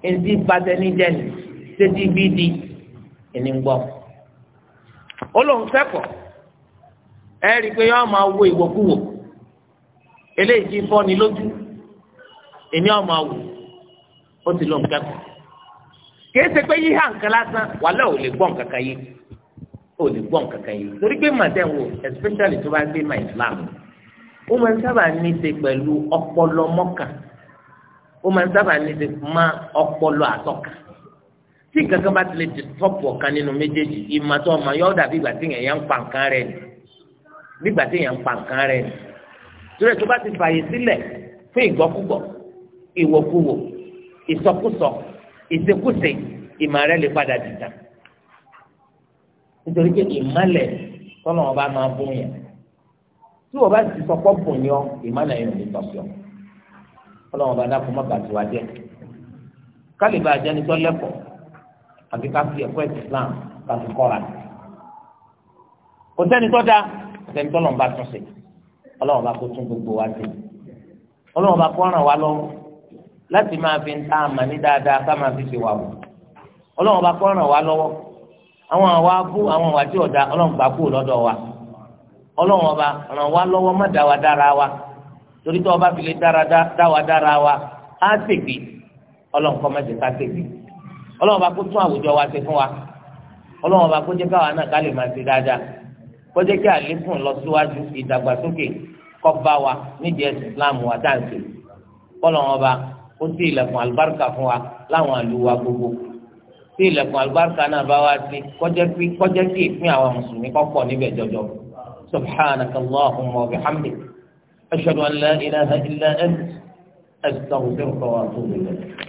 èdè ìbàdẹ́nijẹ́ ni ṣé ti bí di ẹni gbọ́ ó ẹ rí i pé yọọ máa wo ìwòkuwò eléyìí ti fọ́ni lójú èmi ọmọ awò ó ti lọ nǹkan kan kìí ṣe pé yíyá nǹkan lásán wàhálà ò lè gbọ́ nǹkan kan yìí ò lè gbọ́ nǹkan kan yìí torí pé màdẹ́n wo especially tó bá gbé ma Islam ó máa ń sábà ní í ṣe pẹ̀lú ọpọlọ mọ́kàn ó máa ń sábà ní í ṣe má ọpọlọ àtọ́kà tí nǹkan kan bá ti lè tọ́pù ọ̀kan nínú méjèèjì ìmọ̀tọ́ ọmọ yọ̀ọ́ dàbí ìgbà tí èèyàn ń pa nǹkan rẹ̀ ni nígbà tí èèyàn ń pa nǹkan rẹ̀ ni torí ẹ̀ tó bá ti fààyè sílẹ̀ fún ìgbọ́kúgbọ̀ ìwòkuwò ìsọkúsọ ìṣekúṣe ìmọ̀ rẹ̀ lè padà dìjà nítorí pé ìmọ̀lẹ̀ tọ́lọ̀ wọn bá máa bún yẹn tí wọ́n bá ti sọpọ́ bùn yọ ìmọ̀lẹ̀ yẹn ò ní sọ̀sọ̀ tọ́lọ̀ wọn bá dákun má bàtí wá jẹ́ kálíbà àjẹnitọ́ lẹ́kọ̀ọ́ àbí ká fi ẹ̀kọ́ ẹ̀sìn Islam ká fi kọ́ra kò sẹ́ni tó dáa àtẹni tọ́lọ̀ ń bá tún sí ọlọ́run bá kó tún gbogbo wa sí ọlọ́run bá kó ràn wá lọ́wọ́ láti máa fi ń tá àmà ní dáadáa ká máa fi ṣe wà wò ọlọ́run bá kó ràn wá lọ́wọ́ àwọn àwa bú àwọn àwa tí ọ̀dà ọlọ́run gbà kú lọ́dọ̀ wa ọlọ́run ọba ràn wá lọ́wọ́ má dá wa dára wa torí tó ọba fi lè dára dá wa dára wa á tègbè ọlọ́run kọ́ má jẹ́ ká tègbè ọlọ́run bá kó tún àwùjọ wa ṣe fún wa ọlọ́run bá kó jẹ́ káwa náà ká lè máa ṣe dáadáa kọjá kí àlékún lọ síwájú ìdàgbàsókè kó bá wa nídìí ẹ̀sìn islam wa dáǹsì kọlọ wọn bá kó sí ilẹ̀kùn àlùbáríkà fún wa láwọn àlùwà gbogbo tí ilẹ̀kùn àlùbáríkà náà bá wá sí kọjá kí kọjá kí ìpín àwọn mùsùlùmí kó níbẹ̀ jọjọ subhanaka allahumma wa bihamdik ashhadu an la ilaha illa anta astaghfiruka wa atubu ilayk.